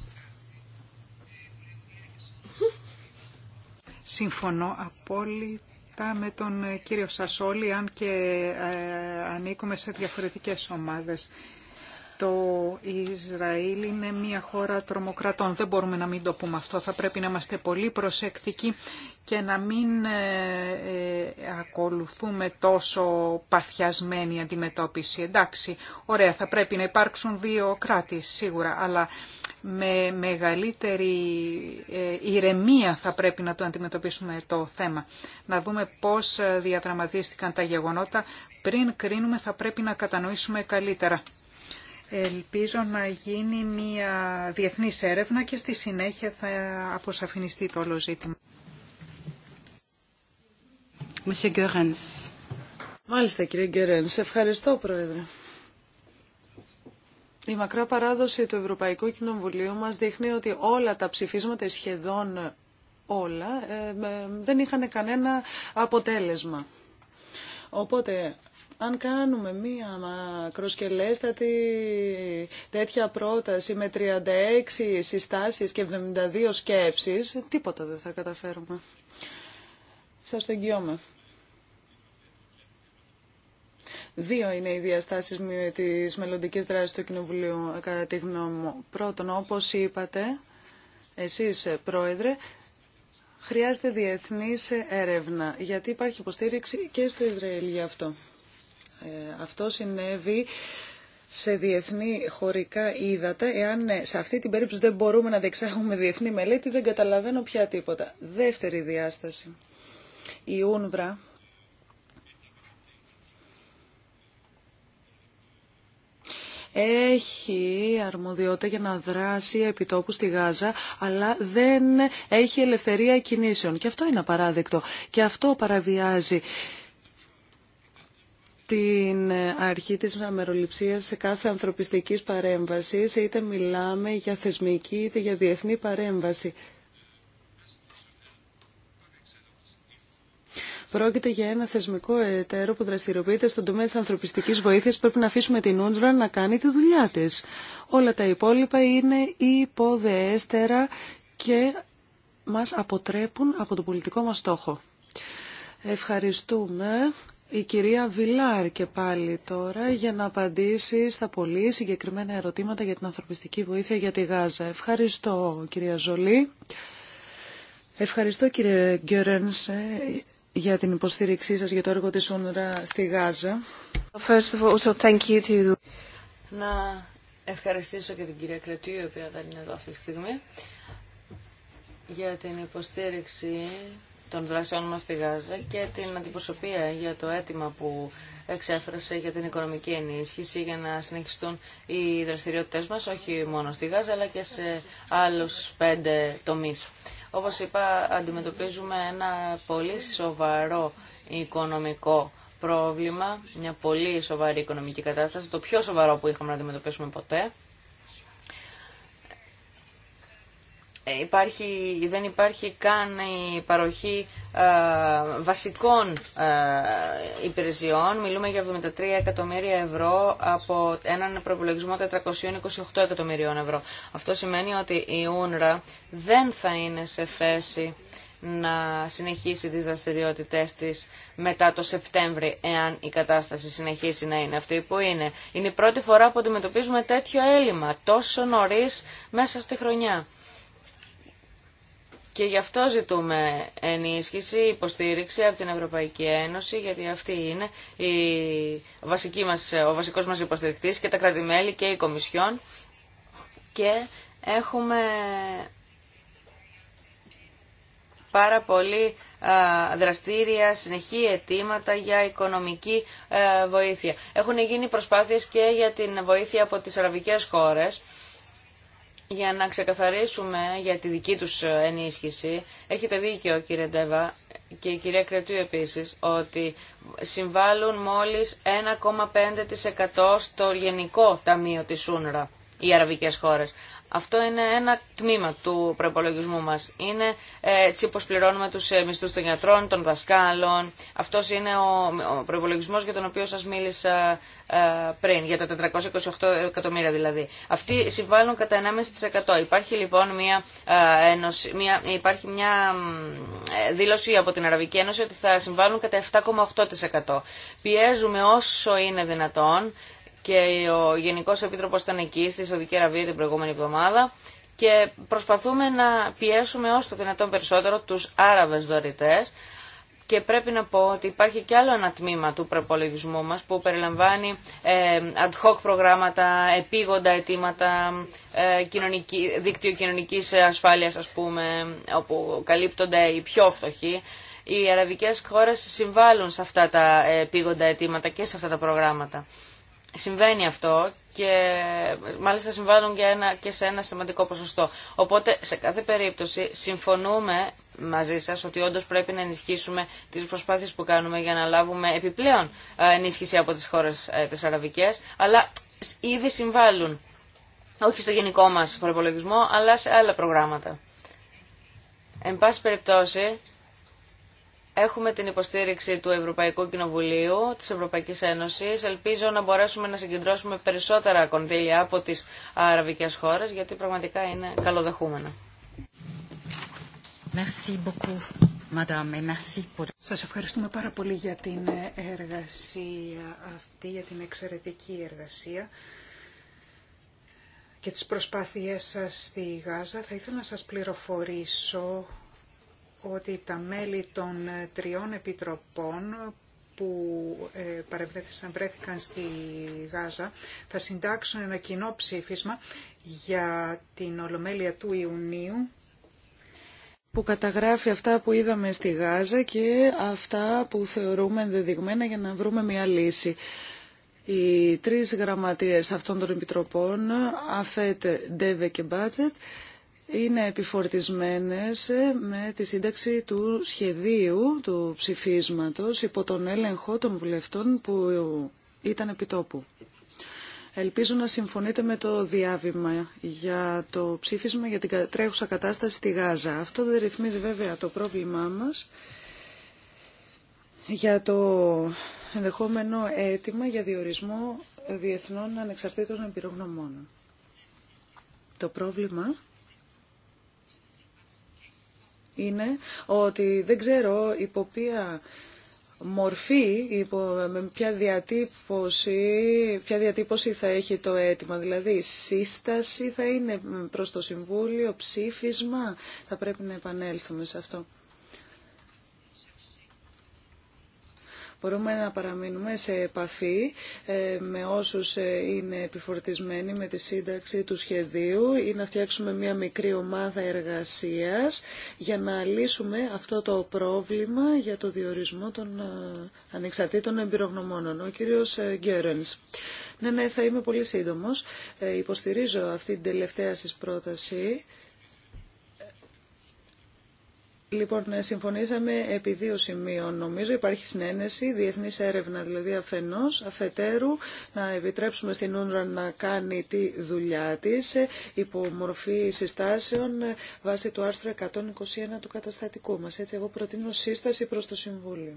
Συμφωνώ απόλυτα κατά με τον ε, κύριο Σασόλη, αν και ε, ανήκουμε σε διαφορετικές ομάδες. Το Ισραήλ είναι μια χώρα τρομοκρατών. Δεν μπορούμε να μην το πούμε αυτό. Θα πρέπει να είμαστε πολύ προσεκτικοί και να μην ε, ακολουθούμε τόσο παθιασμένη αντιμετώπιση. Εντάξει, ωραία, θα πρέπει να υπάρξουν δύο κράτη σίγουρα, αλλά με μεγαλύτερη ε, ηρεμία θα πρέπει να το αντιμετωπίσουμε το θέμα. Να δούμε πώς ε, διατραματίστηκαν τα γεγονότα. Πριν κρίνουμε θα πρέπει να κατανοήσουμε καλύτερα. Ελπίζω να γίνει μια διεθνής έρευνα και στη συνέχεια θα αποσαφινιστεί το όλο ζήτημα. Μάλιστα κύριε Γκέρενς, ευχαριστώ πρόεδρε. Η μακρά παράδοση του Ευρωπαϊκού Κοινοβουλίου μας δείχνει ότι όλα τα ψηφίσματα, σχεδόν όλα, ε, ε, δεν είχαν κανένα αποτέλεσμα. Οπότε αν κάνουμε μία μακροσκελέστατη τέτοια πρόταση με 36 συστάσεις και 72 σκέψεις, τίποτα δεν θα καταφέρουμε. Σας το εγγυώμαι. Δύο είναι οι διαστάσεις της μελλοντική δράσης του Κοινοβουλίου, κατά τη γνώμη μου. Πρώτον, όπως είπατε, εσείς πρόεδρε, χρειάζεται διεθνής έρευνα, γιατί υπάρχει υποστήριξη και στο Ισραήλ για αυτό. Ε, αυτό συνέβη σε διεθνή χωρικά ύδατα, εάν ε, σε αυτή την περίπτωση δεν μπορούμε να διεξάγουμε διεθνή μελέτη, δεν καταλαβαίνω πια τίποτα. Δεύτερη διάσταση. Η Ούνβρα έχει αρμοδιότητα για να δράσει επιτόπου στη Γάζα, αλλά δεν έχει ελευθερία κινήσεων. Και αυτό είναι απαράδεκτο. Και αυτό παραβιάζει την αρχή της αμεροληψίας σε κάθε ανθρωπιστικής παρέμβασης, είτε μιλάμε για θεσμική είτε για διεθνή παρέμβαση. Πρόκειται για ένα θεσμικό εταίρο που δραστηριοποιείται στον τομέα της ανθρωπιστικής βοήθειας. Πρέπει να αφήσουμε την Ούντρα να κάνει τη δουλειά της. Όλα τα υπόλοιπα είναι υποδεέστερα και μας αποτρέπουν από τον πολιτικό μας στόχο. Ευχαριστούμε. Η κυρία Βιλάρ και πάλι τώρα για να απαντήσει στα πολύ συγκεκριμένα ερωτήματα για την ανθρωπιστική βοήθεια για τη Γάζα. Ευχαριστώ κυρία Ζολή. Ευχαριστώ κύριε Γκέρενς για την υποστήριξή σας για το έργο της ΟΝΡΑ στη Γάζα. First of all, thank you to... Να ευχαριστήσω και την κυρία Κρετού, η οποία δεν είναι εδώ αυτή τη στιγμή, για την υποστήριξη των δράσεων μας στη Γάζα και την αντιπροσωπεία για το αίτημα που εξέφρασε για την οικονομική ενίσχυση για να συνεχιστούν οι δραστηριότητες μας όχι μόνο στη Γάζα αλλά και σε άλλους πέντε τομείς. Όπως είπα, αντιμετωπίζουμε ένα πολύ σοβαρό οικονομικό πρόβλημα, μια πολύ σοβαρή οικονομική κατάσταση, το πιο σοβαρό που είχαμε να αντιμετωπίσουμε ποτέ. Ε, δεν υπάρχει καν η παροχή ε, βασικών ε, υπηρεσιών. Μιλούμε για 73 εκατομμύρια ευρώ από έναν προπολογισμό 428 εκατομμυρίων ευρώ. Αυτό σημαίνει ότι η Ονρα δεν θα είναι σε θέση να συνεχίσει τις δραστηριότητές της μετά το Σεπτέμβρη, εάν η κατάσταση συνεχίσει να είναι αυτή που είναι. Είναι η πρώτη φορά που αντιμετωπίζουμε τέτοιο έλλειμμα, τόσο νωρίς μέσα στη χρονιά. Και γι' αυτό ζητούμε ενίσχυση, υποστήριξη από την Ευρωπαϊκή Ένωση, γιατί αυτή είναι η βασική μας, ο βασικός μας υποστηρικτής και τα κρατημέλη και η Κομισιόν. Και έχουμε πάρα πολύ δραστήρια, συνεχή αιτήματα για οικονομική βοήθεια. Έχουν γίνει προσπάθειες και για την βοήθεια από τις αραβικές χώρες για να ξεκαθαρίσουμε για τη δική τους ε, ενίσχυση, έχετε δίκιο κύριε Ντέβα και η κυρία Κρετού επίσης, ότι συμβάλλουν μόλις 1,5% στο γενικό ταμείο της Ούνρα οι αραβικές χώρες. Αυτό είναι ένα τμήμα του προπολογισμού μας. Είναι ε, έτσι όπω πληρώνουμε τους ε, μισθού των γιατρών, των δασκάλων. Αυτό είναι ο, προπολογισμό για τον οποίο σας μίλησα ε, πριν, για τα 428 εκατομμύρια δηλαδή. Αυτοί συμβάλλουν κατά 1,5%. Υπάρχει λοιπόν μια, ένωση, μια, υπάρχει μια δήλωση από την Αραβική Ένωση ότι θα συμβάλλουν κατά 7,8%. Πιέζουμε όσο είναι δυνατόν και ο Γενικό Επίτροπο ήταν εκεί στη Σαουδική Αραβία την προηγούμενη εβδομάδα και προσπαθούμε να πιέσουμε όσο το δυνατόν περισσότερο τους άραβε δωρητέ, και πρέπει να πω ότι υπάρχει και άλλο ένα τμήμα του προπολογισμού μας που περιλαμβάνει ε, ad hoc προγράμματα, επίγοντα αιτήματα, ε, κοινωνική, δίκτυο κοινωνικής ασφάλειας ας πούμε, όπου καλύπτονται οι πιο φτωχοί. Οι αραβικές χώρες συμβάλλουν σε αυτά τα επίγοντα αιτήματα και σε αυτά τα προγράμματα. Συμβαίνει αυτό και μάλιστα συμβάλλουν και, ένα, σε ένα σημαντικό ποσοστό. Οπότε σε κάθε περίπτωση συμφωνούμε μαζί σας ότι όντως πρέπει να ενισχύσουμε τις προσπάθειες που κάνουμε για να λάβουμε επιπλέον ε, ενίσχυση από τις χώρες ε, τις αραβικές, αλλά ήδη συμβάλλουν όχι στο γενικό μας προπολογισμό, αλλά σε άλλα προγράμματα. Εν πάση περιπτώσει, Έχουμε την υποστήριξη του Ευρωπαϊκού Κοινοβουλίου, της Ευρωπαϊκής Ένωσης. Ελπίζω να μπορέσουμε να συγκεντρώσουμε περισσότερα κονδύλια από τις αραβικές χώρες, γιατί πραγματικά είναι καλοδεχούμενα. Merci Σας ευχαριστούμε πάρα πολύ για την εργασία αυτή, για την εξαιρετική εργασία και τις προσπάθειές σας στη Γάζα. Θα ήθελα να σας πληροφορήσω ότι τα μέλη των τριών επιτροπών που ε, παρευρέθησαν, βρέθηκαν στη Γάζα θα συντάξουν ένα κοινό ψήφισμα για την Ολομέλεια του Ιουνίου που καταγράφει αυτά που είδαμε στη Γάζα και αυτά που θεωρούμε ενδεδειγμένα για να βρούμε μια λύση. Οι τρεις γραμματείες αυτών των επιτροπών, ΑΦΕΤ, ΔΕΒΕ και Μπάτζετ, είναι επιφορτισμένες ε, με τη σύνταξη του σχεδίου του ψηφίσματος υπό τον έλεγχο των βουλευτών που ήταν επιτόπου. Ελπίζω να συμφωνείτε με το διάβημα για το ψήφισμα για την τρέχουσα κατάσταση στη Γάζα. Αυτό δεν ρυθμίζει βέβαια το πρόβλημά μας για το ενδεχόμενο αίτημα για διορισμό διεθνών ανεξαρτήτων εμπειρογνωμών. Το πρόβλημα είναι ότι δεν ξέρω υπό ποια μορφή, υπό, με ποια διατύπωση, ποια διατύπωση θα έχει το αίτημα. Δηλαδή, σύσταση θα είναι προς το Συμβούλιο, ψήφισμα, θα πρέπει να επανέλθουμε σε αυτό. Μπορούμε να παραμείνουμε σε επαφή ε, με όσους ε, είναι επιφορτισμένοι με τη σύνταξη του σχεδίου ή να φτιάξουμε μια μικρή ομάδα εργασίας για να λύσουμε αυτό το πρόβλημα για το διορισμό των ε, ανεξαρτήτων εμπειρογνωμόνων. Ο κύριος Γκέρενς. Ναι, ναι, θα είμαι πολύ σύντομος. Υποστηρίζω αυτή την τελευταία σας πρόταση. Λοιπόν, ε, συμφωνήσαμε επί δύο σημείων. Νομίζω υπάρχει συνένεση, διεθνή έρευνα δηλαδή αφενό, αφετέρου να επιτρέψουμε στην Ούνρα να κάνει τη δουλειά τη ε, υπό μορφή συστάσεων ε, βάσει του άρθρου 121 του καταστατικού μα. Έτσι, εγώ προτείνω σύσταση προ το Συμβούλιο.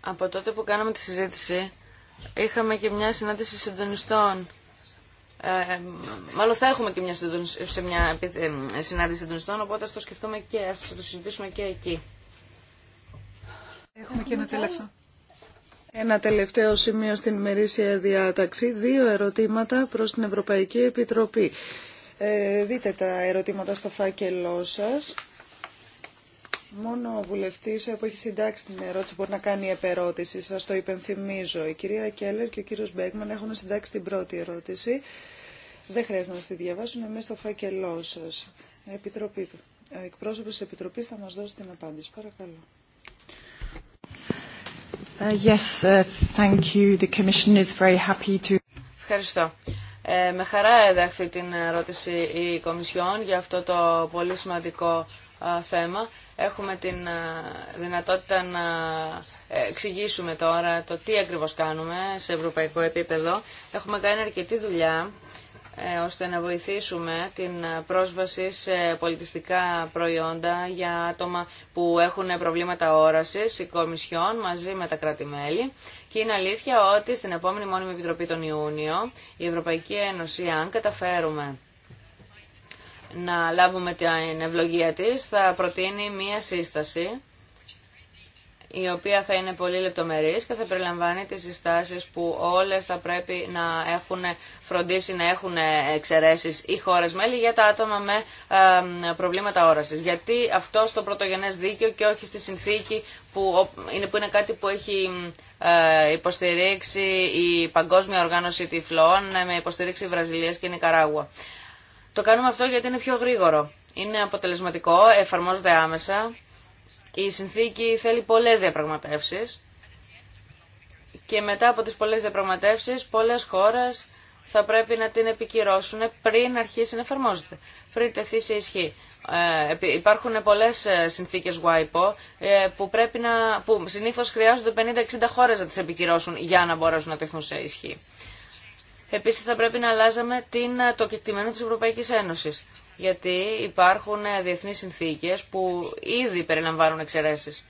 Από τότε που κάναμε τη συζήτηση, είχαμε και μια συνάντηση συντονιστών ε, μάλλον θα έχουμε και μια σε μια ε, συνάντηση συντονιστών, οπότε ας το σκεφτούμε και ας το συζητήσουμε και εκεί. Έχουμε και ένα τελευταίο. Ένα τελευταίο σημείο στην ημερήσια διάταξη. Δύο ερωτήματα προς την Ευρωπαϊκή Επιτροπή. Ε, δείτε τα ερωτήματα στο φάκελό σας. Μόνο ο βουλευτής που έχει συντάξει την ερώτηση μπορεί να κάνει επερώτηση. σα το υπενθυμίζω. Η κυρία Κέλλερ και ο κύριος Μπέγκμαν έχουν συντάξει την πρώτη ερώτηση. Δεν χρειάζεται να στη διαβάσουμε. εμεί στο φάκελό σα. Επιτροπή. της Επιτροπής θα μας δώσει την απάντηση. Παρακαλώ. Uh, yes, uh, thank you. The Commission Ευχαριστώ. Ε, με χαρά έδεχθη την ερώτηση η Κομισιόν για αυτό το πολύ σημαντικό θέμα έχουμε την ε, δυνατότητα να ε, εξηγήσουμε τώρα το τι ακριβώς κάνουμε σε ευρωπαϊκό επίπεδο. Έχουμε κάνει αρκετή δουλειά ε, ώστε να βοηθήσουμε την πρόσβαση σε πολιτιστικά προϊόντα για άτομα που έχουν προβλήματα όρασης, οικομισιών μαζί με τα κράτη-μέλη. Και είναι αλήθεια ότι στην επόμενη μόνιμη επιτροπή τον Ιούνιο η Ευρωπαϊκή Ένωση, αν καταφέρουμε να λάβουμε την ευλογία της, θα προτείνει μία σύσταση η οποία θα είναι πολύ λεπτομερής και θα περιλαμβάνει τις συστάσεις που όλες θα πρέπει να έχουν φροντίσει να έχουν εξαιρέσει οι χώρες μέλη για τα άτομα με προβλήματα όρασης. Γιατί αυτό στο πρωτογενές δίκαιο και όχι στη συνθήκη που είναι, που είναι κάτι που έχει ε, υποστηρίξει η Παγκόσμια Οργάνωση Τυφλών με υποστηρίξη Βραζιλίας και Νικαράγουα. Το κάνουμε αυτό γιατί είναι πιο γρήγορο. Είναι αποτελεσματικό, εφαρμόζεται άμεσα. Η συνθήκη θέλει πολλές διαπραγματεύσεις και μετά από τις πολλές διαπραγματεύσεις πολλές χώρες θα πρέπει να την επικυρώσουν πριν αρχίσει να εφαρμόζεται, πριν τεθεί σε ισχύ. Ε, υπάρχουν πολλές ε, συνθήκες WIPO ε, που, πρέπει που συνήθως χρειάζονται 50-60 χώρες να τις επικυρώσουν για να μπορέσουν να τεθούν σε ισχύ. Επίσης θα πρέπει να αλλάζαμε την, ε, το κεκτημένο της Ευρωπαϊκής Ένωσης, γιατί υπάρχουν ε, διεθνείς συνθήκες που ήδη περιλαμβάνουν εξαιρεσει.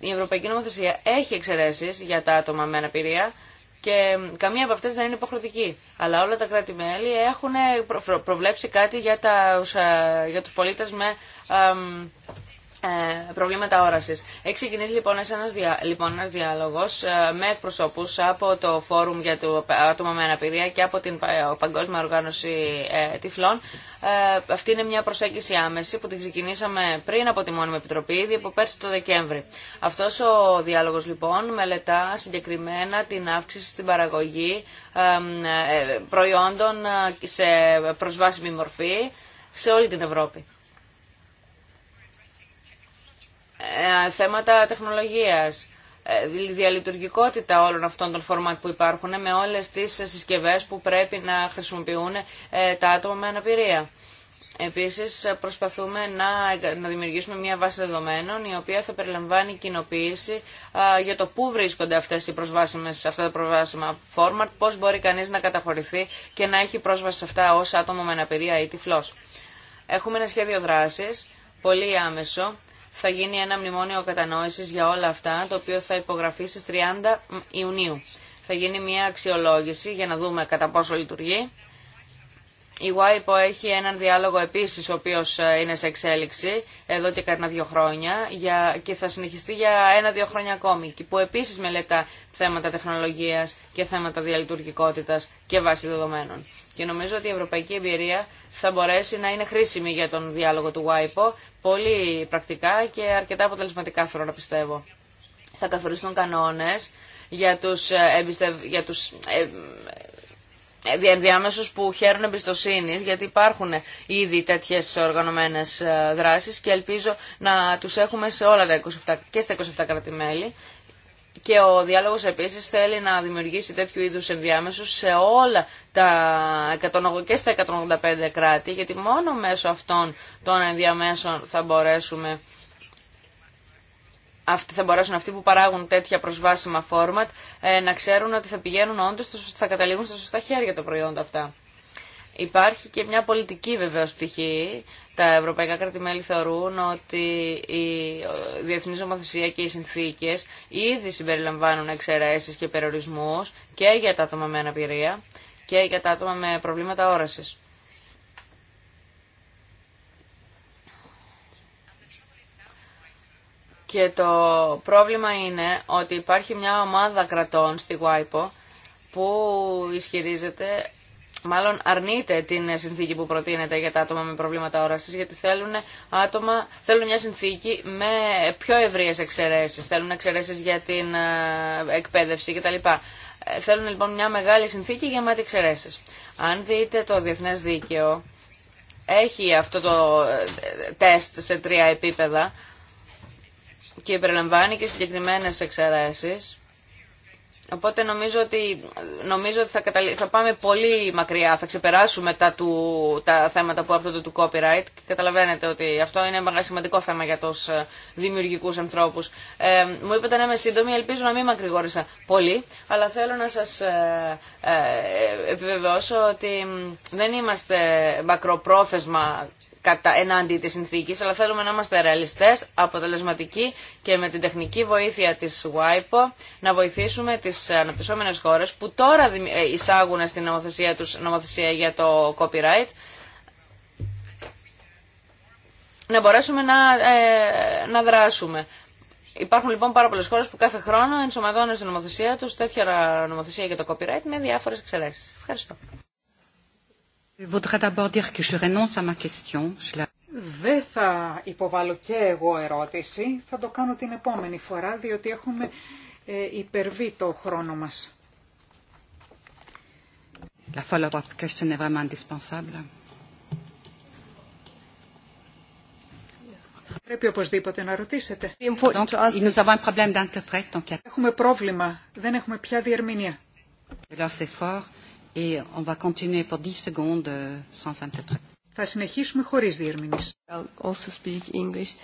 Η Ευρωπαϊκή Νομοθεσία έχει εξαιρεσει για τα άτομα με αναπηρία, και καμία από αυτές δεν είναι υποχρεωτική. Αλλά όλα τα κράτη-μέλη έχουν ε, προβλέψει κάτι για, τα, για τους πολίτες με ε, προβλήματα όραση. Έχει ξεκινήσει λοιπόν ένα λοιπόν, ένας διάλογο ε, με εκπροσώπου από το Φόρουμ για το Άτομα με Αναπηρία και από την Παγκόσμια Οργάνωση ε, Τυφλών. Ε, αυτή είναι μια προσέγγιση άμεση που την ξεκινήσαμε πριν από τη Μόνιμη Επιτροπή, ήδη από πέρσι το Δεκέμβρη. Αυτό ο διάλογο λοιπόν μελετά συγκεκριμένα την αύξηση στην παραγωγή ε, προϊόντων ε, σε προσβάσιμη μορφή σε όλη την Ευρώπη. Ε, θέματα τεχνολογίας, ε, διαλειτουργικότητα όλων αυτών των φορμάτ που υπάρχουν με όλες τις συσκευές που πρέπει να χρησιμοποιούν ε, τα άτομα με αναπηρία. Επίσης προσπαθούμε να, να δημιουργήσουμε μια βάση δεδομένων η οποία θα περιλαμβάνει κοινοποίηση για το πού βρίσκονται αυτές οι προσβάσιμες, αυτά τα προσβάσιμα format, πώς μπορεί κανείς να καταχωρηθεί και να έχει πρόσβαση σε αυτά ως άτομο με αναπηρία ή τυφλός. Έχουμε ένα σχέδιο δράσης, πολύ άμεσο, θα γίνει ένα μνημόνιο κατανόηση για όλα αυτά, το οποίο θα υπογραφεί στι 30 Ιουνίου. Θα γίνει μια αξιολόγηση για να δούμε κατά πόσο λειτουργεί. Η WIPO έχει έναν διάλογο επίση, ο οποίο ε, είναι σε εξέλιξη εδώ και κανένα δύο χρόνια για, και θα συνεχιστεί για ένα-δύο χρόνια ακόμη, που επίσης μελετά θέματα τεχνολογία και θέματα διαλειτουργικότητας και βάση δεδομένων. Και νομίζω ότι η ευρωπαϊκή εμπειρία θα μπορέσει να είναι χρήσιμη για τον διάλογο του WIPO πολύ πρακτικά και αρκετά αποτελεσματικά θέλω να πιστεύω. Θα καθοριστούν κανόνες για τους, ε, εμπιστευ... για τους ε, ε, που χαίρουν εμπιστοσύνη, γιατί υπάρχουν ήδη τέτοιες οργανωμένες δράσεις και ελπίζω να τους έχουμε σε όλα τα 27, και στα 27 κράτη-μέλη και ο διάλογος επίσης θέλει να δημιουργήσει τέτοιου είδους ενδιάμεσους σε όλα τα και στα 185 κράτη, γιατί μόνο μέσω αυτών των ενδιαμέσων θα μπορέσουμε αυτοί θα μπορέσουν αυτοί που παράγουν τέτοια προσβάσιμα format ε, να ξέρουν ότι θα πηγαίνουν όντως, θα καταλήγουν στα σωστά χέρια τα προϊόντα αυτά. Υπάρχει και μια πολιτική βεβαίω πτυχή τα ευρωπαϊκά θεωρούν ότι η διεθνή νομοθεσία και οι συνθήκε ήδη συμπεριλαμβάνουν εξαιρέσει και περιορισμού και για τα άτομα με αναπηρία και για τα άτομα με προβλήματα όραση. Και το πρόβλημα είναι ότι υπάρχει μια ομάδα κρατών στη Γουάϊπο που ισχυρίζεται μάλλον αρνείται την συνθήκη που προτείνεται για τα άτομα με προβλήματα όρασης, γιατί θέλουν, άτομα, θέλουν μια συνθήκη με πιο ευρείες εξαιρέσει. θέλουν εξαιρέσει για την ε, εκπαίδευση κτλ. Ε, θέλουν λοιπόν μια μεγάλη συνθήκη γεμάτη εξαιρέσει. Αν δείτε το διεθνές δίκαιο, έχει αυτό το ε, τεστ σε τρία επίπεδα και περιλαμβάνει και συγκεκριμένες εξαιρέσεις Οπότε νομίζω ότι, νομίζω ότι θα, θα πάμε πολύ μακριά, θα ξεπεράσουμε τα, του... τα θέματα που έρχονται του copyright. Καταλαβαίνετε ότι αυτό είναι ένα σημαντικό θέμα για τους ε, δημιουργικούς ανθρώπους. Ε, μου είπατε να είμαι σύντομη, ελπίζω να μην μακρηγόρησα πολύ, αλλά θέλω να σας ε, ε επιβεβαιώσω ότι δεν είμαστε μακροπρόθεσμα κατά, ενάντια της συνθήκης, αλλά θέλουμε να είμαστε ρεαλιστές, αποτελεσματικοί και με την τεχνική βοήθεια της WIPO να βοηθήσουμε τις αναπτυσσόμενες χώρες που τώρα ε, εισάγουν στην νομοθεσία τους νομοθεσία για το copyright, να μπορέσουμε να, ε, να δράσουμε. Υπάρχουν λοιπόν πάρα πολλέ χώρε που κάθε χρόνο ενσωματώνουν στην νομοθεσία του τέτοια νομοθεσία για το copyright με διάφορε εξαιρέσει. Ευχαριστώ. Δεν θα υποβάλω και εγώ ερώτηση, θα το κάνω την επόμενη φορά, διότι έχουμε ε, υπερβεί το χρόνο μας. La follow-up question est vraiment indispensable. Πρέπει οπωσδήποτε να ρωτήσετε. Έχουμε πρόβλημα. Δεν έχουμε πια διερμηνία. Et on Θα συνεχίσουμε χωρίς I'll also speak English.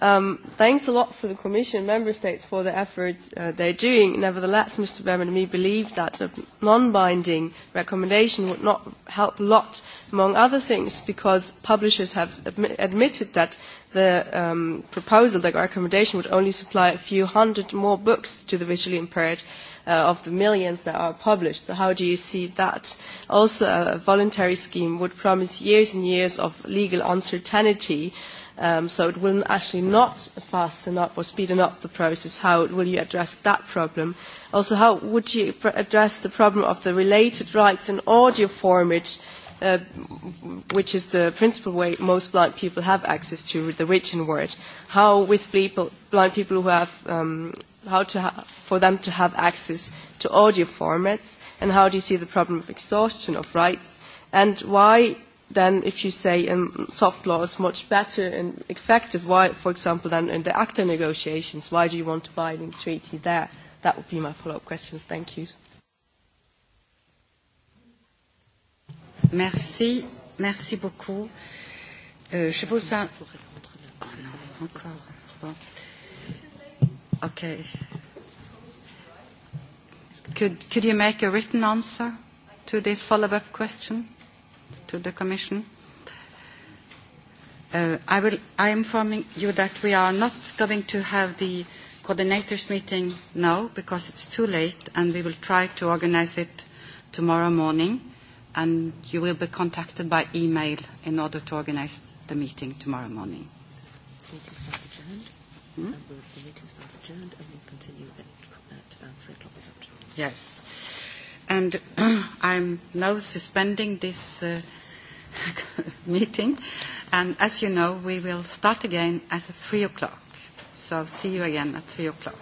Um, thanks a lot for the Commission member states for the efforts uh, they're doing. Nevertheless, Mr. Berman and me believe that a non-binding recommendation would not help a lot, among other things, because publishers have admitted that the proposal, the recommendation, would only supply a few hundred more books to the visually impaired of the millions that are published. So how do you see that? Also, a voluntary scheme would promise years and years of legal uncertainty, so it will actually not fasten up or speeden up the process. How will you address that problem? Also, how would you address the problem of the related rights in audio format? which is the principal way most blind people have access to the written word. How with blind people who have how to for them to have access to audio formats and how do you see the problem of exhaustion of rights and why then if you say soft law is much better and effective why for example than in the acta negotiations why do you want a binding treaty there that would be my follow up question thank you merci merci beaucoup je Okay. Could, could you make a written answer to this follow-up question to the Commission? I will, I am informing you that we are not going to have the coordinators meeting now because it's too late and we will try to organize it tomorrow morning and you will be contacted by email in order to organize the meeting tomorrow morning adjourned, and we'll continue at um, 3 o'clock this afternoon. Yes. And I'm now suspending this meeting. And as you know, we will start again at 3 o'clock. So see you again at 3 o'clock.